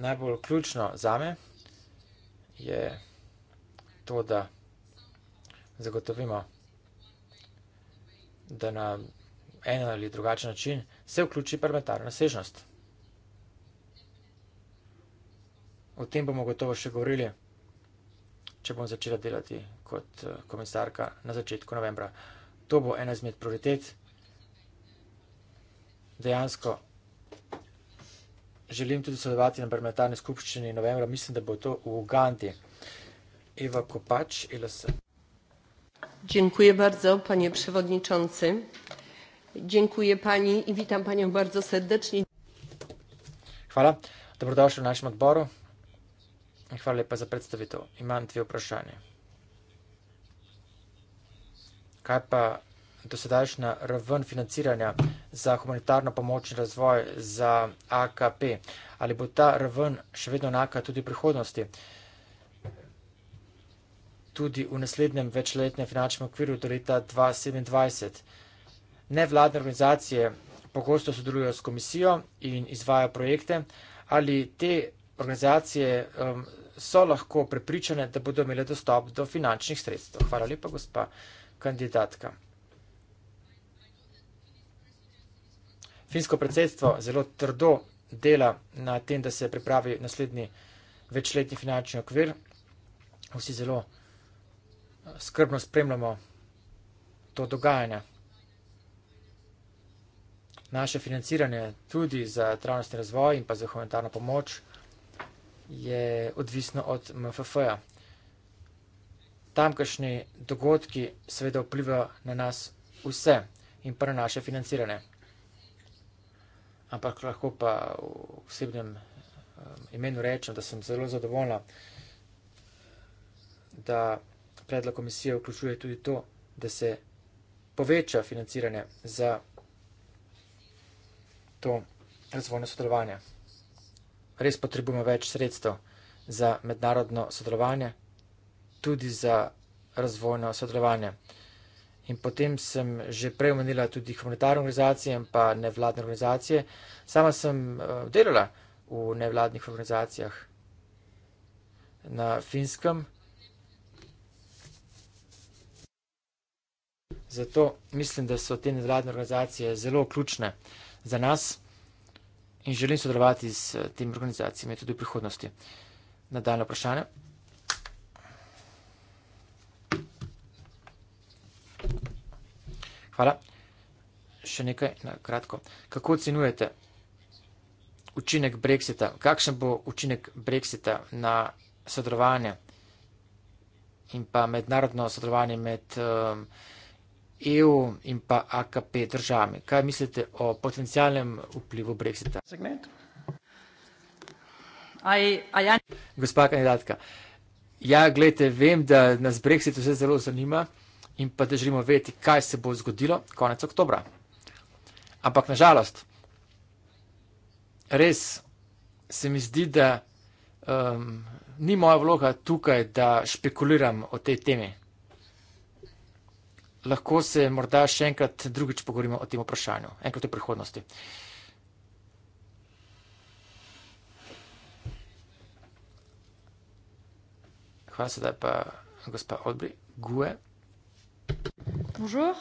Najbolj ključno za me je to, da zagotovimo, da na en ali drugačen način se vključi parlamentarna sežnost. O tem bomo gotovo še govorili, če bom začela delati kot eh, komisarka na začetku novembra. To bo ena izmed prioritet. Dejansko želim tudi sodelovati na parlamentarni skupščini novembra. Mislim, da bo to v Ugandi. Eva Kopač, LS. Dziękuję bardzo, panie przewodniczący. Dziękuję pani i witam panią bardzo serdecznie. Chwala. Dobrodošli v našem odboru. Hvala lepa za predstavitev. Imam dve vprašanje. Kaj pa dosedajšnja raven financiranja za humanitarno pomoč in razvoj za AKP? Ali bo ta raven še vedno enaka tudi v prihodnosti? Tudi v naslednjem večletnem finančnem okviru do leta 2027. Nevladne organizacije pogosto sodelujejo s komisijo in izvajo projekte. Ali te organizacije um, so lahko prepričane, da bodo imele dostop do finančnih sredstev. Hvala lepa, gospa kandidatka. Finsko predsedstvo zelo trdo dela na tem, da se pripravi naslednji večletni finančni okvir. Vsi zelo eh, skrbno spremljamo to dogajanje. Naše financiranje tudi za trajnostni razvoj in pa za humanitarno pomoč je odvisno od MFF-ja. Tamkajšnji dogodki seveda vplivajo na nas vse in pa na naše financirane. Ampak lahko pa v osebnem um, imenu rečem, da sem zelo zadovoljna, da predlog komisije vključuje tudi to, da se poveča financiranje za to razvojno sodelovanje res potrebujemo več sredstev za mednarodno sodelovanje, tudi za razvojno sodelovanje. In potem sem že prej omenila tudi humanitarne organizacije in pa nevladne organizacije. Sama sem eh, delala v nevladnih organizacijah na finskem. Zato mislim, da so te nevladne organizacije zelo ključne za nas in želim sodelovati z eh, temi organizacijami tudi v prihodnosti. Nadaljne vprašanje. Hvala. Še nekaj na kratko. Kako ocenjujete učinek Brexita? Kakšen bo učinek Brexita na sodelovanje in pa mednarodno sodelovanje med. Um, EU in pa AKP državami. Kaj mislite o potencijalnem vplivu brexita? I, I... Gospa kandidatka, ja, gledajte, vem, da nas brexit vse zelo zanima in pa da želimo vedeti, kaj se bo zgodilo konec oktobra. Ampak nažalost, res se mi zdi, da um, ni moja vloga tukaj, da špekuliram o tej temi lahko se morda še enkrat drugič pogovorimo o tem vprašanju, enkrat v prihodnosti. Hvala sedaj pa gospa Odbri Gue. Bonjour.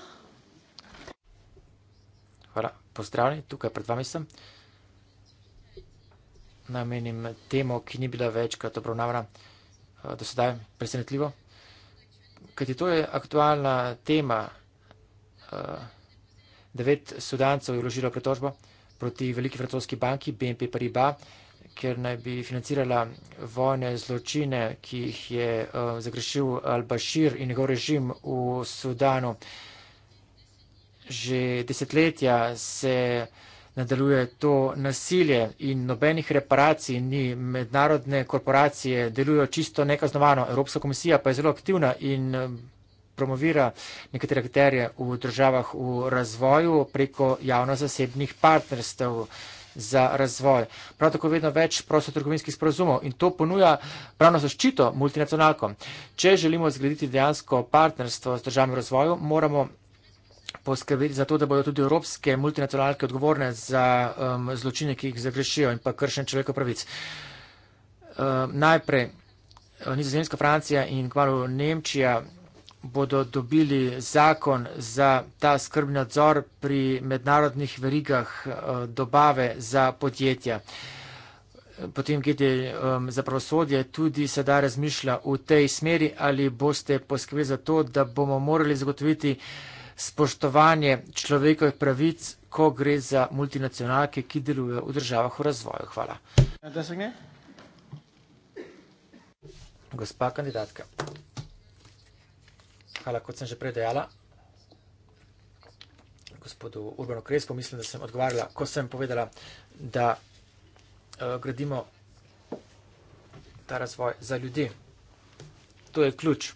Hvala, pozdravljeni, tukaj pred vami sem. Namenim temo, ki ni bila večkrat obravnavana eh, do sedaj, presenetljivo kajti to je aktualna tema. Uh, devet sudancev je vložilo pretožbo proti veliki francoski banki BNP Paribas, ker naj bi financirala vojne zločine, ki jih je uh, zagrešil Al-Bashir in njegov režim v Sudanu. Že desetletja se uh, nadaljuje to nasilje in nobenih reparacij ni. Mednarodne korporacije delujejo čisto nekaznovano. Evropska komisija pa je zelo aktivna in um, promovira nekatere kriterije v državah v razvoju preko javno-zasebnih partnerstev za razvoj. Prav tako vedno več prostotrgovinskih sporozumov in to ponuja pravno zaščito multinacionalkom. Če želimo zgraditi dejansko partnerstvo z državami v razvoju, moramo poskrbeti za to, da bodo tudi evropske multinacionalke odgovorne za um, zločine, ki jih zagrešijo in pa kršen človekov pravic. Um, najprej uh, Nizozemska, Francija in kmalo Nemčija bodo dobili zakon za ta skrbni nadzor pri mednarodnih verigah uh, dobave za podjetja. Potem, ki je um, za pravosodje, tudi sedaj razmišlja v tej smeri, ali boste poskrbeli za to, da bomo morali zagotoviti uh, spoštovanje človekovih pravic, ko gre za multinacionalke, ki delujejo v državah v razvoju. Hvala. Gospa kandidatka. Hvala, kot sem že prej dejala. Gospodu Urbano Krespo, mislim, da sem odgovarjala, ko sem povedala, da eh, gradimo ta razvoj za ljudi. To je ključ.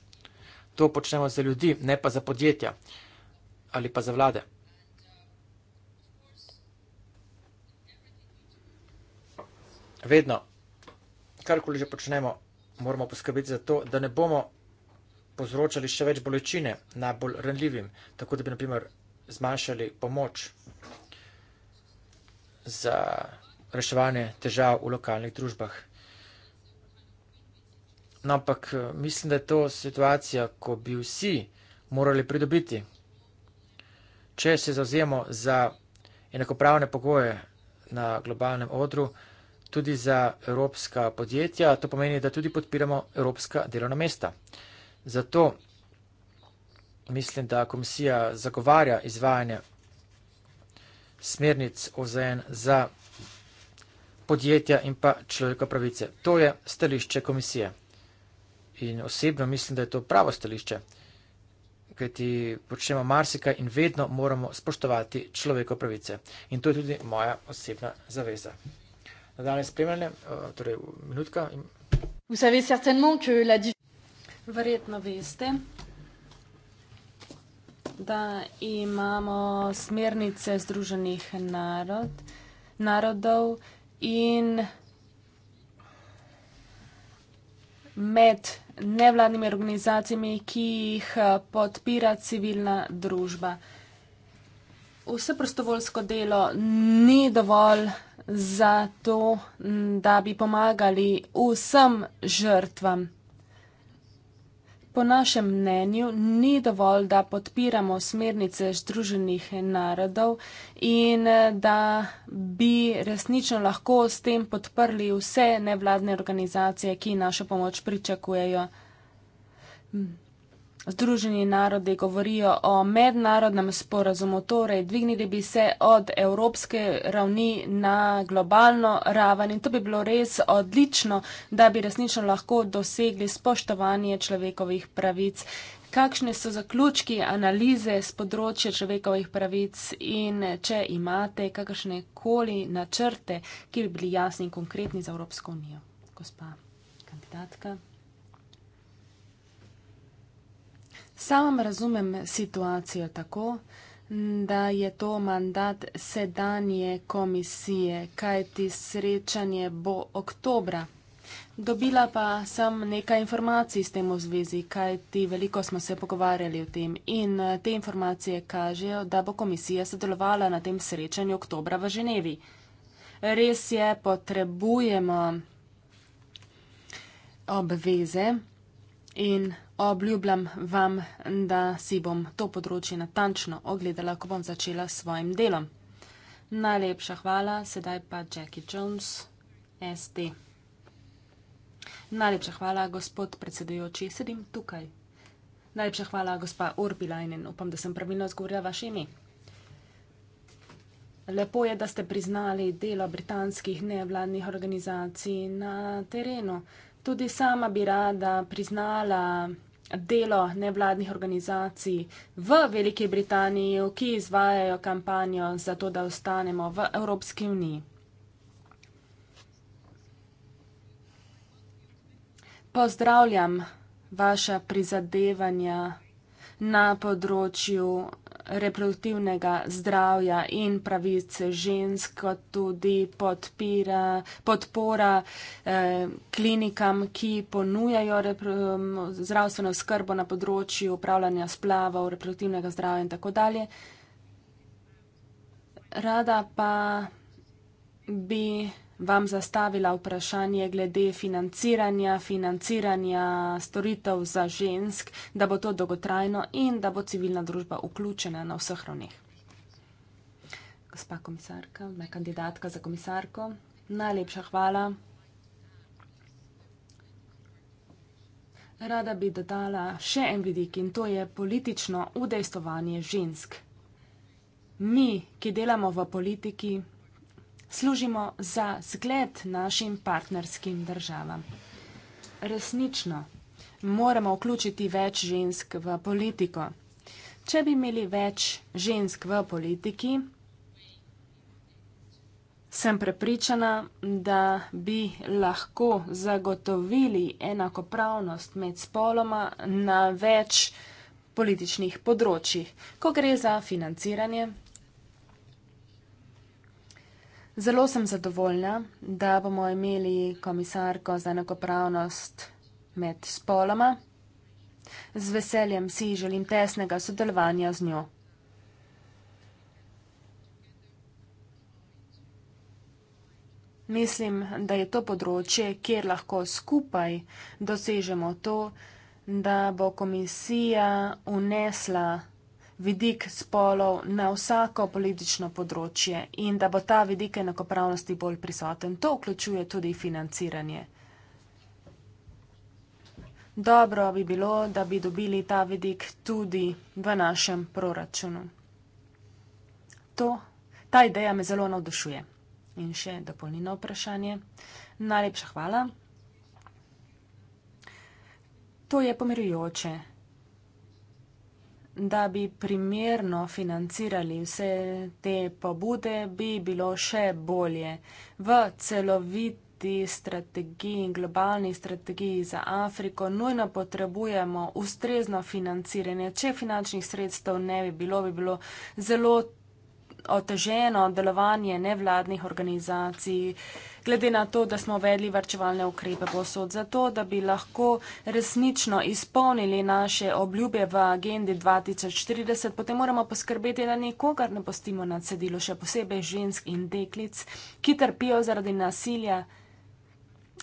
To počnemo za ljudi, ne pa za podjetja ali pa za vlade. Vedno, karkoli že počnemo, moramo poskrbiti za to, da ne bomo povzročali še več bolečine najbolj ranljivim, tako da bi naprimer zmanjšali pomoč za reševanje težav v lokalnih družbah. No, ampak eh, mislim, da je to situacija, ko bi vsi morali pridobiti če se zauzemo za enakopravne pogoje na globalnem odru, tudi za evropska podjetja, to pomeni, da tudi podpiramo evropska delovna mesta. Zato mislim, da komisija zagovarja izvajanje smernic OZN za podjetja in pa človeka pravice. To je stališče komisije. In osebno mislim, da je to pravo stališče kajti počnemo marsikaj in vedno moramo spoštovati človeko pravice. In to je tudi moja osebna zaveza. Nadaljne spremljanje, eh, torej minutka. Verjetno veste, da imamo smernice Združenih narod, narodov in med nevladnimi organizacijami, ki jih eh, podpira civilna družba. Vse prostovoljsko delo ni dovolj za to, da bi pomagali vsem žrtvam. Po našem mnenju ni dovolj, da podpiramo smernice Združenih narodov in da bi resnično lahko s tem podprli vse nevladne organizacije, ki našo pomoč pričakujejo. Združeni narodi govorijo o mednarodnem sporazumu, torej dvignili bi se od evropske ravni na globalno raven in to bi bilo res odlično, da bi resnično lahko dosegli spoštovanje človekovih pravic. Kakšne so zaključki analize z področja človekovih pravic in če imate kakšne koli načrte, ki bi bili jasni in konkretni za Evropsko unijo? Gospa kandidatka. Samem razumem situacijo tako, da je to mandat sedanje komisije, kajti srečanje bo oktobra. Dobila pa sem nekaj informacij s tem v zvezi, kajti veliko smo se pogovarjali o tem in eh, te informacije kažejo, da bo komisija sodelovala na tem srečanju oktobra v Ženevi. Res je, potrebujemo obveze in Obljubljam vam, da si bom to področje natančno ogledala, ko bom začela s svojim delom. Najlepša hvala, sedaj pa Jackie Jones, SD. Najlepša hvala, gospod predsedujoči, sedim tukaj. Najlepša hvala, gospa Urbilajnen, upam, da sem pravilno zgovorila vaš ime. Lepo je, da ste priznali delo britanskih nevladnih organizacij na terenu. Tudi sama bi rada priznala delo nevladnih organizacij v Veliki Britaniji, ki izvajajo kampanjo za to, da ostanemo v Evropski uniji. Pozdravljam vaša prizadevanja na področju reproduktivnega zdravja in pravice žensk, kot tudi podpira, podpora eh, klinikam, ki ponujajo zdravstveno skrbo na področju upravljanja splavov, reproduktivnega zdravja in tako dalje. Rada pa bi vam zastavila vprašanje glede financiranja, financiranja storitev za žensk, da bo to dolgotrajno in da bo civilna družba vključena na vseh ravneh. Gospa komisarka, moja kandidatka za komisarko, najlepša hvala. Rada bi dodala še en vidik in to je politično udejstovanje žensk. Mi, ki delamo v politiki, služimo za zgled našim partnerskim državam. Resnično, moramo vključiti več žensk v politiko. Če bi imeli več žensk v politiki, sem prepričana, da bi lahko zagotovili enakopravnost med spoloma na več političnih področjih, ko gre za financiranje Zelo sem zadovoljna, da bomo imeli komisarko za enakopravnost med spoloma. Z veseljem si želim tesnega sodelovanja z njo. Mislim, da je to področje, kjer lahko skupaj dosežemo to, da bo komisija unesla vidik spolov na vsako politično področje in da bo ta vidik enakopravnosti bolj prisoten. To vključuje tudi financiranje. Dobro bi bilo, da bi dobili ta vidik tudi v našem proračunu. To, ta ideja me zelo navdušuje. In še dopolnjeno vprašanje. Najlepša hvala. To je pomirujoče da bi primerno financirali vse te pobude, bi bilo še bolje. V celoviti strategiji in globalni strategiji za Afriko nujno potrebujemo ustrezno financiranje. Če finančnih sredstev ne bi bilo, bi bilo zelo oteženo delovanje nevladnih organizacij, glede na to, da smo uvedli varčevalne ukrepe posod, zato da bi lahko resnično izpolnili naše obljube v agendi 2040, potem moramo poskrbeti, da nikogar ne postimo na cedilu, še posebej žensk in deklic, ki trpijo zaradi nasilja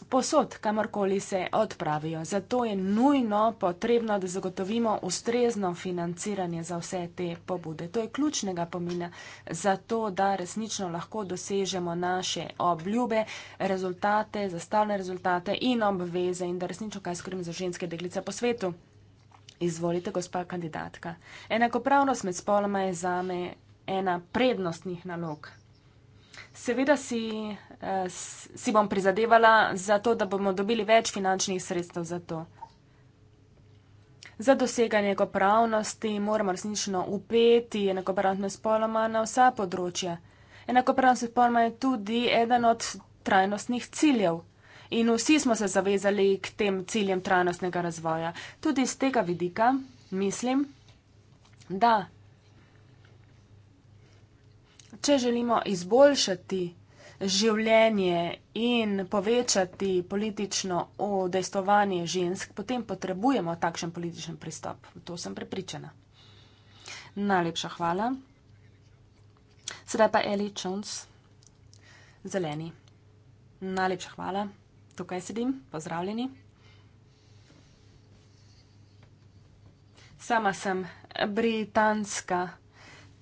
posod, kamorkoli se odpravijo. Zato je nujno potrebno, da zagotovimo ustrezno financiranje za vse te pobude. To je ključnega pomena za to, da resnično lahko dosežemo naše obljube, rezultate, zastavne rezultate in obveze in da resnično kaj skrbim za ženske deklice po svetu. Izvolite, gospa kandidatka. Enakopravnost med spoloma je zame ena prednostnih nalog. Seveda si, eh, si bom prizadevala za to, da bomo dobili več finančnih sredstev za to. Za doseganje enakopravnosti moramo resnično upeti enakopravnost spoloma na vsa področja. Enakopravnost spoloma je tudi eden od trajnostnih ciljev in vsi smo se zavezali k tem ciljem trajnostnega razvoja. Tudi iz tega vidika mislim, da če želimo izboljšati življenje in povečati politično udejstovanje žensk, potem potrebujemo takšen političen pristop. To sem prepričana. Najlepša hvala. Sedaj pa Eli Jones, zeleni. Najlepša hvala. Tukaj sedim, pozdravljeni. Sama sem britanska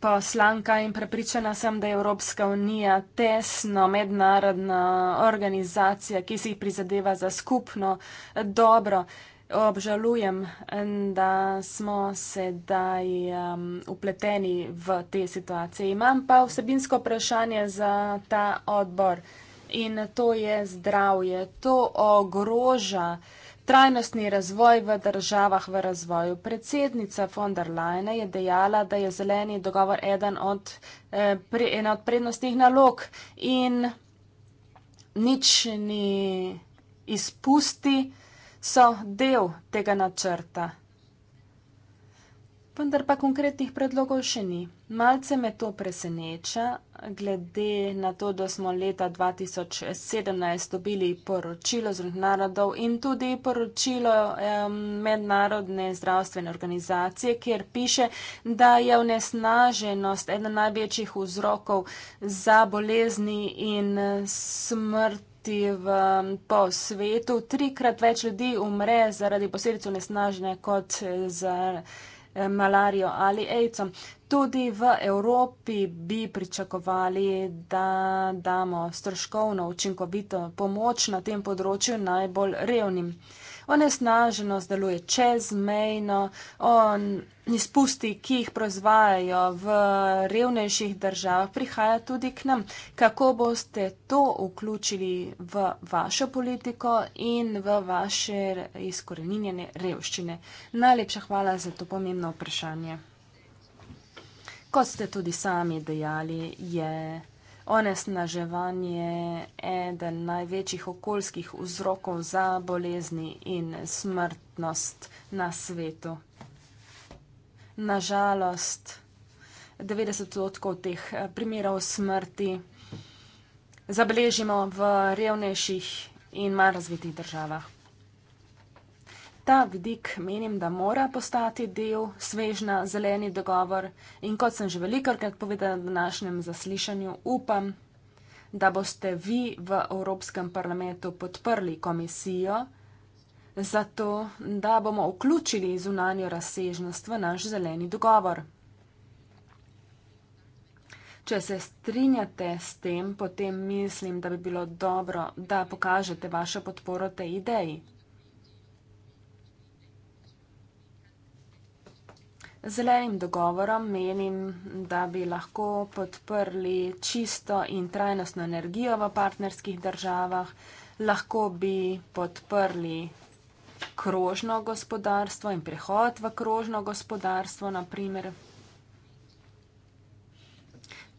poslanka in prepričana sem, da je Evropska unija tesno mednarodna organizacija, ki si jih prizadeva za skupno dobro. Obžalujem, da smo sedaj um, upleteni v te situacije. Imam pa vsebinsko vprašanje za ta odbor in to je zdravje. To ogroža uh, trajnostni razvoj v državah v razvoju. Predsednica von der Leyen je dejala, da je zeleni dogovor eden od, eh, ena od prednostnih nalog in nični izpusti so del tega načrta. Vendar pa konkretnih predlogov še ni. Malce me to preseneča, glede na to, da smo leta 2017 dobili poročilo Združenih narodov in tudi poročilo eh, Mednarodne zdravstvene organizacije, kjer piše, da je vnesnaženost eden največjih vzrokov za bolezni in smrt. V, po svetu trikrat več ljudi umre zaradi posledic nesnažne kot za malarijo ali AIDS-om. Tudi v Evropi bi pričakovali, da damo stroškovno učinkovito pomoč na tem področju najbolj revnim. Onesnaženost deluje čezmejno, on, izpusti, ki jih proizvajajo v revnejših državah, prihaja tudi k nam. Kako boste to vključili v vašo politiko in v vaše izkoreninjene revščine? Najlepša hvala za to pomembno vprašanje kot ste tudi sami dejali, je onesnaževanje eden največjih okoljskih vzrokov za bolezni in smrtnost na svetu. Nažalost, 90% teh eh, primerov smrti zabeležimo v revnejših in manj razvitih državah ta vidik menim, da mora postati del svežna zeleni dogovor in kot sem že veliko krat povedala na današnjem zaslišanju, upam, da boste vi v Evropskem parlamentu podprli komisijo, zato da bomo vključili zunanjo razsežnost v naš zeleni dogovor. Če se strinjate s tem, potem mislim, da bi bilo dobro, da pokažete vašo podporo tej ideji. Z lejnim dogovorom menim, da bi lahko podprli čisto in trajnostno energijo v partnerskih državah, lahko bi podprli krožno gospodarstvo in prehod v krožno gospodarstvo, naprimer.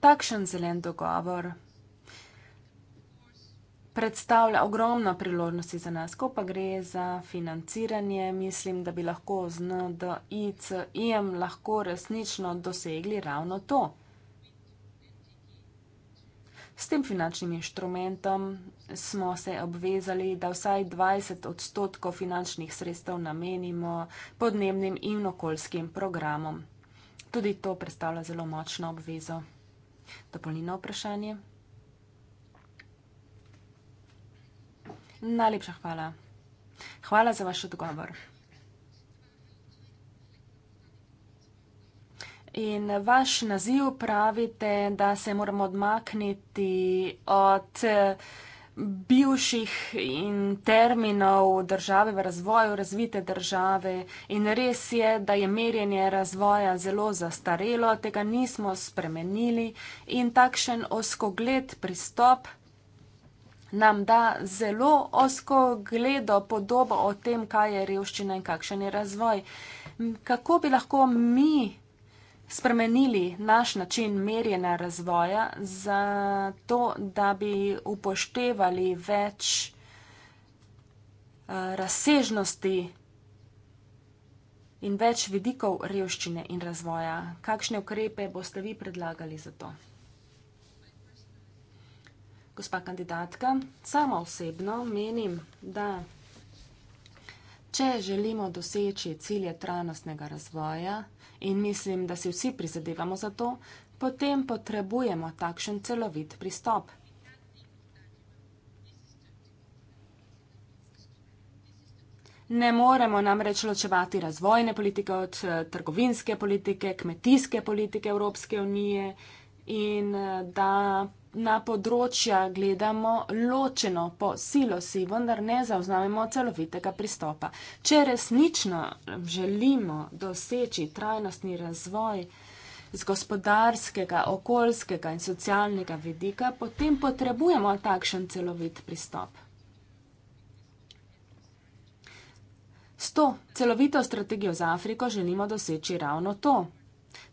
Takšen zelen dogovor predstavlja ogromno priložnosti za nas, ko pa gre za financiranje, mislim, da bi lahko z NDICIM lahko resnično dosegli ravno to. S tem finančnim inštrumentom smo se obvezali, da vsaj 20 odstotkov finančnih sredstev namenimo podnebnim in okoljskim programom. Tudi to predstavlja zelo močno obvezo. Dopolnilno vprašanje. Najlepša hvala. Hvala za vaš odgovor. In vaš naziv pravite, da se moramo odmakniti od bivših in terminov države v razvoju, razvite države. In res je, da je merjenje razvoja zelo zastarelo, tega nismo spremenili in takšen oskogled pristop nam da zelo osko gledo podobo o tem, kaj je revščina in kakšen je razvoj. Kako bi lahko mi spremenili naš način merjena razvoja za to, da bi upoštevali več eh, razsežnosti in več vidikov revščine in razvoja? Kakšne ukrepe boste vi predlagali za to? gospa kandidatka, sama osebno menim, da če želimo doseči cilje trajnostnega razvoja in mislim, da si vsi prizadevamo za to, potem potrebujemo takšen celovit pristop. Ne moremo namreč ločevati razvojne politike od eh, trgovinske politike, kmetijske politike Evropske unije in eh, da na področja gledamo ločeno po silosi, vendar ne zauznamemo celovitega pristopa. Če resnično želimo doseči trajnostni razvoj z gospodarskega, okoljskega in socialnega vidika, potem potrebujemo takšen celovit pristop. S to celovito strategijo za Afriko želimo doseči ravno to.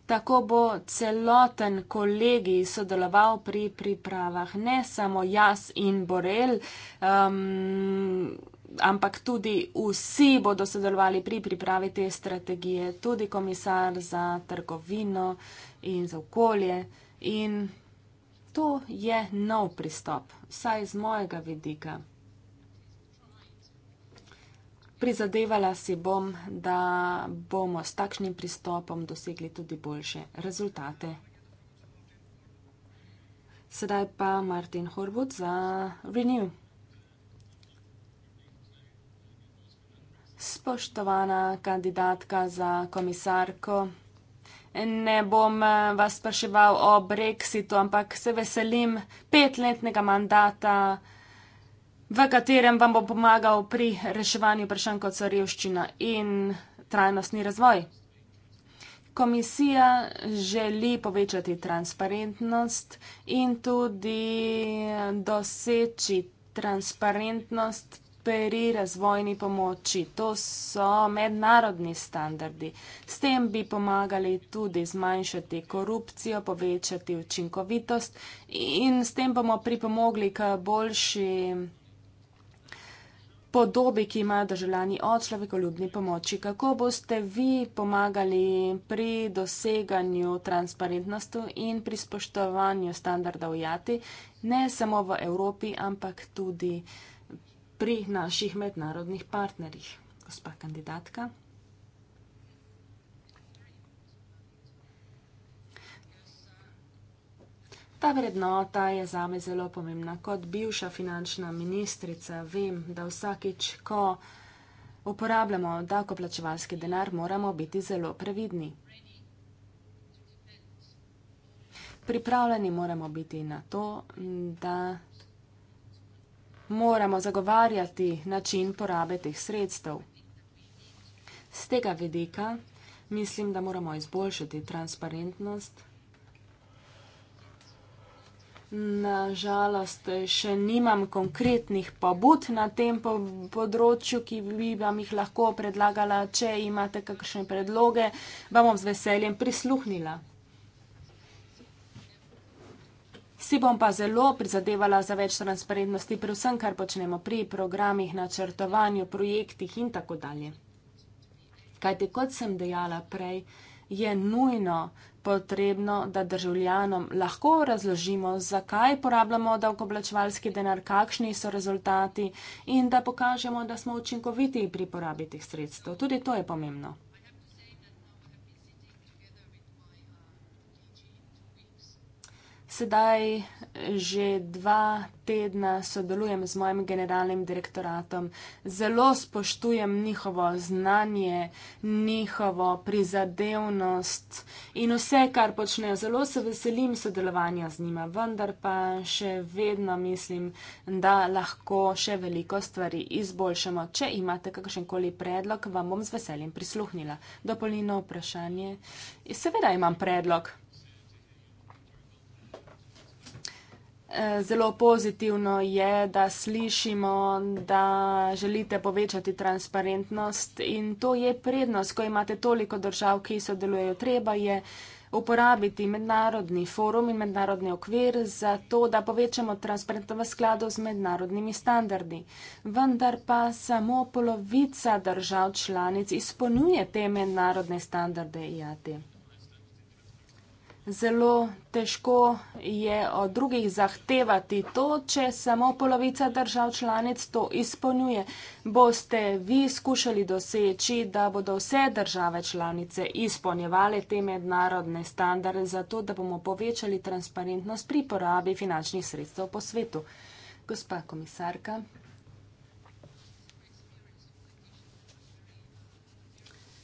Tako bo celoten kolegi sodeloval pri pripravah, ne samo jaz in Borel, um, ampak tudi vsi bodo sodelovali pri pripravi te strategije, tudi komisar za trgovino in za okolje. In to je nov pristop, vsaj z mojega vidika. Prizadevala si bom, da bomo s takšnim pristopom dosegli tudi boljše rezultate. Sedaj pa Martin Horvud za Renew. Spoštovana kandidatka za komisarko, ne bom vas spraševal o brexitu, ampak se veselim petletnega mandata v katerem vam bo pomagal pri reševanju vprašanj kot so revščina in trajnostni razvoj. Komisija želi povečati transparentnost in tudi doseči transparentnost pri razvojni pomoči. To so mednarodni standardi. S tem bi pomagali tudi zmanjšati korupcijo, povečati učinkovitost in s tem bomo pripomogli k boljšim podobi, ki imajo državljani od človekoljubni pomoči. Kako boste vi pomagali pri doseganju transparentnosti in pri spoštovanju standardov jati, ne samo v Evropi, ampak tudi pri naših mednarodnih partnerjih? Gospa kandidatka. Ta vrednota je zame zelo pomembna. Kot bivša finančna ministrica vem, da vsakič, ko uporabljamo davkoplačevalski denar, moramo biti zelo previdni. Pripravljeni moramo biti na to, da moramo zagovarjati način porabe teh sredstev. Z tega vidika mislim, da moramo izboljšati transparentnost Nažalost, še nimam konkretnih pobud na tem po področju, ki bi vam jih lahko predlagala. Če imate kakšne predloge, vam bom z veseljem prisluhnila. Si bom pa zelo prizadevala za več transparentnosti pri vsem, kar počnemo pri programih, načrtovanju, projektih in tako dalje. Kajti, kot sem dejala prej, je nujno, potrebno, da državljanom lahko razložimo, zakaj porabljamo davkoplačevalski denar, kakšni so rezultati in da pokažemo, da smo učinkoviti pri porabi teh sredstev. Tudi to je pomembno. sedaj že dva tedna sodelujem z mojim generalnim direktoratom. Zelo spoštujem njihovo znanje, njihovo prizadevnost in vse, kar počnejo. Zelo se veselim sodelovanja z njima, vendar pa še vedno mislim, da lahko še veliko stvari izboljšamo. Če imate kakšenkoli predlog, vam bom z veseljem prisluhnila. Dopolnilno vprašanje. Seveda imam predlog. Eh, zelo pozitivno je, da slišimo, da želite povečati transparentnost in to je prednost, ko imate toliko držav, ki sodelujejo. Treba je uporabiti mednarodni forum in mednarodni okvir za to, da povečamo transparentnost v skladu z mednarodnimi standardi. Vendar pa samo polovica držav članic izpolnjuje te mednarodne standarde IAT. Ja, zelo težko je od drugih zahtevati to, če samo polovica držav članic to izpolnjuje. Boste vi skušali doseči, da bodo vse države članice izpolnjevale te mednarodne standarde za to, da bomo povečali transparentnost pri porabi finančnih sredstev po svetu. Gospa komisarka.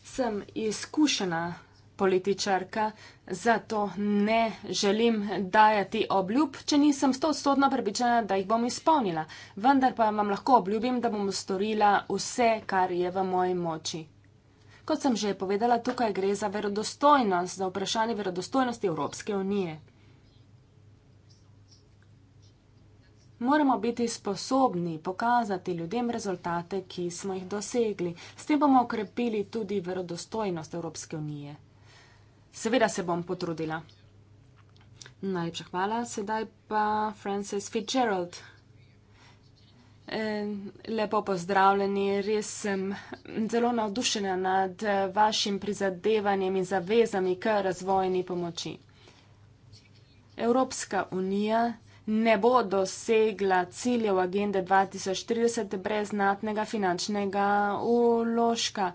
Sem izkušena političarka, zato ne želim dajati obljub, če nisem stotodstotno prepričana, da jih bom izpolnila. Vendar pa vam lahko obljubim, da bom storila vse, kar je v moji moči. Kot sem že povedala, tukaj gre za verodostojnost, za vprašanje verodostojnosti Evropske unije. Moramo biti sposobni pokazati ljudem rezultate, ki smo jih dosegli. S tem bomo okrepili tudi verodostojnost Evropske unije. Seveda se bom potrudila. Najlepša hvala, sedaj pa Frances Fitzgerald. E, lepo pozdravljeni, res sem zelo navdušena nad vašim prizadevanjem in zavezami k razvojni pomoči. Evropska unija ne bo dosegla ciljev agende 2030 brez znatnega finančnega uložka.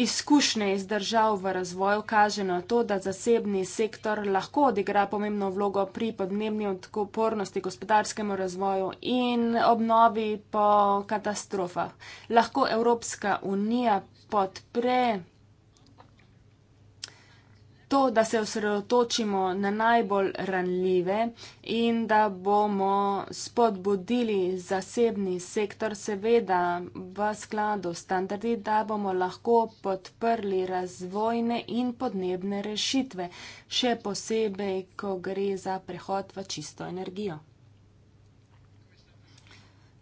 Izkušnje iz držav v razvoju kaže na to, da zasebni sektor lahko odigra pomembno vlogo pri podnebni odpornosti, gospodarskemu razvoju in obnovi po katastrofah. Lahko Evropska unija podpre to, da se osredotočimo na najbolj ranljive in da bomo spodbudili zasebni sektor, seveda v skladu standardi, da bomo lahko podprli razvojne in podnebne rešitve, še posebej, ko gre za prehod v čisto energijo.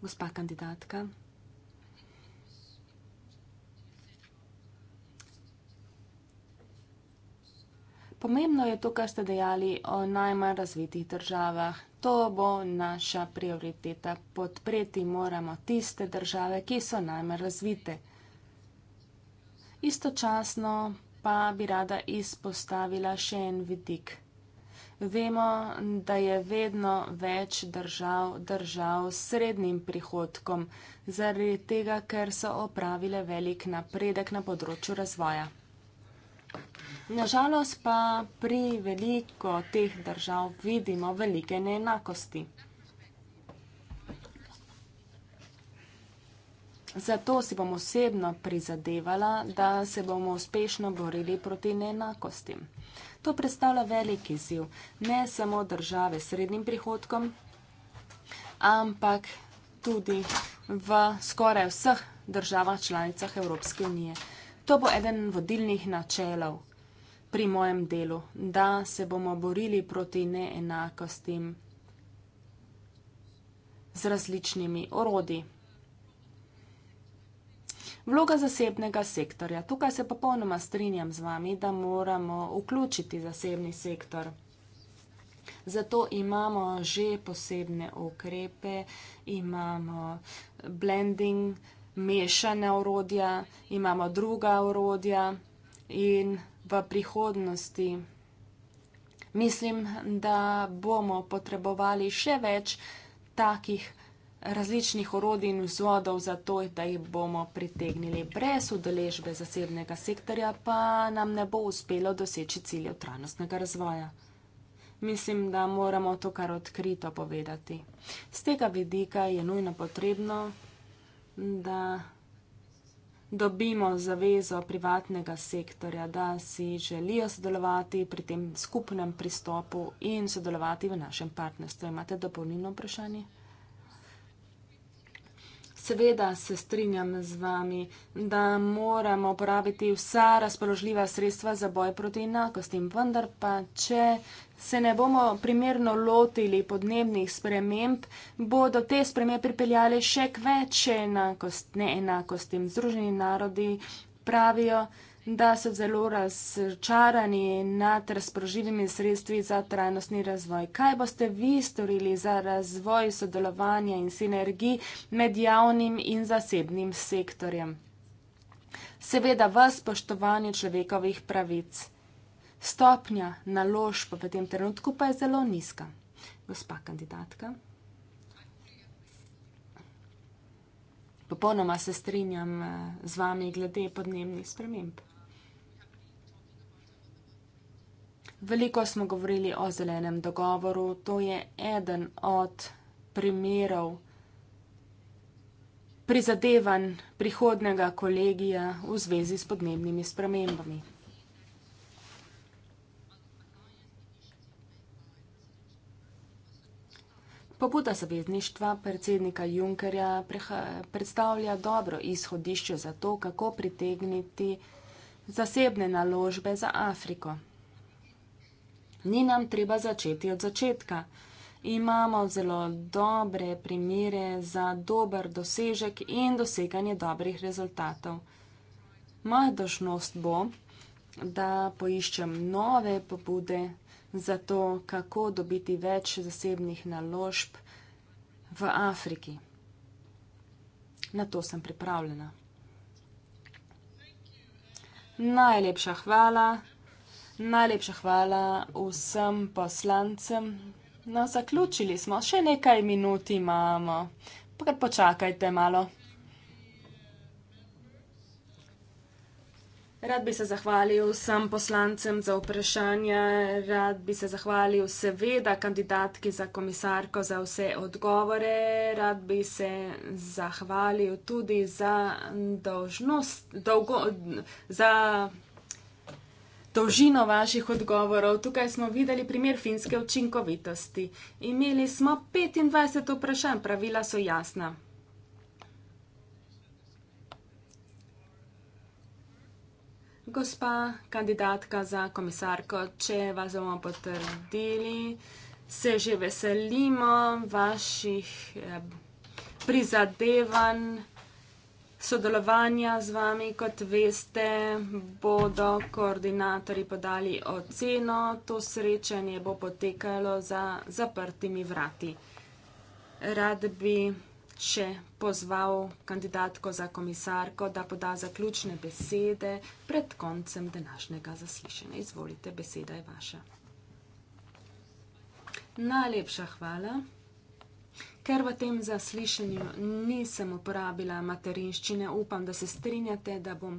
Gospa kandidatka. Pomembno je to, kar ste dejali o najmanj razvitih državah. To bo naša prioriteta. Podpreti moramo tiste države, ki so najmanj razvite. Istočasno pa bi rada izpostavila še en vidik. Vemo, da je vedno več držav držav s srednjim prihodkom, zaradi tega, ker so opravile velik napredek na področju razvoja. Nažalost pa pri veliko teh držav vidimo velike neenakosti. Zato si bom osebno prizadevala, da se bomo uspešno borili proti neenakosti. To predstavlja veliki ziv ne samo države s srednjim prihodkom, ampak tudi v skoraj vseh državah članicah Evropske unije. To bo eden vodilnih načelov pri mojem delu, da se bomo borili proti neenakostim z različnimi orodi. Vloga zasebnega sektorja. Tukaj se popolnoma strinjam z vami, da moramo vključiti zasebni sektor. Zato imamo že posebne ukrepe, imamo blending, mešane orodja, imamo druga orodja in v prihodnosti. Mislim, da bomo potrebovali še več takih različnih orodij in vzvodov za to, da jih bomo pritegnili. Brez udeležbe zasebnega sektorja pa nam ne bo uspelo doseči ciljev trajnostnega razvoja. Mislim, da moramo to kar odkrito povedati. Z tega vidika je nujno potrebno, da dobimo zavezo privatnega sektorja, da si želijo sodelovati pri tem skupnem pristopu in sodelovati v našem partnerstvu. Imate dopolnilno vprašanje? Seveda se strinjam z vami, da moramo uporabiti vsa razpoložljiva sredstva za boj proti enakostim, vendar pa, če se ne bomo primerno lotili podnebnih sprememb, bodo te spremembe pripeljale še k večje neenakostim. Združeni narodi pravijo, da so zelo razčarani nad razpoložljivimi sredstvi za trajnostni razvoj. Kaj boste vi storili za razvoj sodelovanja in sinergij med javnim in zasebnim sektorjem? Seveda v spoštovanju človekovih pravic. Stopnja naložb v tem trenutku pa je zelo nizka. Gospa kandidatka. Popolnoma se strinjam eh, z vami glede podnebnih sprememb. Veliko smo govorili o zelenem dogovoru, to je eden od primerov prizadevanj prihodnega kolegija v zvezi s podnebnimi spremembami. Pobuda zavezništva predsednika Junkerja predstavlja dobro izhodišče za to, kako pritegniti zasebne naložbe za Afriko ni nam treba začeti od začetka. Imamo zelo dobre primere za dober dosežek in doseganje dobrih rezultatov. Moja dožnost bo, da poiščem nove pobude za to, kako dobiti več zasebnih naložb v Afriki. Na to sem pripravljena. Najlepša hvala. Najlepša hvala vsem poslancem. No, zaključili smo, še nekaj minut imamo. Pa počakajte malo. Rad bi se zahvalil vsem poslancem za vprašanje, rad bi se zahvalil seveda kandidatki za komisarko za vse odgovore, rad bi se zahvalil tudi za dolžnost, dolgo, za dolžino vaših odgovorov. Tukaj smo videli primer finske učinkovitosti. Imeli smo 25 vprašanj, pravila so jasna. Gospa kandidatka za komisarko, če vas bomo potrdili, se že veselimo vaših eh, prizadevanj sodelovanja z vami, kot veste, bodo koordinatori podali oceno. To srečanje bo potekalo za zaprtimi vrati. Rad bi še pozval kandidatko za komisarko, da poda zaključne besede pred koncem današnjega zaslišanja. Izvolite, beseda je vaša. Najlepša hvala. Ker v tem zaslišanju nisem uporabila materinščine, upam, da se strinjate, da bom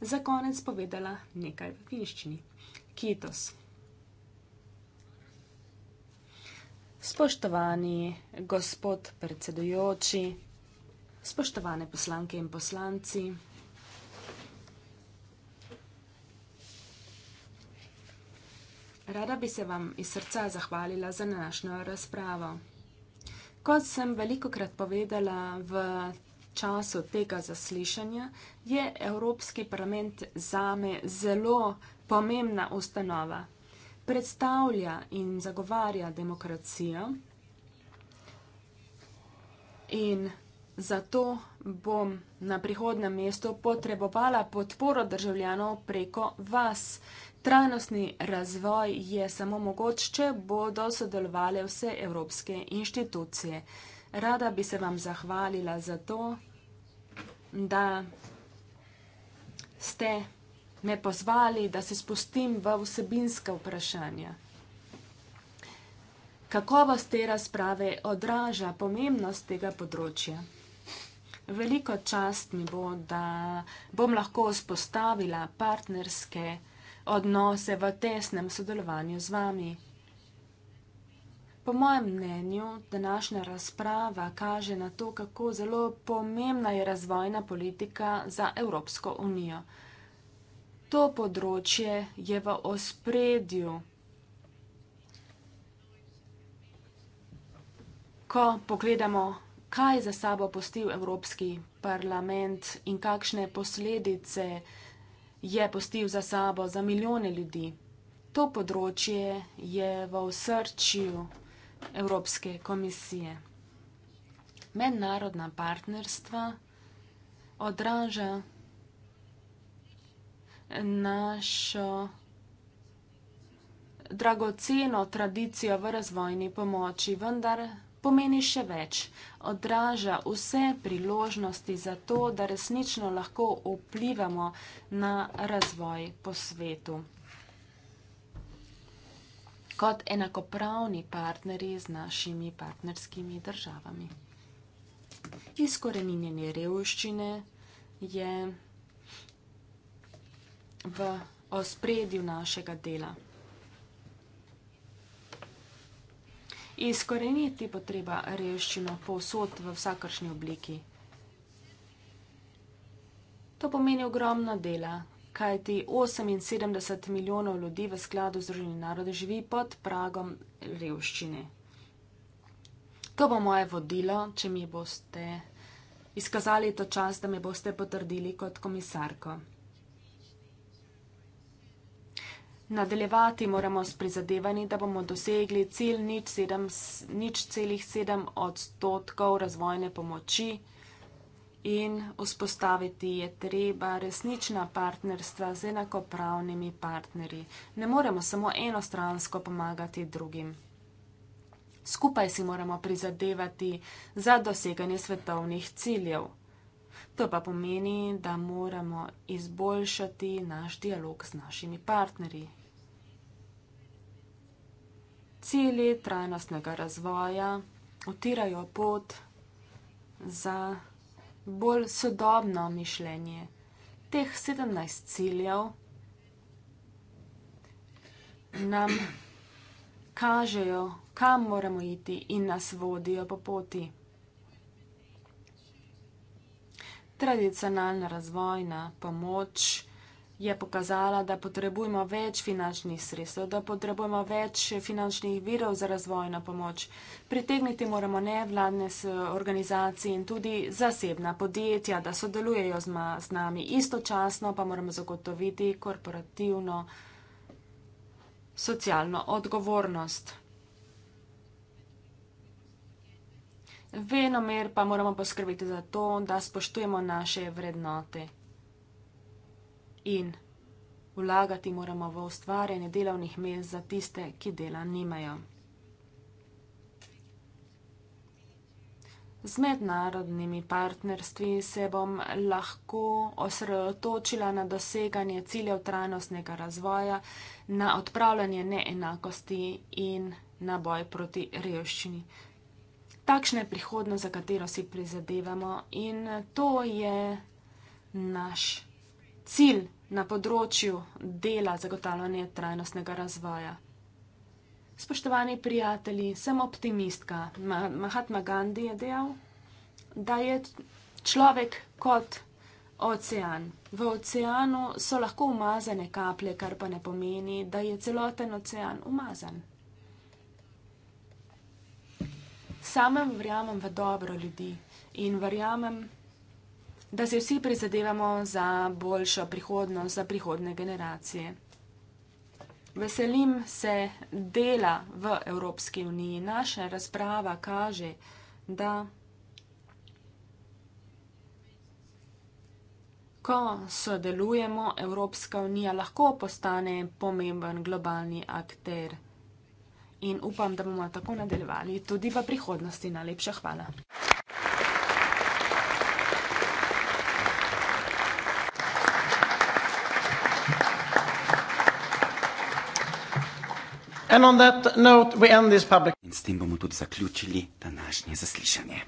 za konec povedala nekaj v finščini. Kitos. Spoštovani gospod predsedujoči, spoštovane poslanke in poslanci, rada bi se vam iz srca zahvalila za današnjo razpravo. Kot sem veliko krat povedala v času tega zaslišanja, je Evropski parlament zame zelo pomembna ustanova. Predstavlja in zagovarja demokracijo in zato bom na prihodnem mestu potrebovala podporo državljanov preko vas. Trajnostni razvoj je samo mogoč, če bodo sodelovali vse evropske inštitucije. Rada bi se vam zahvalila za to, da ste me pozvali, da se spustim v vsebinska vprašanja. Kakovost te razprave odraža pomembnost tega področja. Veliko čast mi bo, da bom lahko vzpostavila partnerske vprašanja odnose v tesnem sodelovanju z vami. Po mojem mnenju, današnja razprava kaže na to, kako zelo pomembna je razvojna politika za Evropsko unijo. To področje je v ospredju, ko pogledamo, kaj za sabo postil Evropski parlament in kakšne posledice vsega, je postil za sabo za milijone ljudi. To področje je v osrčju Evropske komisije. Mednarodna partnerstva odraža našo dragoceno tradicijo v razvojni pomoči, vendar pomeni še več, odraža vse priložnosti za to, da resnično lahko vplivamo na razvoj po svetu. Kot enakopravni partneri z našimi partnerskimi državami. Izkoreninjenje revščine je v ospredju našega dela. izkoreniti pa treba revščino povsod v vsakršni obliki. To pomeni ogromna dela, kajti 78 milijonov ljudi v skladu Združenih narodov živi pod pragom revščine. To bo moje vodilo, če mi boste izkazali to čas, da me boste potrdili kot komisarko. Nadaljevati moramo s prizadevanji, da bomo dosegli cilj nič, sedem, nič celih sedem odstotkov razvojne pomoči in vzpostaviti je treba resnična partnerstva z enakopravnimi partnerji. Ne moremo samo enostransko pomagati drugim. Skupaj si moramo prizadevati za doseganje svetovnih ciljev. To pa pomeni, da moramo izboljšati naš dialog s našimi partnerji cilji trajnostnega razvoja otirajo pot za bolj sodobno mišljenje teh 17 ciljev. Nam kažejo, kam moramo iti, in nas vodijo po poti. Tradicionalna razvojna pomoč je pokazala, da potrebujemo več finančnih sredstev, da potrebujemo več finančnih virov za razvojno pomoč. Pritegniti moramo nevladne organizacije in tudi zasebna podjetja, da sodelujejo z nami. Istočasno pa moramo zagotoviti korporativno socialno odgovornost. Venomer pa moramo poskrbeti za to, da spoštujemo naše vrednote in vlagati moramo v ustvarjanje delovnih mest za tiste, ki dela nimajo. Z mednarodnimi partnerstvi se bom lahko osredotočila na doseganje ciljev trajnostnega razvoja, na odpravljanje neenakosti in na boj proti revščini. Takšna je prihodnost, za katero si prizadevamo in to je naš cilj na področju dela zagotavljanja trajnostnega razvoja. Spoštovani prijatelji, sem optimistka. Mahatma Gandhi je dejal, da je človek kot ocean. V oceanu so lahko umazane kaplje, kar pa ne pomeni, da je celoten ocean umazan. Samem verjamem v dobro ljudi in verjamem, da da se vsi prizadevamo za boljšo prihodnost, za prihodne generacije. Veselim se dela v Evropski uniji. Naša razprava kaže, da ko sodelujemo, Evropska unija lahko postane pomemben globalni akter. In upam, da bomo tako nadaljevali tudi v prihodnosti. Najlepša hvala. On that note, we end this public. In s tem bomo tudi zaključili današnje zaslišanje.